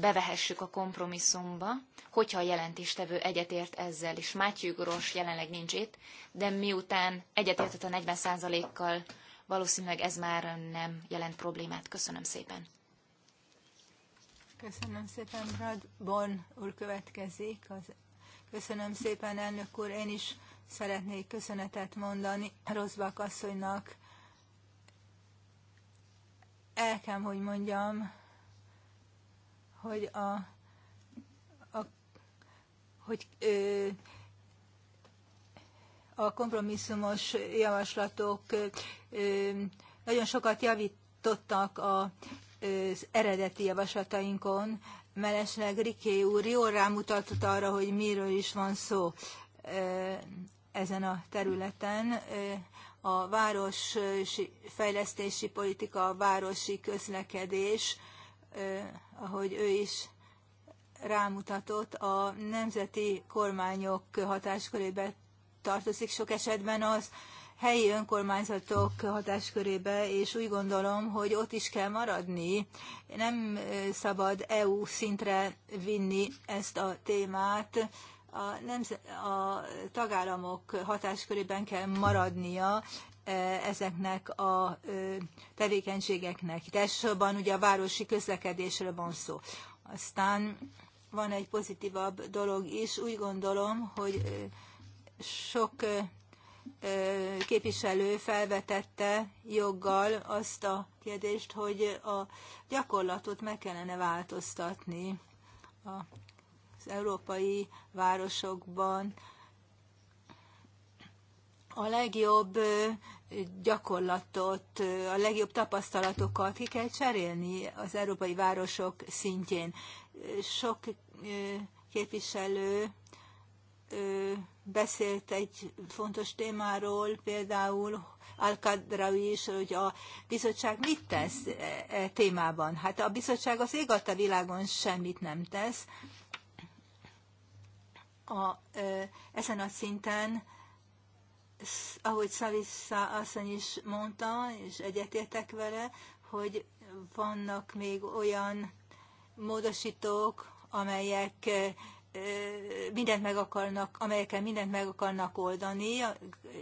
bevehessük a kompromisszumba, hogyha a jelentéstevő egyetért ezzel, és Mátyő Goros jelenleg nincs itt, de miután egyetértett a 40%-kal, valószínűleg ez már nem jelent problémát. Köszönöm szépen. Köszönöm szépen, Brad Born úr következik. Az... Köszönöm szépen, elnök úr. Én is szeretnék köszönetet mondani Rozbak asszonynak. El kell, hogy mondjam, hogy a, a hogy ö, a kompromisszumos javaslatok ö, nagyon sokat javítottak a, az eredeti javaslatainkon. Mellesleg Riké úr jól rámutatott arra, hogy miről is van szó ö, ezen a területen. Ö, a városi fejlesztési politika, a városi közlekedés, ö, ahogy ő is rámutatott, a nemzeti kormányok hatáskörébe tartozik sok esetben az helyi önkormányzatok hatáskörébe, és úgy gondolom, hogy ott is kell maradni. Nem szabad EU szintre vinni ezt a témát, a, nemze- a tagállamok hatáskörében kell maradnia ezeknek a tevékenységeknek. Elsősorban ugye a városi közlekedésről van szó. Aztán van egy pozitívabb dolog is. Úgy gondolom, hogy sok képviselő felvetette joggal azt a kérdést, hogy a gyakorlatot meg kellene változtatni az európai városokban, a legjobb gyakorlatot, a legjobb tapasztalatokat ki kell cserélni az európai városok szintjén. Sok képviselő beszélt egy fontos témáról, például Alkadraui is, hogy a bizottság mit tesz e, e témában. Hát a bizottság az ég a világon semmit nem tesz. A, ezen a szinten ahogy Szavissza asszony is mondta, és egyetértek vele, hogy vannak még olyan módosítók, amelyek mindent meg akarnak, amelyeken mindent meg akarnak oldani,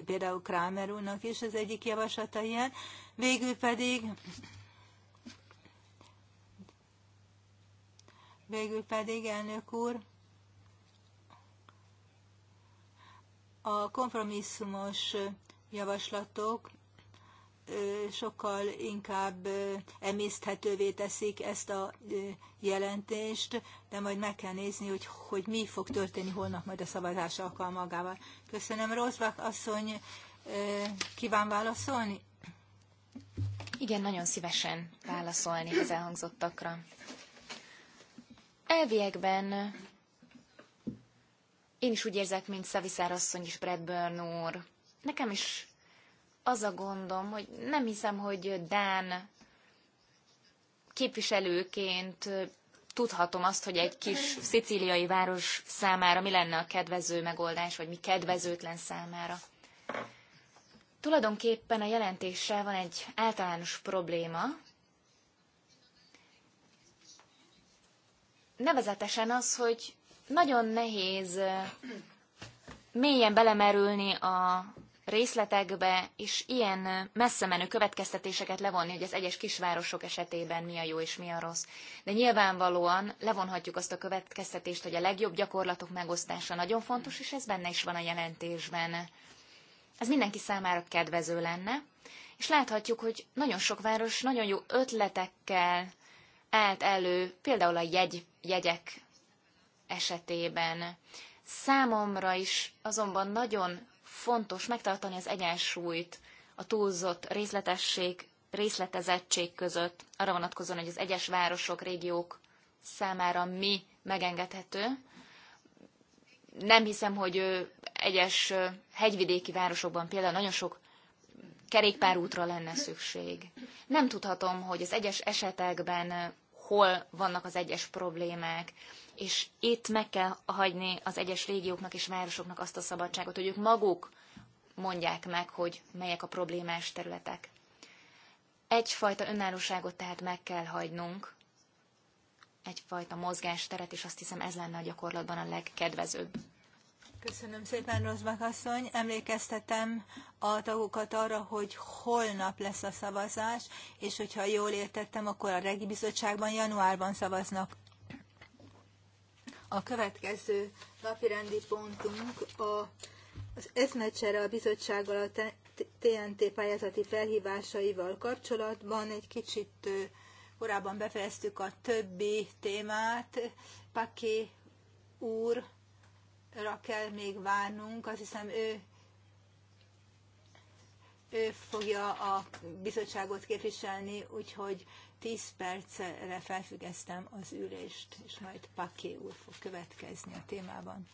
például Kramer úrnak is az egyik javaslata ilyen. Végül pedig végül pedig, elnök úr, A kompromisszumos javaslatok sokkal inkább emészthetővé teszik ezt a jelentést, de majd meg kell nézni, hogy, hogy mi fog történni holnap majd a szavazás alkalmagával. Köszönöm, Rosbach asszony, kíván válaszolni? Igen, nagyon szívesen válaszolni az elhangzottakra. Elviekben én is úgy érzek, mint Szaviszár asszony is, Bradburn úr. Nekem is az a gondom, hogy nem hiszem, hogy Dán képviselőként tudhatom azt, hogy egy kis szicíliai város számára mi lenne a kedvező megoldás, vagy mi kedvezőtlen számára. Tulajdonképpen a jelentéssel van egy általános probléma, nevezetesen az, hogy nagyon nehéz mélyen belemerülni a részletekbe, és ilyen messze menő következtetéseket levonni, hogy az egyes kisvárosok esetében mi a jó és mi a rossz. De nyilvánvalóan levonhatjuk azt a következtetést, hogy a legjobb gyakorlatok megosztása nagyon fontos, és ez benne is van a jelentésben. Ez mindenki számára kedvező lenne, és láthatjuk, hogy nagyon sok város nagyon jó ötletekkel állt elő, például a jegy, jegyek esetében. Számomra is azonban nagyon fontos megtartani az egyensúlyt a túlzott részletesség, részletezettség között, arra vonatkozóan, hogy az egyes városok, régiók számára mi megengedhető. Nem hiszem, hogy egyes hegyvidéki városokban például nagyon sok kerékpárútra lenne szükség. Nem tudhatom, hogy az egyes esetekben hol vannak az egyes problémák. És itt meg kell hagyni az egyes régióknak és városoknak azt a szabadságot, hogy ők maguk mondják meg, hogy melyek a problémás területek. Egyfajta önállóságot tehát meg kell hagynunk, egyfajta mozgásteret, és azt hiszem ez lenne a gyakorlatban a legkedvezőbb. Köszönöm szépen, Rozbak asszony. Emlékeztetem a tagokat arra, hogy holnap lesz a szavazás, és hogyha jól értettem, akkor a Regi Bizottságban januárban szavaznak. A következő napirendi pontunk a, az eszmecsere a bizottsággal a TNT pályázati felhívásaival kapcsolatban. Egy kicsit korábban befejeztük a többi témát. Paké úr ra kell még várnunk, azt hiszem ő, ő fogja a bizottságot képviselni, úgyhogy 10 percre felfüggesztem az ülést, és majd Paké úr fog következni a témában.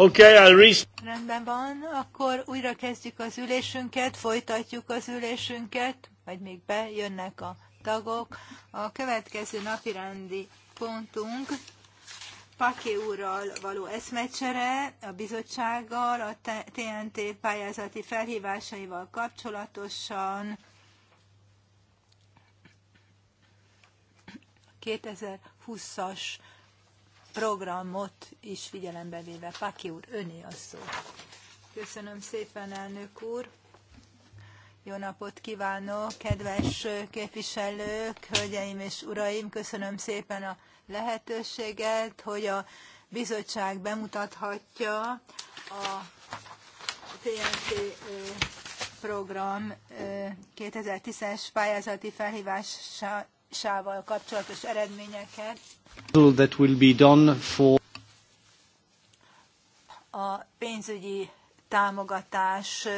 Okay, I'll reach. Rendben van, akkor újra kezdjük az ülésünket, folytatjuk az ülésünket, vagy még bejönnek a tagok. A következő napirendi pontunk Paké úrral való eszmecsere, a bizottsággal, a TNT pályázati felhívásaival kapcsolatosan 2020-as programot is figyelembe véve. Paki úr, öné a szó. Köszönöm szépen, elnök úr. Jó napot kívánok, kedves képviselők, hölgyeim és uraim! Köszönöm szépen a lehetőséget, hogy a bizottság bemutathatja a TNT program 2010-es pályázati felhívásával kapcsolatos eredményeket. A pénzügyi támogatás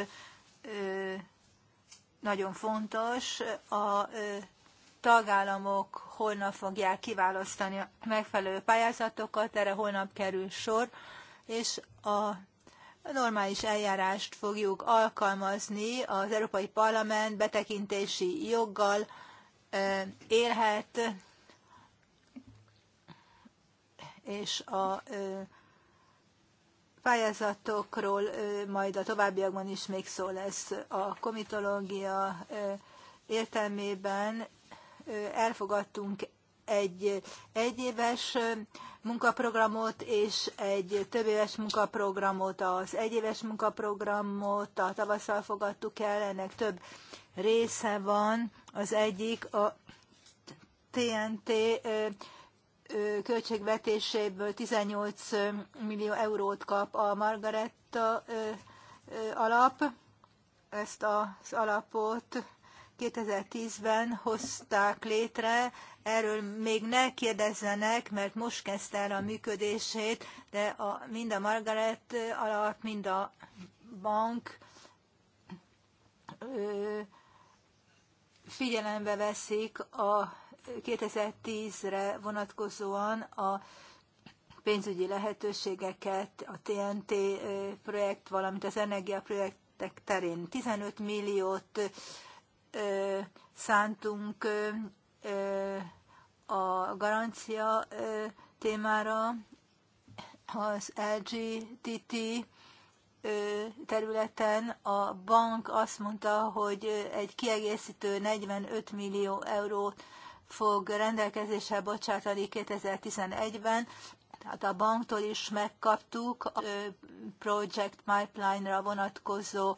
nagyon fontos. A tagállamok holnap fogják kiválasztani a megfelelő pályázatokat, erre holnap kerül sor, és a normális eljárást fogjuk alkalmazni, az Európai Parlament betekintési joggal élhet, és a pályázatokról majd a továbbiakban is még szó lesz. A komitológia értelmében elfogadtunk egy egyéves munkaprogramot és egy többéves munkaprogramot. Az egyéves munkaprogramot a tavasszal fogadtuk el, ennek több része van. Az egyik a TNT költségvetéséből 18 millió eurót kap a Margaretta alap. Ezt az alapot 2010-ben hozták létre, erről még ne kérdezzenek, mert most kezdte el a működését, de a, mind a Margaret alap, mind a bank figyelembe veszik a 2010-re vonatkozóan a pénzügyi lehetőségeket, a TNT projekt, valamint az energiaprojektek terén 15 milliót szántunk a garancia témára, az LGTT területen a bank azt mondta, hogy egy kiegészítő 45 millió eurót fog rendelkezésre bocsátani 2011-ben, tehát a banktól is megkaptuk a Project Pipeline-ra vonatkozó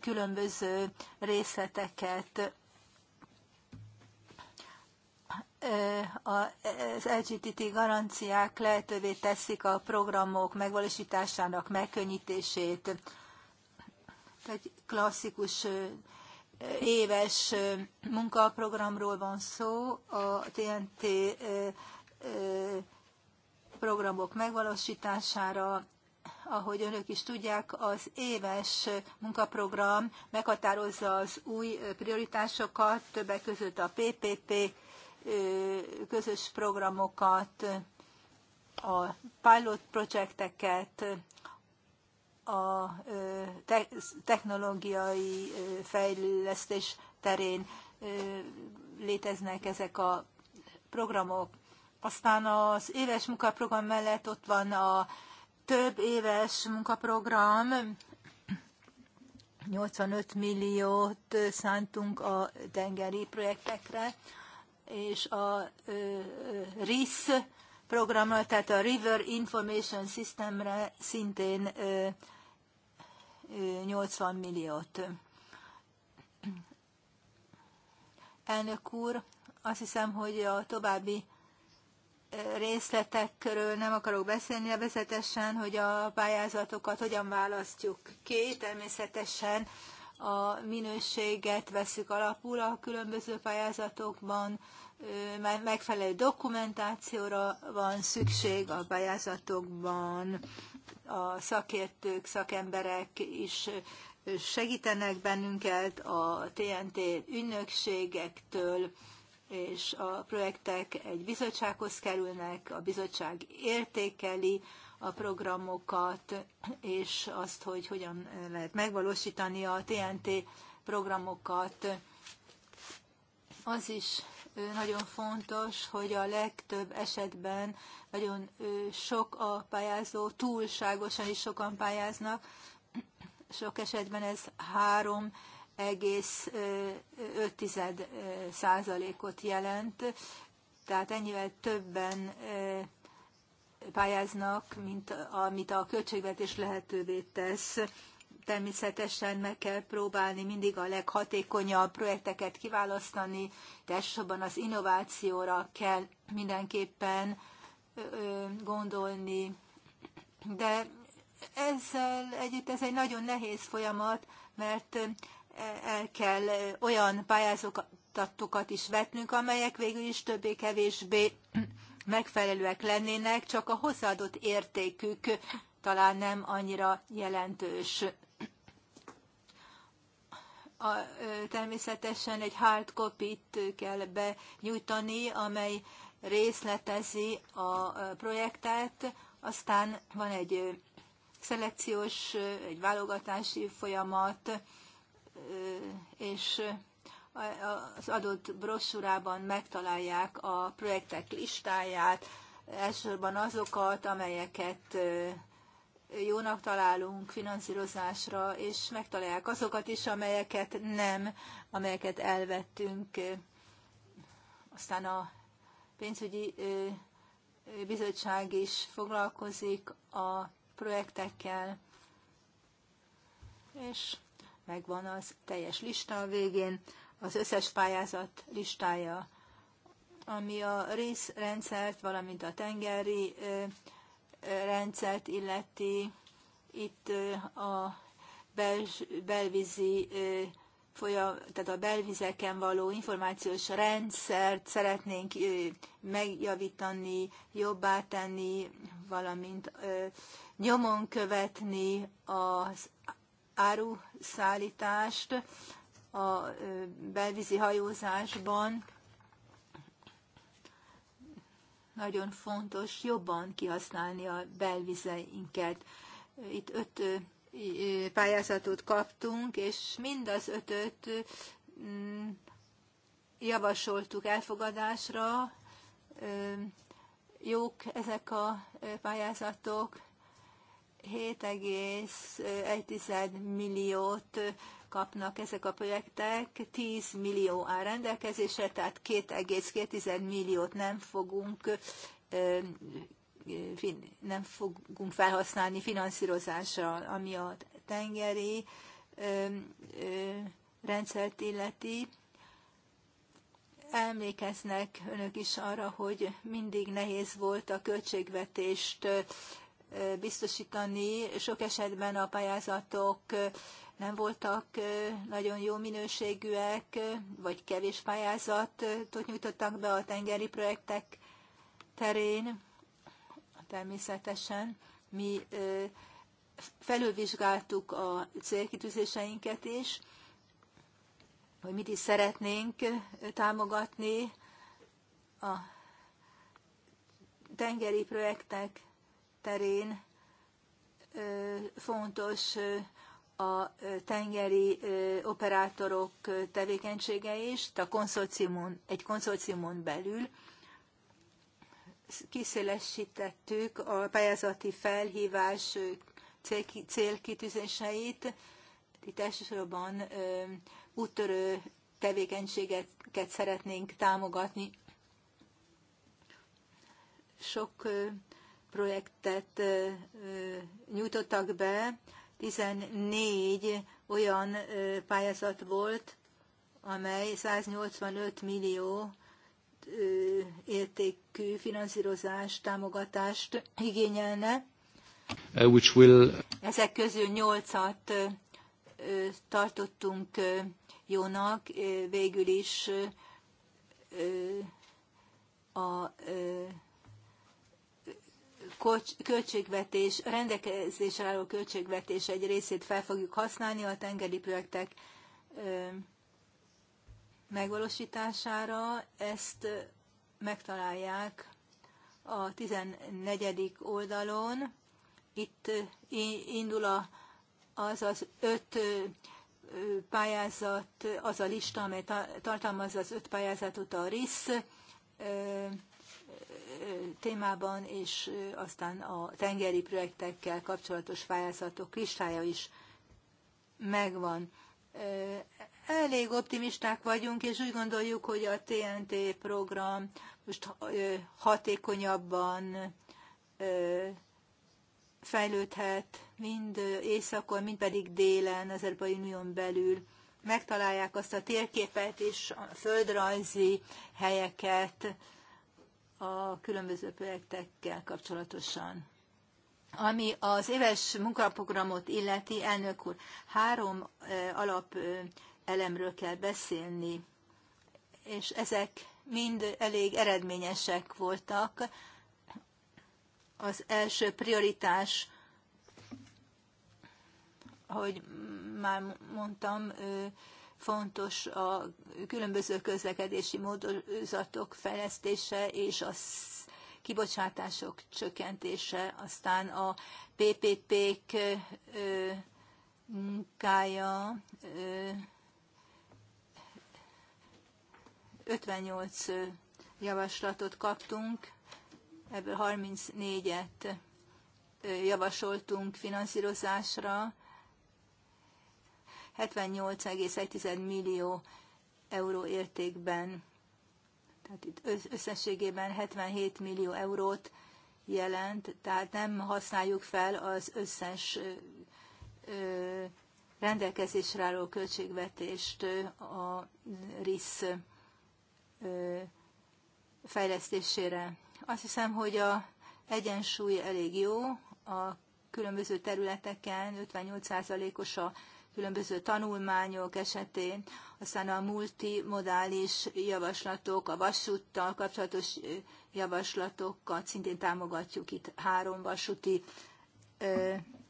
különböző részleteket. Az LGTT garanciák lehetővé teszik a programok megvalósításának megkönnyítését. Egy klasszikus éves munkaprogramról van szó, a TNT programok megvalósítására, ahogy önök is tudják, az éves munkaprogram meghatározza az új prioritásokat, többek között a PPP közös programokat, a pilot projekteket, a technológiai fejlesztés terén léteznek ezek a programok. Aztán az éves munkaprogram mellett ott van a több éves munkaprogram, 85 milliót szántunk a tengeri projektekre, és a RIS programra, tehát a River Information Systemre szintén 80 milliót. Elnök úr, azt hiszem, hogy a további e, részletekről nem akarok beszélni, nevezetesen, hogy a pályázatokat hogyan választjuk ki. Természetesen a minőséget veszük alapul a különböző pályázatokban, e, megfelelő dokumentációra van szükség a pályázatokban, a szakértők, szakemberek is segítenek bennünket a TNT ünnökségektől, és a projektek egy bizottsághoz kerülnek, a bizottság értékeli a programokat, és azt, hogy hogyan lehet megvalósítani a TNT programokat. Az is nagyon fontos, hogy a legtöbb esetben nagyon sok a pályázó, túlságosan is sokan pályáznak. Sok esetben ez 3,5 százalékot jelent, tehát ennyivel többen pályáznak, mint amit a költségvetés lehetővé tesz természetesen meg kell próbálni mindig a leghatékonyabb projekteket kiválasztani, de elsősorban az innovációra kell mindenképpen gondolni. De ezzel együtt ez egy nagyon nehéz folyamat, mert el kell olyan pályázatokat is vetnünk, amelyek végül is többé-kevésbé megfelelőek lennének, csak a hozzáadott értékük talán nem annyira jelentős a, természetesen egy hard copy-t kell benyújtani, amely részletezi a projektet, aztán van egy szelekciós, egy válogatási folyamat, és az adott brosúrában megtalálják a projektek listáját, elsősorban azokat, amelyeket jónak találunk finanszírozásra, és megtalálják azokat is, amelyeket nem, amelyeket elvettünk. Aztán a pénzügyi bizottság is foglalkozik a projektekkel, és megvan az teljes lista a végén, az összes pályázat listája, ami a részrendszert, valamint a tengeri rendszert illeti, itt a belvízi folyam, tehát a belvizeken való információs rendszert szeretnénk megjavítani, jobbá tenni, valamint nyomon követni az áruszállítást a belvízi hajózásban, nagyon fontos jobban kihasználni a belvizeinket. Itt öt pályázatot kaptunk, és mind az ötöt mm, javasoltuk elfogadásra. Jók ezek a pályázatok. 7,1 milliót kapnak ezek a projektek, 10 millió áll rendelkezésre, tehát 2,2 milliót nem fogunk nem fogunk felhasználni finanszírozásra, ami a tengeri rendszert illeti. Emlékeznek önök is arra, hogy mindig nehéz volt a költségvetést biztosítani. Sok esetben a pályázatok nem voltak nagyon jó minőségűek, vagy kevés pályázatot nyújtottak be a tengeri projektek terén. Természetesen mi felülvizsgáltuk a célkitűzéseinket is, hogy mit is szeretnénk támogatni a tengeri projektek terén fontos a tengeri operátorok tevékenysége is, a konszorciumon, egy konszorciumon belül kiszélesítettük a pályázati felhívás célkitűzéseit, itt elsősorban úttörő tevékenységeket szeretnénk támogatni. Sok projektet nyújtottak be, 14 olyan pályázat volt, amely 185 millió értékű finanszírozást támogatást igényelne. Uh, which will... Uh, Ezek közül 8-at tartottunk jónak, végül is a költségvetés, rendelkezésre álló költségvetés egy részét fel fogjuk használni a tengeri projektek megvalósítására. Ezt megtalálják a 14. oldalon. Itt indul a, az az öt pályázat, az a lista, amely tartalmazza az öt pályázatot a RISZ témában, és aztán a tengeri projektekkel kapcsolatos pályázatok listája is megvan. Elég optimisták vagyunk, és úgy gondoljuk, hogy a TNT program most hatékonyabban fejlődhet, mind északon, mind pedig délen, az Európai Unión belül megtalálják azt a térképet és a földrajzi helyeket, a különböző projektekkel kapcsolatosan. Ami az éves munkaprogramot illeti, elnök úr, három alap elemről kell beszélni, és ezek mind elég eredményesek voltak. Az első prioritás, ahogy már mondtam, fontos a különböző közlekedési módozatok fejlesztése és a kibocsátások csökkentése, aztán a PPP-k munkája 58 javaslatot kaptunk, ebből 34-et javasoltunk finanszírozásra, 78,1 millió euró értékben, tehát itt összességében 77 millió eurót jelent, tehát nem használjuk fel az összes ö, rendelkezésre álló költségvetést a RISZ fejlesztésére. Azt hiszem, hogy a egyensúly elég jó, a különböző területeken 58%-os a különböző tanulmányok esetén, aztán a multimodális javaslatok, a vasúttal kapcsolatos javaslatokat szintén támogatjuk. Itt három vasúti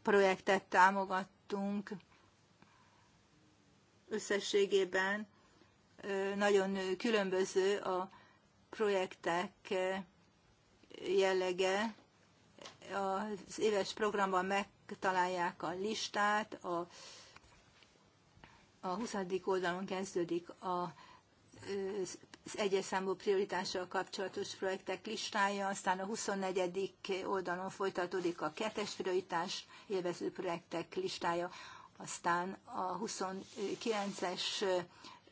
projektet támogattunk összességében nagyon különböző a projektek jellege. Az éves programban megtalálják a listát, a a 20. oldalon kezdődik a az egyes számú prioritással kapcsolatos projektek listája, aztán a 24. oldalon folytatódik a kettes prioritás élvező projektek listája, aztán a 29-es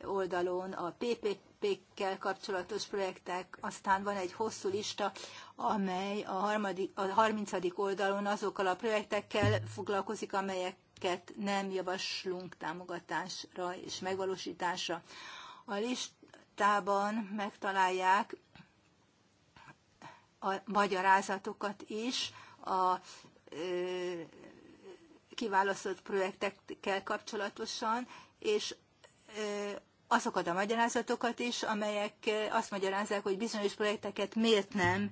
oldalon a PPP-kkel kapcsolatos projektek, aztán van egy hosszú lista, amely a, harmadik, a 30. oldalon azokkal a projektekkel foglalkozik, amelyek amelyeket nem javaslunk támogatásra és megvalósításra. A listában megtalálják a magyarázatokat is a kiválasztott projektekkel kapcsolatosan, és azokat a magyarázatokat is, amelyek azt magyarázzák, hogy bizonyos projekteket miért nem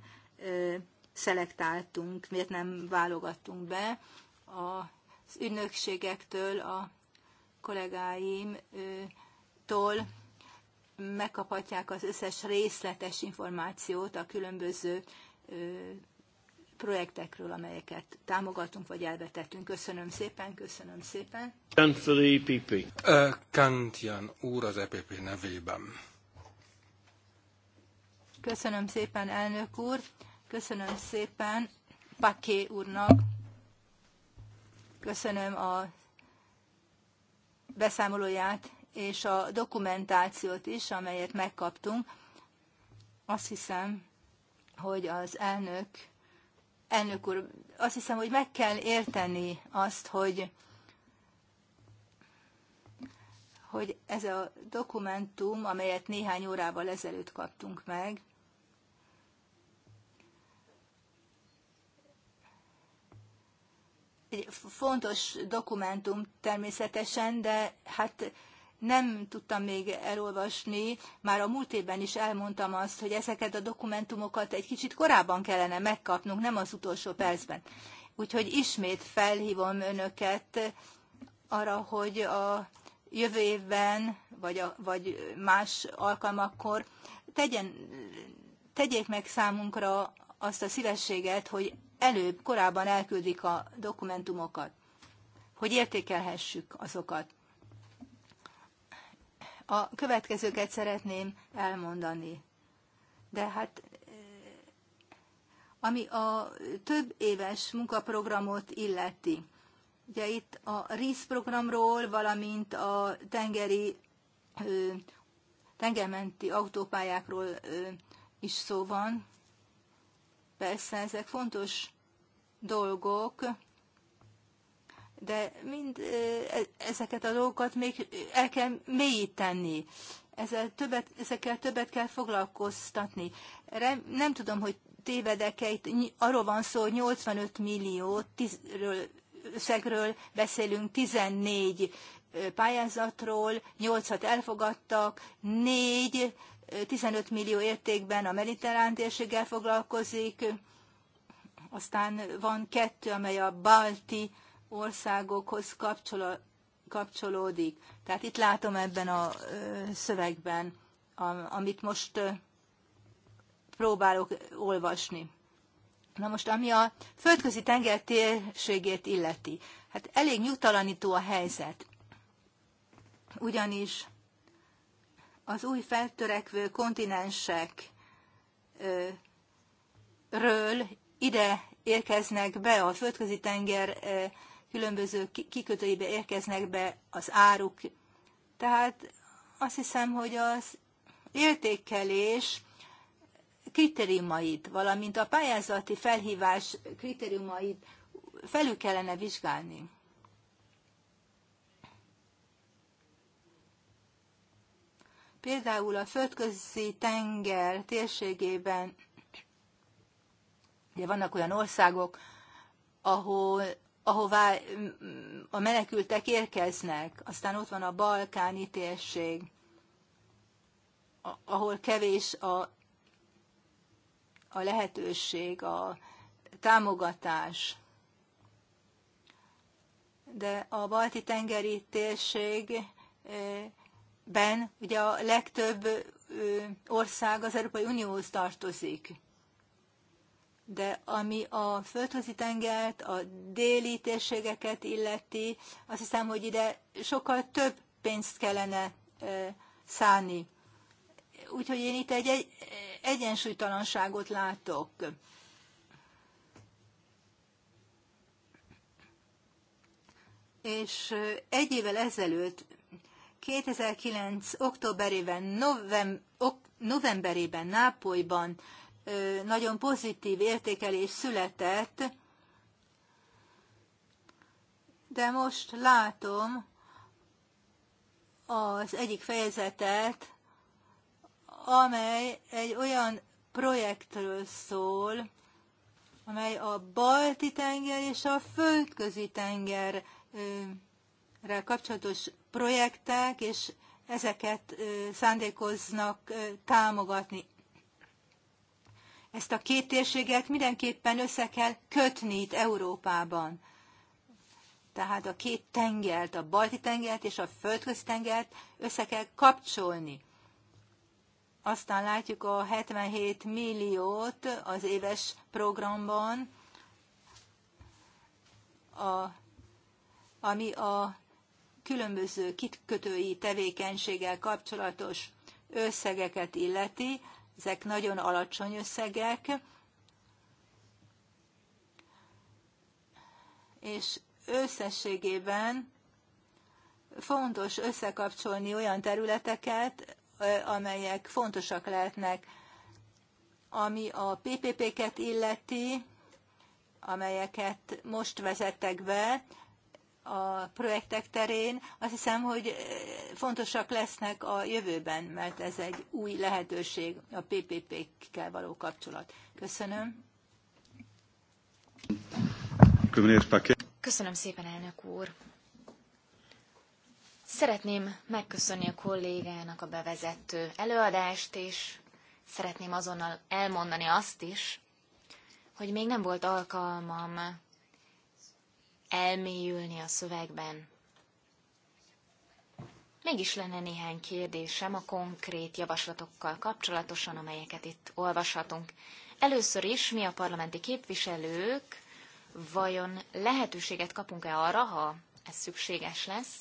szelektáltunk, miért nem válogattunk be a ünnökségektől, a kollégáimtól megkaphatják az összes részletes információt a különböző projektekről, amelyeket támogatunk vagy elvetettünk. Köszönöm szépen, köszönöm szépen. E Kantian úr az EPP nevében. Köszönöm szépen, elnök úr. Köszönöm szépen Paké úrnak Köszönöm a beszámolóját és a dokumentációt is, amelyet megkaptunk. Azt hiszem, hogy az elnök, elnök úr, azt hiszem, hogy meg kell érteni azt, hogy hogy ez a dokumentum, amelyet néhány órával ezelőtt kaptunk meg, egy fontos dokumentum természetesen, de hát nem tudtam még elolvasni, már a múlt évben is elmondtam azt, hogy ezeket a dokumentumokat egy kicsit korábban kellene megkapnunk, nem az utolsó percben. Úgyhogy ismét felhívom önöket arra, hogy a jövő évben, vagy, a, vagy más alkalmakkor tegyen, tegyék meg számunkra azt a szívességet, hogy előbb, korábban elküldik a dokumentumokat, hogy értékelhessük azokat. A következőket szeretném elmondani. De hát ami a több éves munkaprogramot illeti. Ugye itt a RISZ programról, valamint a tengeri, tengermenti autópályákról is szó van. Persze ezek fontos dolgok, de mind e, ezeket a dolgokat még el kell mélyíteni. Ezzel többet, ezekkel többet kell foglalkoztatni. Rem, nem tudom, hogy tévedek-e, itt arról van szó, hogy 85 millió tízről, összegről beszélünk, 14 pályázatról, 8-at elfogadtak, 4 15 millió értékben a mediterrán térséggel foglalkozik, aztán van kettő, amely a balti országokhoz kapcsolódik. Tehát itt látom ebben a szövegben, amit most próbálok olvasni. Na most, ami a földközi tenger térségét illeti, hát elég nyugtalanító a helyzet. Ugyanis az új feltörekvő kontinensekről ide érkeznek be, a földközi tenger különböző kikötőibe érkeznek be az áruk. Tehát azt hiszem, hogy az értékelés kritériumait, valamint a pályázati felhívás kritériumait felül kellene vizsgálni. Például a földközi tenger térségében, ugye vannak olyan országok, ahol, ahová mm, a menekültek érkeznek, aztán ott van a balkáni térség, ahol kevés a, a lehetőség, a támogatás. De a balti tengeri térség eh, ben ugye a legtöbb ország az Európai Unióhoz tartozik. De ami a földközi tengert, a déli térségeket illeti, azt hiszem, hogy ide sokkal több pénzt kellene szállni. Úgyhogy én itt egy, egy egyensúlytalanságot látok. És egy évvel ezelőtt 2009. októberében, novem, ok, novemberében Nápolyban ö, nagyon pozitív értékelés született, de most látom az egyik fejezetet, amely egy olyan projektről szól, amely a balti tenger és a földközi tenger kapcsolatos projektek, és ezeket szándékoznak támogatni. Ezt a két térséget mindenképpen össze kell kötni itt Európában. Tehát a két tengert, a balti tengert és a földközi tengert össze kell kapcsolni. Aztán látjuk a 77 milliót az éves programban, a, ami a különböző kitkötői tevékenységgel kapcsolatos összegeket illeti, ezek nagyon alacsony összegek, és összességében fontos összekapcsolni olyan területeket, amelyek fontosak lehetnek, ami a PPP-ket illeti, amelyeket most vezettek be, a projektek terén, azt hiszem, hogy eh, fontosak lesznek a jövőben, mert ez egy új lehetőség a PPP-kkel való kapcsolat. Köszönöm. Köszönöm szépen, elnök úr. Szeretném megköszönni a kollégának a bevezető előadást, és szeretném azonnal elmondani azt is, hogy még nem volt alkalmam elmélyülni a szövegben. Mégis lenne néhány kérdésem a konkrét javaslatokkal kapcsolatosan, amelyeket itt olvashatunk. Először is mi a parlamenti képviselők vajon lehetőséget kapunk-e arra, ha ez szükséges lesz,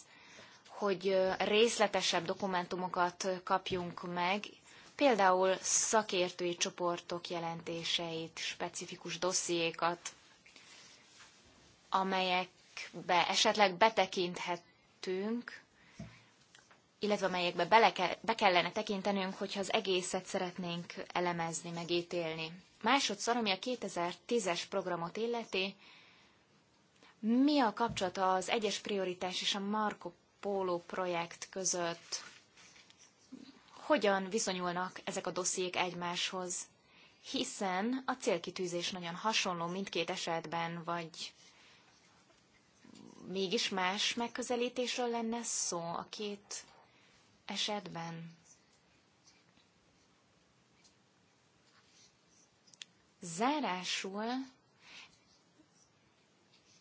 hogy részletesebb dokumentumokat kapjunk meg, például szakértői csoportok jelentéseit, specifikus dossziékat, amelyekbe esetleg betekinthetünk, illetve amelyekbe bele ke, be kellene tekintenünk, hogyha az egészet szeretnénk elemezni, megítélni. Másodszor, ami a 2010-es programot illeti, mi a kapcsolata az egyes prioritás és a Marco Polo projekt között? Hogyan viszonyulnak ezek a dossziék egymáshoz? Hiszen a célkitűzés nagyon hasonló mindkét esetben, vagy mégis más megközelítésről lenne szó a két esetben? Zárásul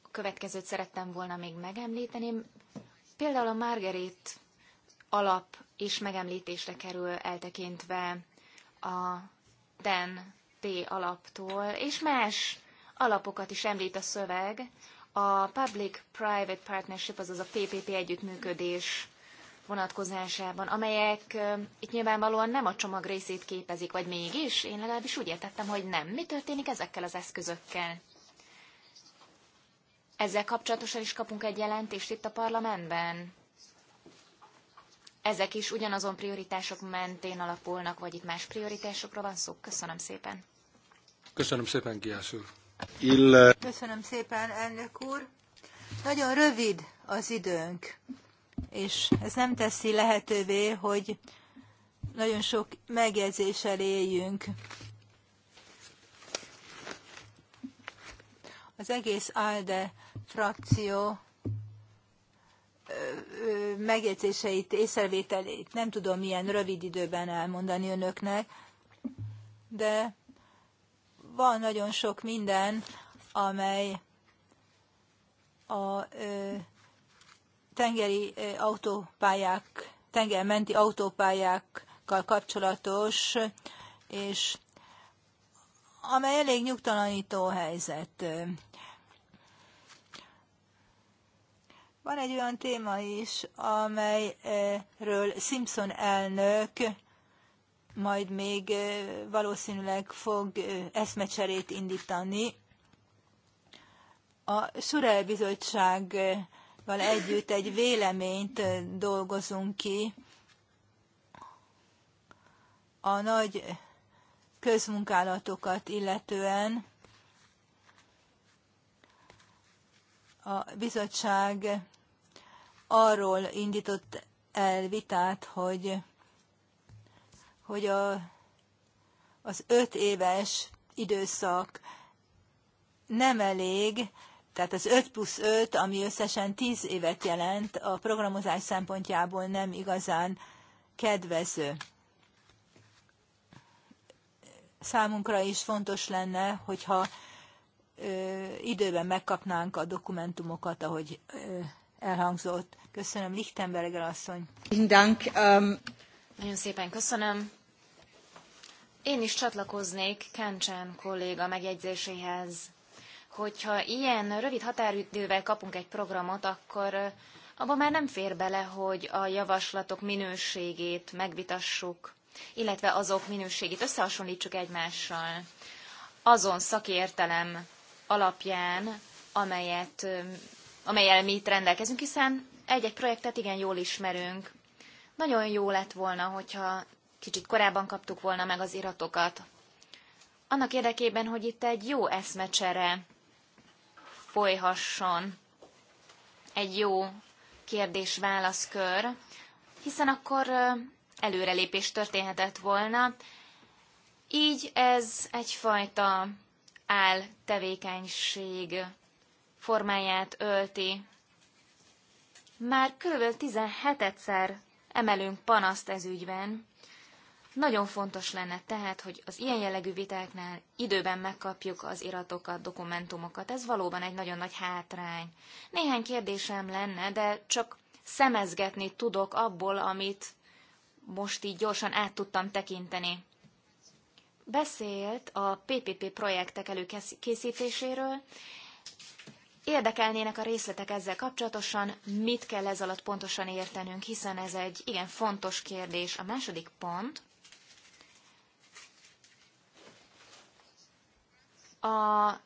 a következőt szerettem volna még megemlíteni. Például a Margarit alap is megemlítésre kerül eltekintve a DEN T alaptól, és más alapokat is említ a szöveg, a Public-Private Partnership, azaz a PPP együttműködés vonatkozásában, amelyek itt nyilvánvalóan nem a csomag részét képezik, vagy mégis? Én legalábbis úgy értettem, hogy nem. Mi történik ezekkel az eszközökkel? Ezzel kapcsolatosan is kapunk egy jelentést itt a parlamentben. Ezek is ugyanazon prioritások mentén alapulnak, vagy itt más prioritásokra van szó? Köszönöm szépen. Köszönöm szépen, Kiász úr. Köszönöm szépen, elnök úr. Nagyon rövid az időnk, és ez nem teszi lehetővé, hogy nagyon sok megjegyzéssel éljünk. Az egész ALDE frakció megjegyzéseit, észrevételét nem tudom milyen rövid időben elmondani önöknek, de van nagyon sok minden, amely a tengeri autópályák, tengermenti autópályákkal kapcsolatos, és amely elég nyugtalanító helyzet. Van egy olyan téma is, amelyről Simpson elnök majd még valószínűleg fog eszmecserét indítani. A Surel Bizottsággal együtt egy véleményt dolgozunk ki a nagy közmunkálatokat illetően. A bizottság arról indított el vitát, hogy hogy a, az öt éves időszak nem elég, tehát az 5 plusz 5, ami összesen 10 évet jelent, a programozás szempontjából nem igazán kedvező. Számunkra is fontos lenne, hogyha ö, időben megkapnánk a dokumentumokat, ahogy ö, elhangzott. Köszönöm, Lichtenberger asszony. Dank, um... Nagyon szépen köszönöm. Én is csatlakoznék Kencsen kolléga megjegyzéséhez, hogyha ilyen rövid határidővel kapunk egy programot, akkor abban már nem fér bele, hogy a javaslatok minőségét megvitassuk, illetve azok minőségét összehasonlítsuk egymással. Azon szakértelem alapján, amelyet, amelyel mi itt rendelkezünk, hiszen egy-egy projektet igen jól ismerünk. Nagyon jó lett volna, hogyha kicsit korábban kaptuk volna meg az iratokat. Annak érdekében, hogy itt egy jó eszmecsere folyhasson, egy jó kérdés válaszkör hiszen akkor előrelépés történhetett volna. Így ez egyfajta áll tevékenység formáját ölti. Már kb. 17-szer emelünk panaszt ez ügyben, nagyon fontos lenne tehát, hogy az ilyen jellegű vitáknál időben megkapjuk az iratokat, dokumentumokat. Ez valóban egy nagyon nagy hátrány. Néhány kérdésem lenne, de csak szemezgetni tudok abból, amit most így gyorsan át tudtam tekinteni. Beszélt a PPP projektek előkészítéséről. Érdekelnének a részletek ezzel kapcsolatosan, mit kell ez alatt pontosan értenünk, hiszen ez egy igen fontos kérdés. A második pont, A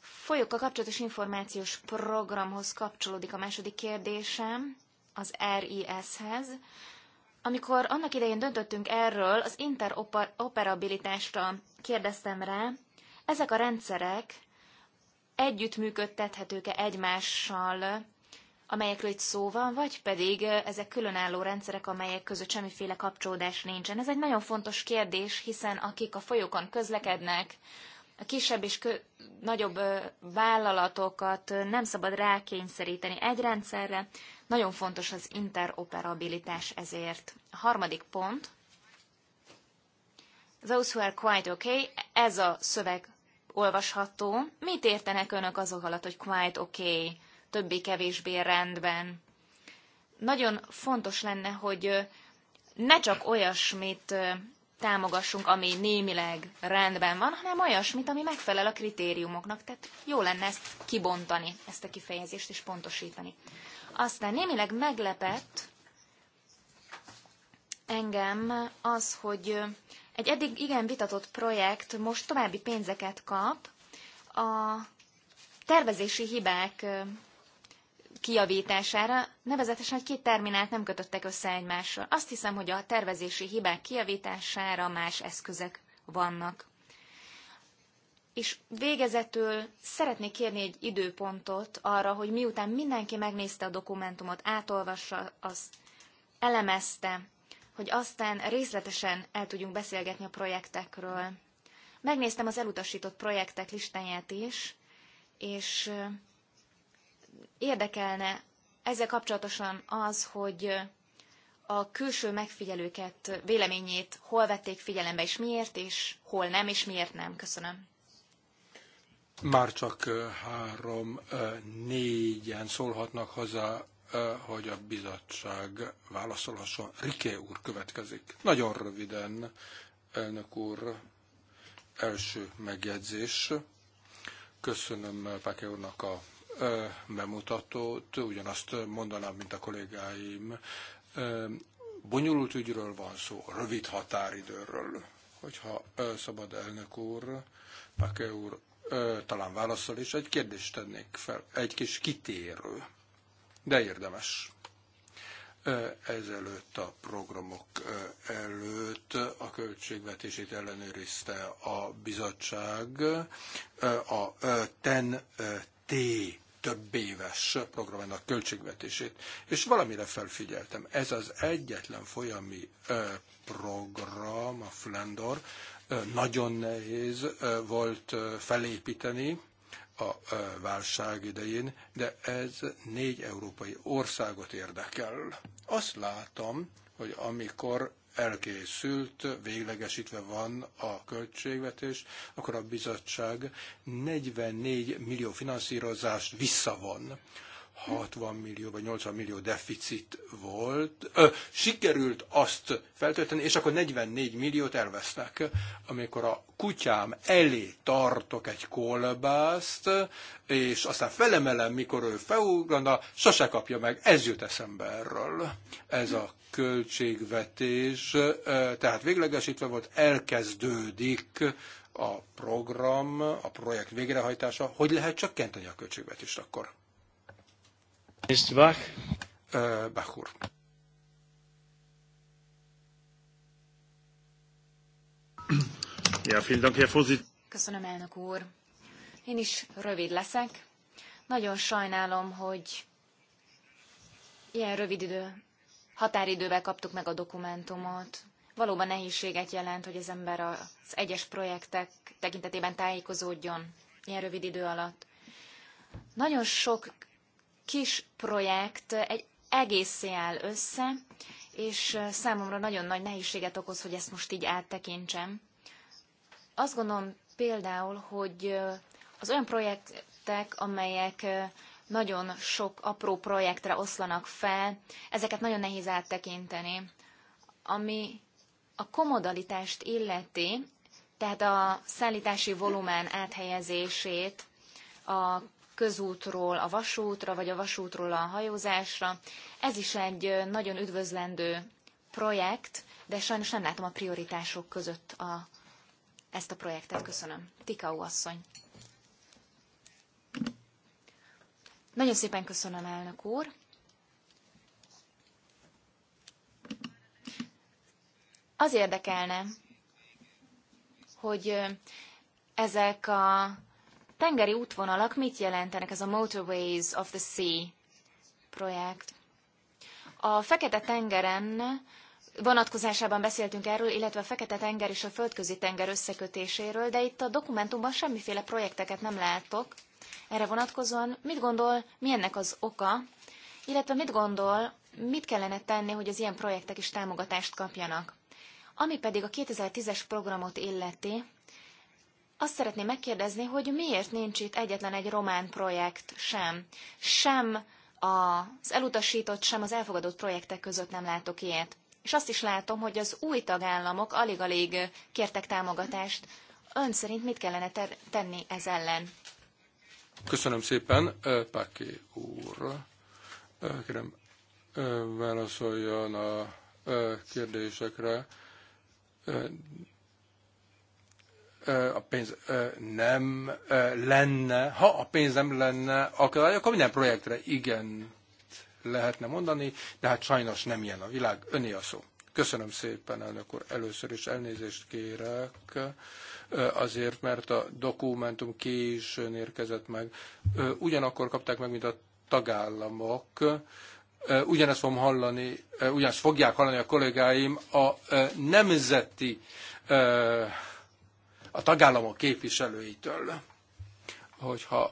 folyókkal kapcsolatos információs programhoz kapcsolódik a második kérdésem, az RIS-hez. Amikor annak idején döntöttünk erről, az interoperabilitásra kérdeztem rá, ezek a rendszerek együttműködtethetők-e egymással, amelyekről itt szó van, vagy pedig ezek különálló rendszerek, amelyek között semmiféle kapcsolódás nincsen. Ez egy nagyon fontos kérdés, hiszen akik a folyókon közlekednek, a kisebb és kö- nagyobb vállalatokat nem szabad rákényszeríteni egy rendszerre. Nagyon fontos az interoperabilitás ezért. A harmadik pont. Those who are quite okay, ez a szöveg olvasható. Mit értenek önök azok alatt, hogy quite okay, többi-kevésbé rendben? Nagyon fontos lenne, hogy ne csak olyasmit támogassunk, ami némileg rendben van, hanem olyasmit, ami megfelel a kritériumoknak. Tehát jó lenne ezt kibontani, ezt a kifejezést is pontosítani. Aztán némileg meglepett engem az, hogy egy eddig igen vitatott projekt most további pénzeket kap. A tervezési hibák kijavítására, nevezetesen, hogy két terminált nem kötöttek össze egymással. Azt hiszem, hogy a tervezési hibák kijavítására más eszközök vannak. És végezetül szeretnék kérni egy időpontot arra, hogy miután mindenki megnézte a dokumentumot, átolvassa, azt elemezte, hogy aztán részletesen el tudjunk beszélgetni a projektekről. Megnéztem az elutasított projektek listáját is, és érdekelne ezzel kapcsolatosan az, hogy a külső megfigyelőket véleményét hol vették figyelembe, és miért, és hol nem, és miért nem. Köszönöm. Már csak három, négyen szólhatnak hozzá, hogy a bizottság válaszolhasson. Riké úr következik. Nagyon röviden, elnök úr, első megjegyzés. Köszönöm Páke úrnak a bemutatót, ugyanazt mondanám, mint a kollégáim. Bonyolult ügyről van szó, rövid határidőről. Hogyha szabad elnök úr, Pake úr talán válaszol, és egy kérdést tennék fel, egy kis kitérő, de érdemes ezelőtt a programok előtt a költségvetését ellenőrizte a bizottság a TEN-T több éves programának költségvetését, és valamire felfigyeltem. Ez az egyetlen folyami program, a Flendor, nagyon nehéz volt felépíteni a válság idején, de ez négy európai országot érdekel. Azt látom, hogy amikor elkészült, véglegesítve van a költségvetés, akkor a bizottság 44 millió finanszírozást visszavon. 60 millió vagy 80 millió deficit volt, ö, sikerült azt feltölteni, és akkor 44 milliót elvesznek. Amikor a kutyám elé tartok egy kolbászt, és aztán felemelem, mikor ő felugrana, sose kapja meg, ez jut eszembe erről. Ez a költségvetés, tehát véglegesítve volt, elkezdődik a program, a projekt végrehajtása. Hogy lehet csökkenteni a költségvetést akkor? Bach. Bach úr. Ja, Köszönöm, elnök úr. Én is rövid leszek. Nagyon sajnálom, hogy ilyen rövid idő határidővel kaptuk meg a dokumentumot. Valóban nehézséget jelent, hogy az ember az egyes projektek tekintetében tájékozódjon ilyen rövid idő alatt. Nagyon sok kis projekt egy egész áll össze, és számomra nagyon nagy nehézséget okoz, hogy ezt most így áttekintsem. Azt gondolom például, hogy az olyan projektek, amelyek nagyon sok apró projektre oszlanak fel, ezeket nagyon nehéz áttekinteni. Ami a komodalitást illeti, tehát a szállítási volumen áthelyezését a közútról a vasútra, vagy a vasútról a hajózásra, ez is egy nagyon üdvözlendő projekt, de sajnos nem látom a prioritások között a, ezt a projektet. Köszönöm. Tikau asszony. Nagyon szépen köszönöm, elnök úr. Az érdekelne, hogy ezek a tengeri útvonalak mit jelentenek, ez a Motorways of the Sea projekt. A Fekete-tengeren vonatkozásában beszéltünk erről, illetve a Fekete-tenger és a Földközi-tenger összekötéséről, de itt a dokumentumban semmiféle projekteket nem látok. Erre vonatkozóan mit gondol, mi ennek az oka, illetve mit gondol, mit kellene tenni, hogy az ilyen projektek is támogatást kapjanak. Ami pedig a 2010-es programot illeti, azt szeretném megkérdezni, hogy miért nincs itt egyetlen egy román projekt sem. Sem az elutasított, sem az elfogadott projektek között nem látok ilyet és azt is látom, hogy az új tagállamok alig-alig kértek támogatást. Ön szerint mit kellene tenni ez ellen? Köszönöm szépen, Páki úr. Kérem, válaszoljon a kérdésekre. A pénz nem lenne, ha a pénz nem lenne akkor minden projektre igen lehetne mondani, de hát sajnos nem ilyen a világ. Öné a szó. Köszönöm szépen, elnök úr. Először is elnézést kérek azért, mert a dokumentum későn érkezett meg. Ugyanakkor kapták meg, mint a tagállamok. Ugyanezt fogom hallani, ugyanezt fogják hallani a kollégáim a nemzeti, a tagállamok képviselőitől, hogyha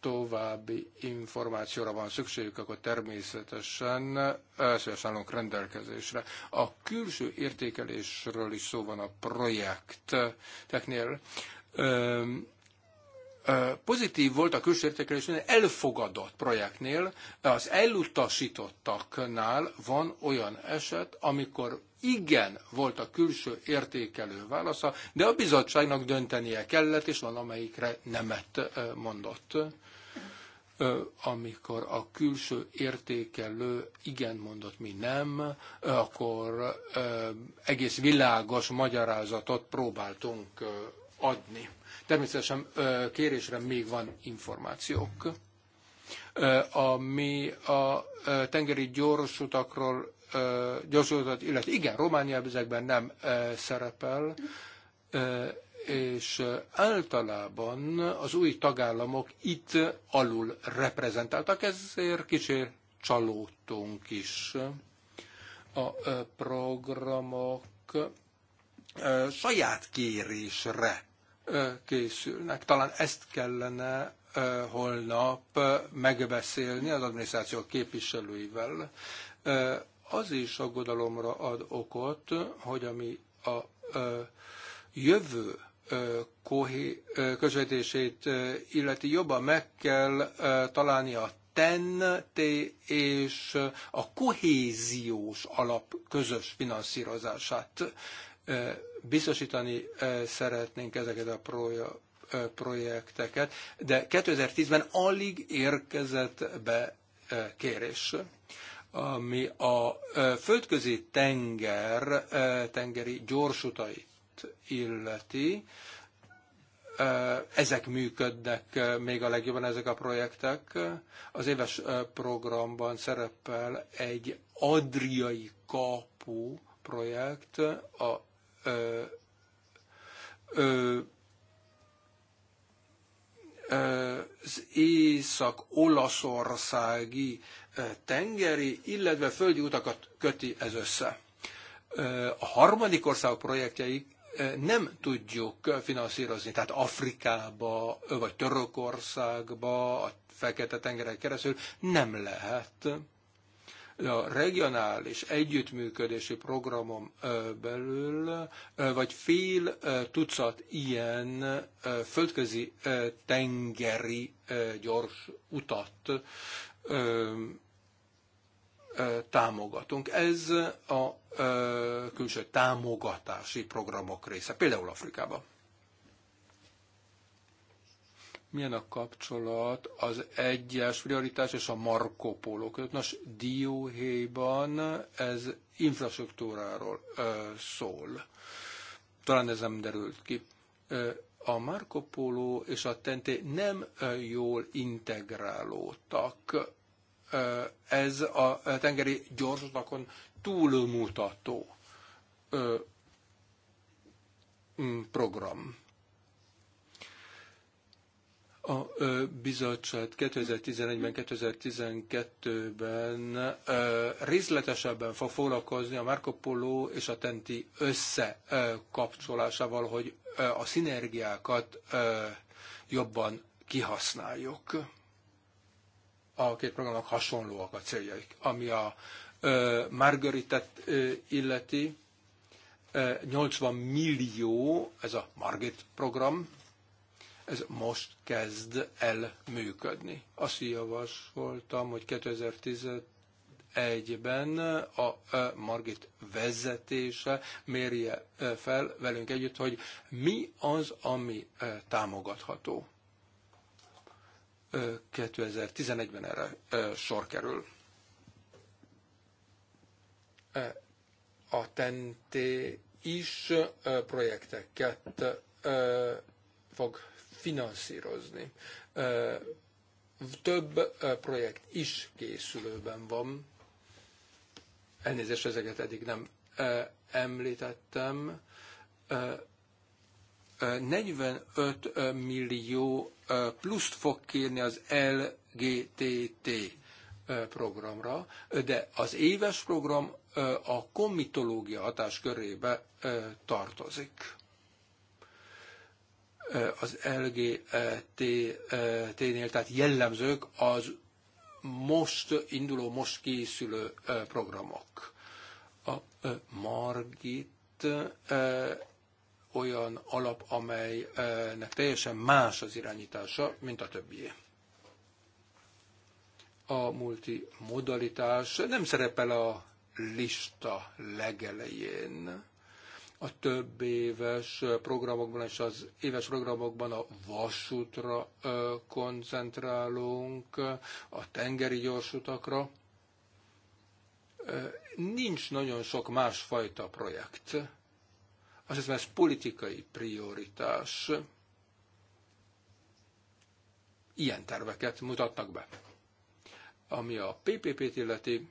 további információra van szükségük, akkor természetesen eh, szívesen rendelkezésre. A külső értékelésről is szó van a projekteknél. Pozitív volt a külső értékelés elfogadott projektnél, az elutasítottaknál van olyan eset, amikor igen volt a külső értékelő válasza, de a bizottságnak döntenie kellett, és van amelyikre nemet mondott amikor a külső értékelő igen mondott, mi nem, akkor egész világos magyarázatot próbáltunk adni. Természetesen kérésre még van információk. Ami a tengeri gyorsutakról gyorsutat illetve igen, Romániában ezekben nem szerepel, és általában az új tagállamok itt alul reprezentáltak, ezért kicsit csalódtunk is. A programok saját kérésre készülnek. Talán ezt kellene holnap megbeszélni az adminisztráció képviselőivel. Az is aggodalomra ad okot, hogy ami a jövő közvetését illeti jobban meg kell találni a TEN-T e és a kohéziós alap közös finanszírozását. Biztosítani szeretnénk ezeket a projekteket, de 2010-ben alig érkezett be kérés ami a földközi tenger tengeri gyorsutait illeti, ezek működnek még a legjobban, ezek a projektek. Az éves programban szerepel egy adriai kapu projekt, a ö, ö, az észak-olaszországi tengeri, illetve földi utakat köti ez össze. A harmadik ország projektjeik nem tudjuk finanszírozni, tehát Afrikába, vagy Törökországba, a Fekete-tengeren keresztül nem lehet a regionális együttműködési programom belül, vagy fél tucat ilyen földközi tengeri gyors utat támogatunk. Ez a külső támogatási programok része, például Afrikában. Milyen a kapcsolat az egyes prioritás és a Marco Polo között? Nos, dióhéjban ez infrastruktúráról szól. Talán ez nem derült ki a Marco Polo és a Tente nem jól integrálódtak ez a tengeri gyorsutakon túlmutató program. A bizottság 2011-ben, 2012-ben részletesebben fog foglalkozni a Marco Polo és a Tenti összekapcsolásával, hogy a szinergiákat jobban kihasználjuk a két programnak hasonlóak a céljaik. Ami a Margaritet illeti, 80 millió, ez a Margit program, ez most kezd el működni. Azt javasoltam, hogy 2011-ben a Margit vezetése mérje fel velünk együtt, hogy mi az, ami támogatható. 2011-ben erre sor kerül. A TNT is projekteket fog finanszírozni. Több projekt is készülőben van. Elnézést, ezeket eddig nem említettem. 45 millió pluszt fog kérni az LGTT programra, de az éves program a komitológia hatás körébe tartozik. Az LGT-nél, tehát jellemzők az most induló, most készülő programok. A Margit olyan alap, amelynek teljesen más az irányítása, mint a többié. A multimodalitás nem szerepel a lista legelején. A több éves programokban és az éves programokban a vasútra koncentrálunk, a tengeri gyorsutakra. Nincs nagyon sok másfajta projekt azt hiszem, ez politikai prioritás. Ilyen terveket mutatnak be. Ami a PPP-t illeti,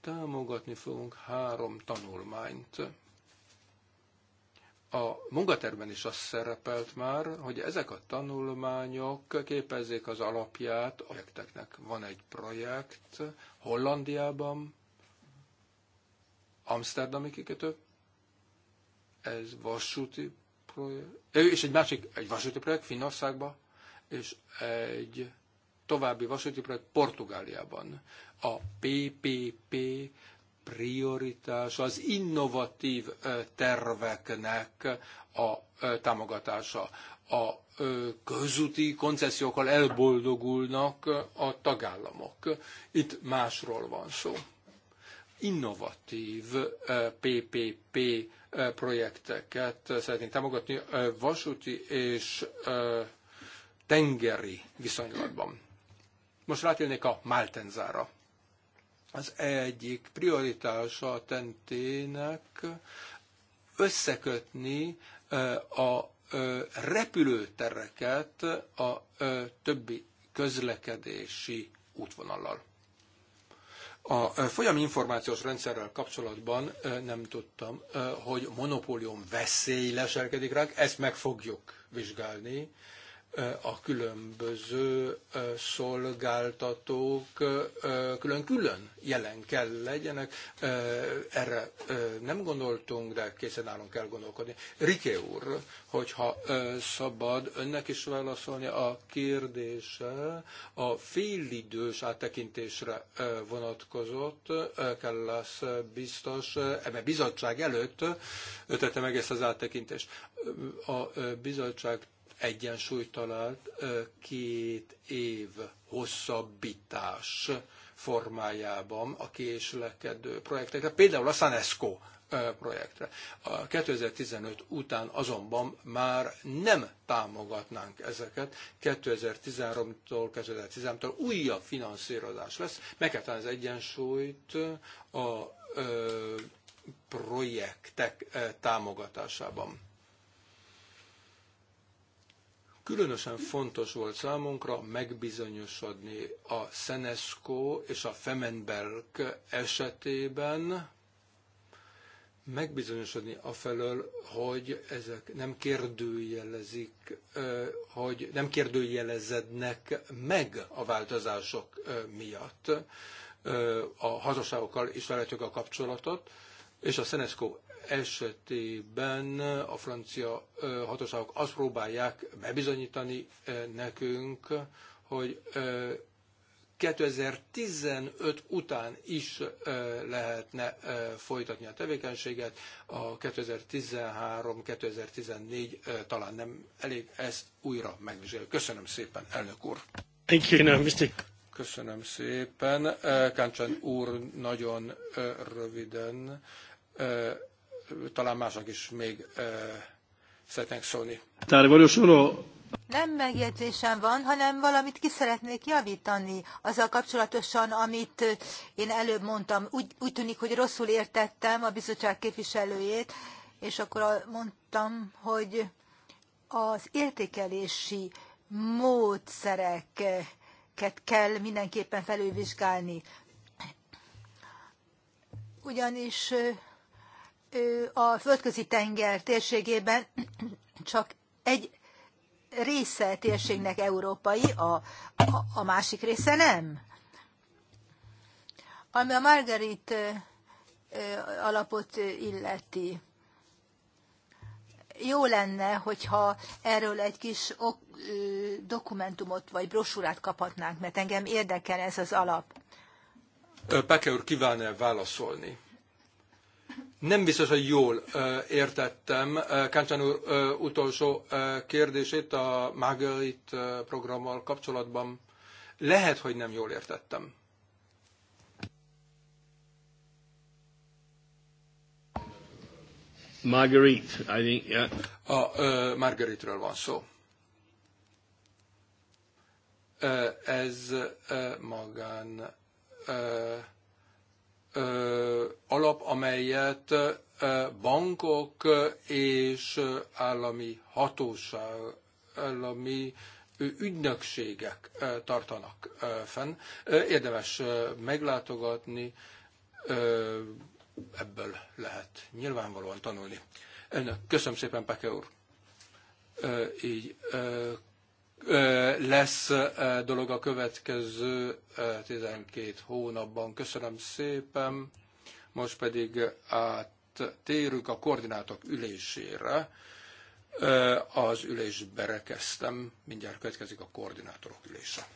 támogatni fogunk három tanulmányt. A munkatervben is az szerepelt már, hogy ezek a tanulmányok képezzék az alapját a projekteknek. Van egy projekt Hollandiában, Amsterdami kikötő, ez vasúti projekt, és egy másik, egy vasúti projekt Finnországban, és egy további vasúti projekt Portugáliában. A PPP prioritás az innovatív terveknek a támogatása. A közúti koncesziókkal elboldogulnak a tagállamok. Itt másról van szó innovatív PPP projekteket szeretnénk támogatni vasúti és tengeri viszonylatban. Most rátérnék a Máltenzára. Az egyik prioritása a tentének összekötni a repülőtereket a többi közlekedési útvonallal. A e, folyami információs rendszerrel kapcsolatban e, nem tudtam, e, hogy monopólium veszély leselkedik ránk, ezt meg fogjuk vizsgálni, a különböző szolgáltatók külön-külön jelen kell legyenek. Erre nem gondoltunk, de készen állunk gondolkodni. Riké úr, hogyha szabad önnek is válaszolni a kérdése, a félidős áttekintésre vonatkozott, kell lesz biztos, ebbe bizottság előtt tette meg ezt az áttekintést. A bizottság egyensúlyt talált két év hosszabbítás formájában a késlekedő projektekre, például a Sanesco projektre. A 2015 után azonban már nem támogatnánk ezeket. 2013-tól 2013-tól újabb finanszírozás lesz. Meg kell az egyensúlyt a projektek támogatásában Különösen fontos volt számunkra megbizonyosodni a Szenesco és a Femenberg esetében, megbizonyosodni afelől, hogy ezek nem kérdőjelezik, hogy nem kérdőjelezednek meg a változások miatt. A hazaságokkal is felejtjük a kapcsolatot, és a Szenesco esetében a francia hatóságok azt próbálják bebizonyítani nekünk, hogy 2015 után is lehetne folytatni a tevékenységet. A 2013-2014 talán nem elég ezt újra megvizsgálni. Köszönöm szépen, elnök úr! Köszönöm szépen. Káncsán úr nagyon röviden talán mások is még szeretnénk szólni. Nem megjegyzésem van, hanem valamit ki szeretnék javítani azzal kapcsolatosan, amit én előbb mondtam. Úgy, úgy tűnik, hogy rosszul értettem a bizottság képviselőjét, és akkor mondtam, hogy az értékelési módszereket kell mindenképpen felülvizsgálni. Ugyanis a földközi tenger térségében csak egy része térségnek európai, a, a, a másik része nem. Ami a Margarit alapot illeti. Jó lenne, hogyha erről egy kis ok, dokumentumot vagy brosúrát kaphatnánk, mert engem érdekel ez az alap. Peke úr kíván-e válaszolni? Nem biztos, hogy jól értettem Káncsán úr utolsó kérdését a Margarit programmal kapcsolatban. Lehet, hogy nem jól értettem. Marguerite, I think, yeah. A uh, Marguerite-ről van szó. Uh, ez uh, magán uh, alap, amelyet bankok és állami hatóság, állami ügynökségek tartanak fenn. Érdemes meglátogatni, ebből lehet nyilvánvalóan tanulni. Önök, köszönöm szépen, Peke úr! Így lesz dolog a következő 12 hónapban. Köszönöm szépen. Most pedig áttérünk a koordinátok ülésére. Az ülés berekeztem. Mindjárt következik a koordinátorok ülése.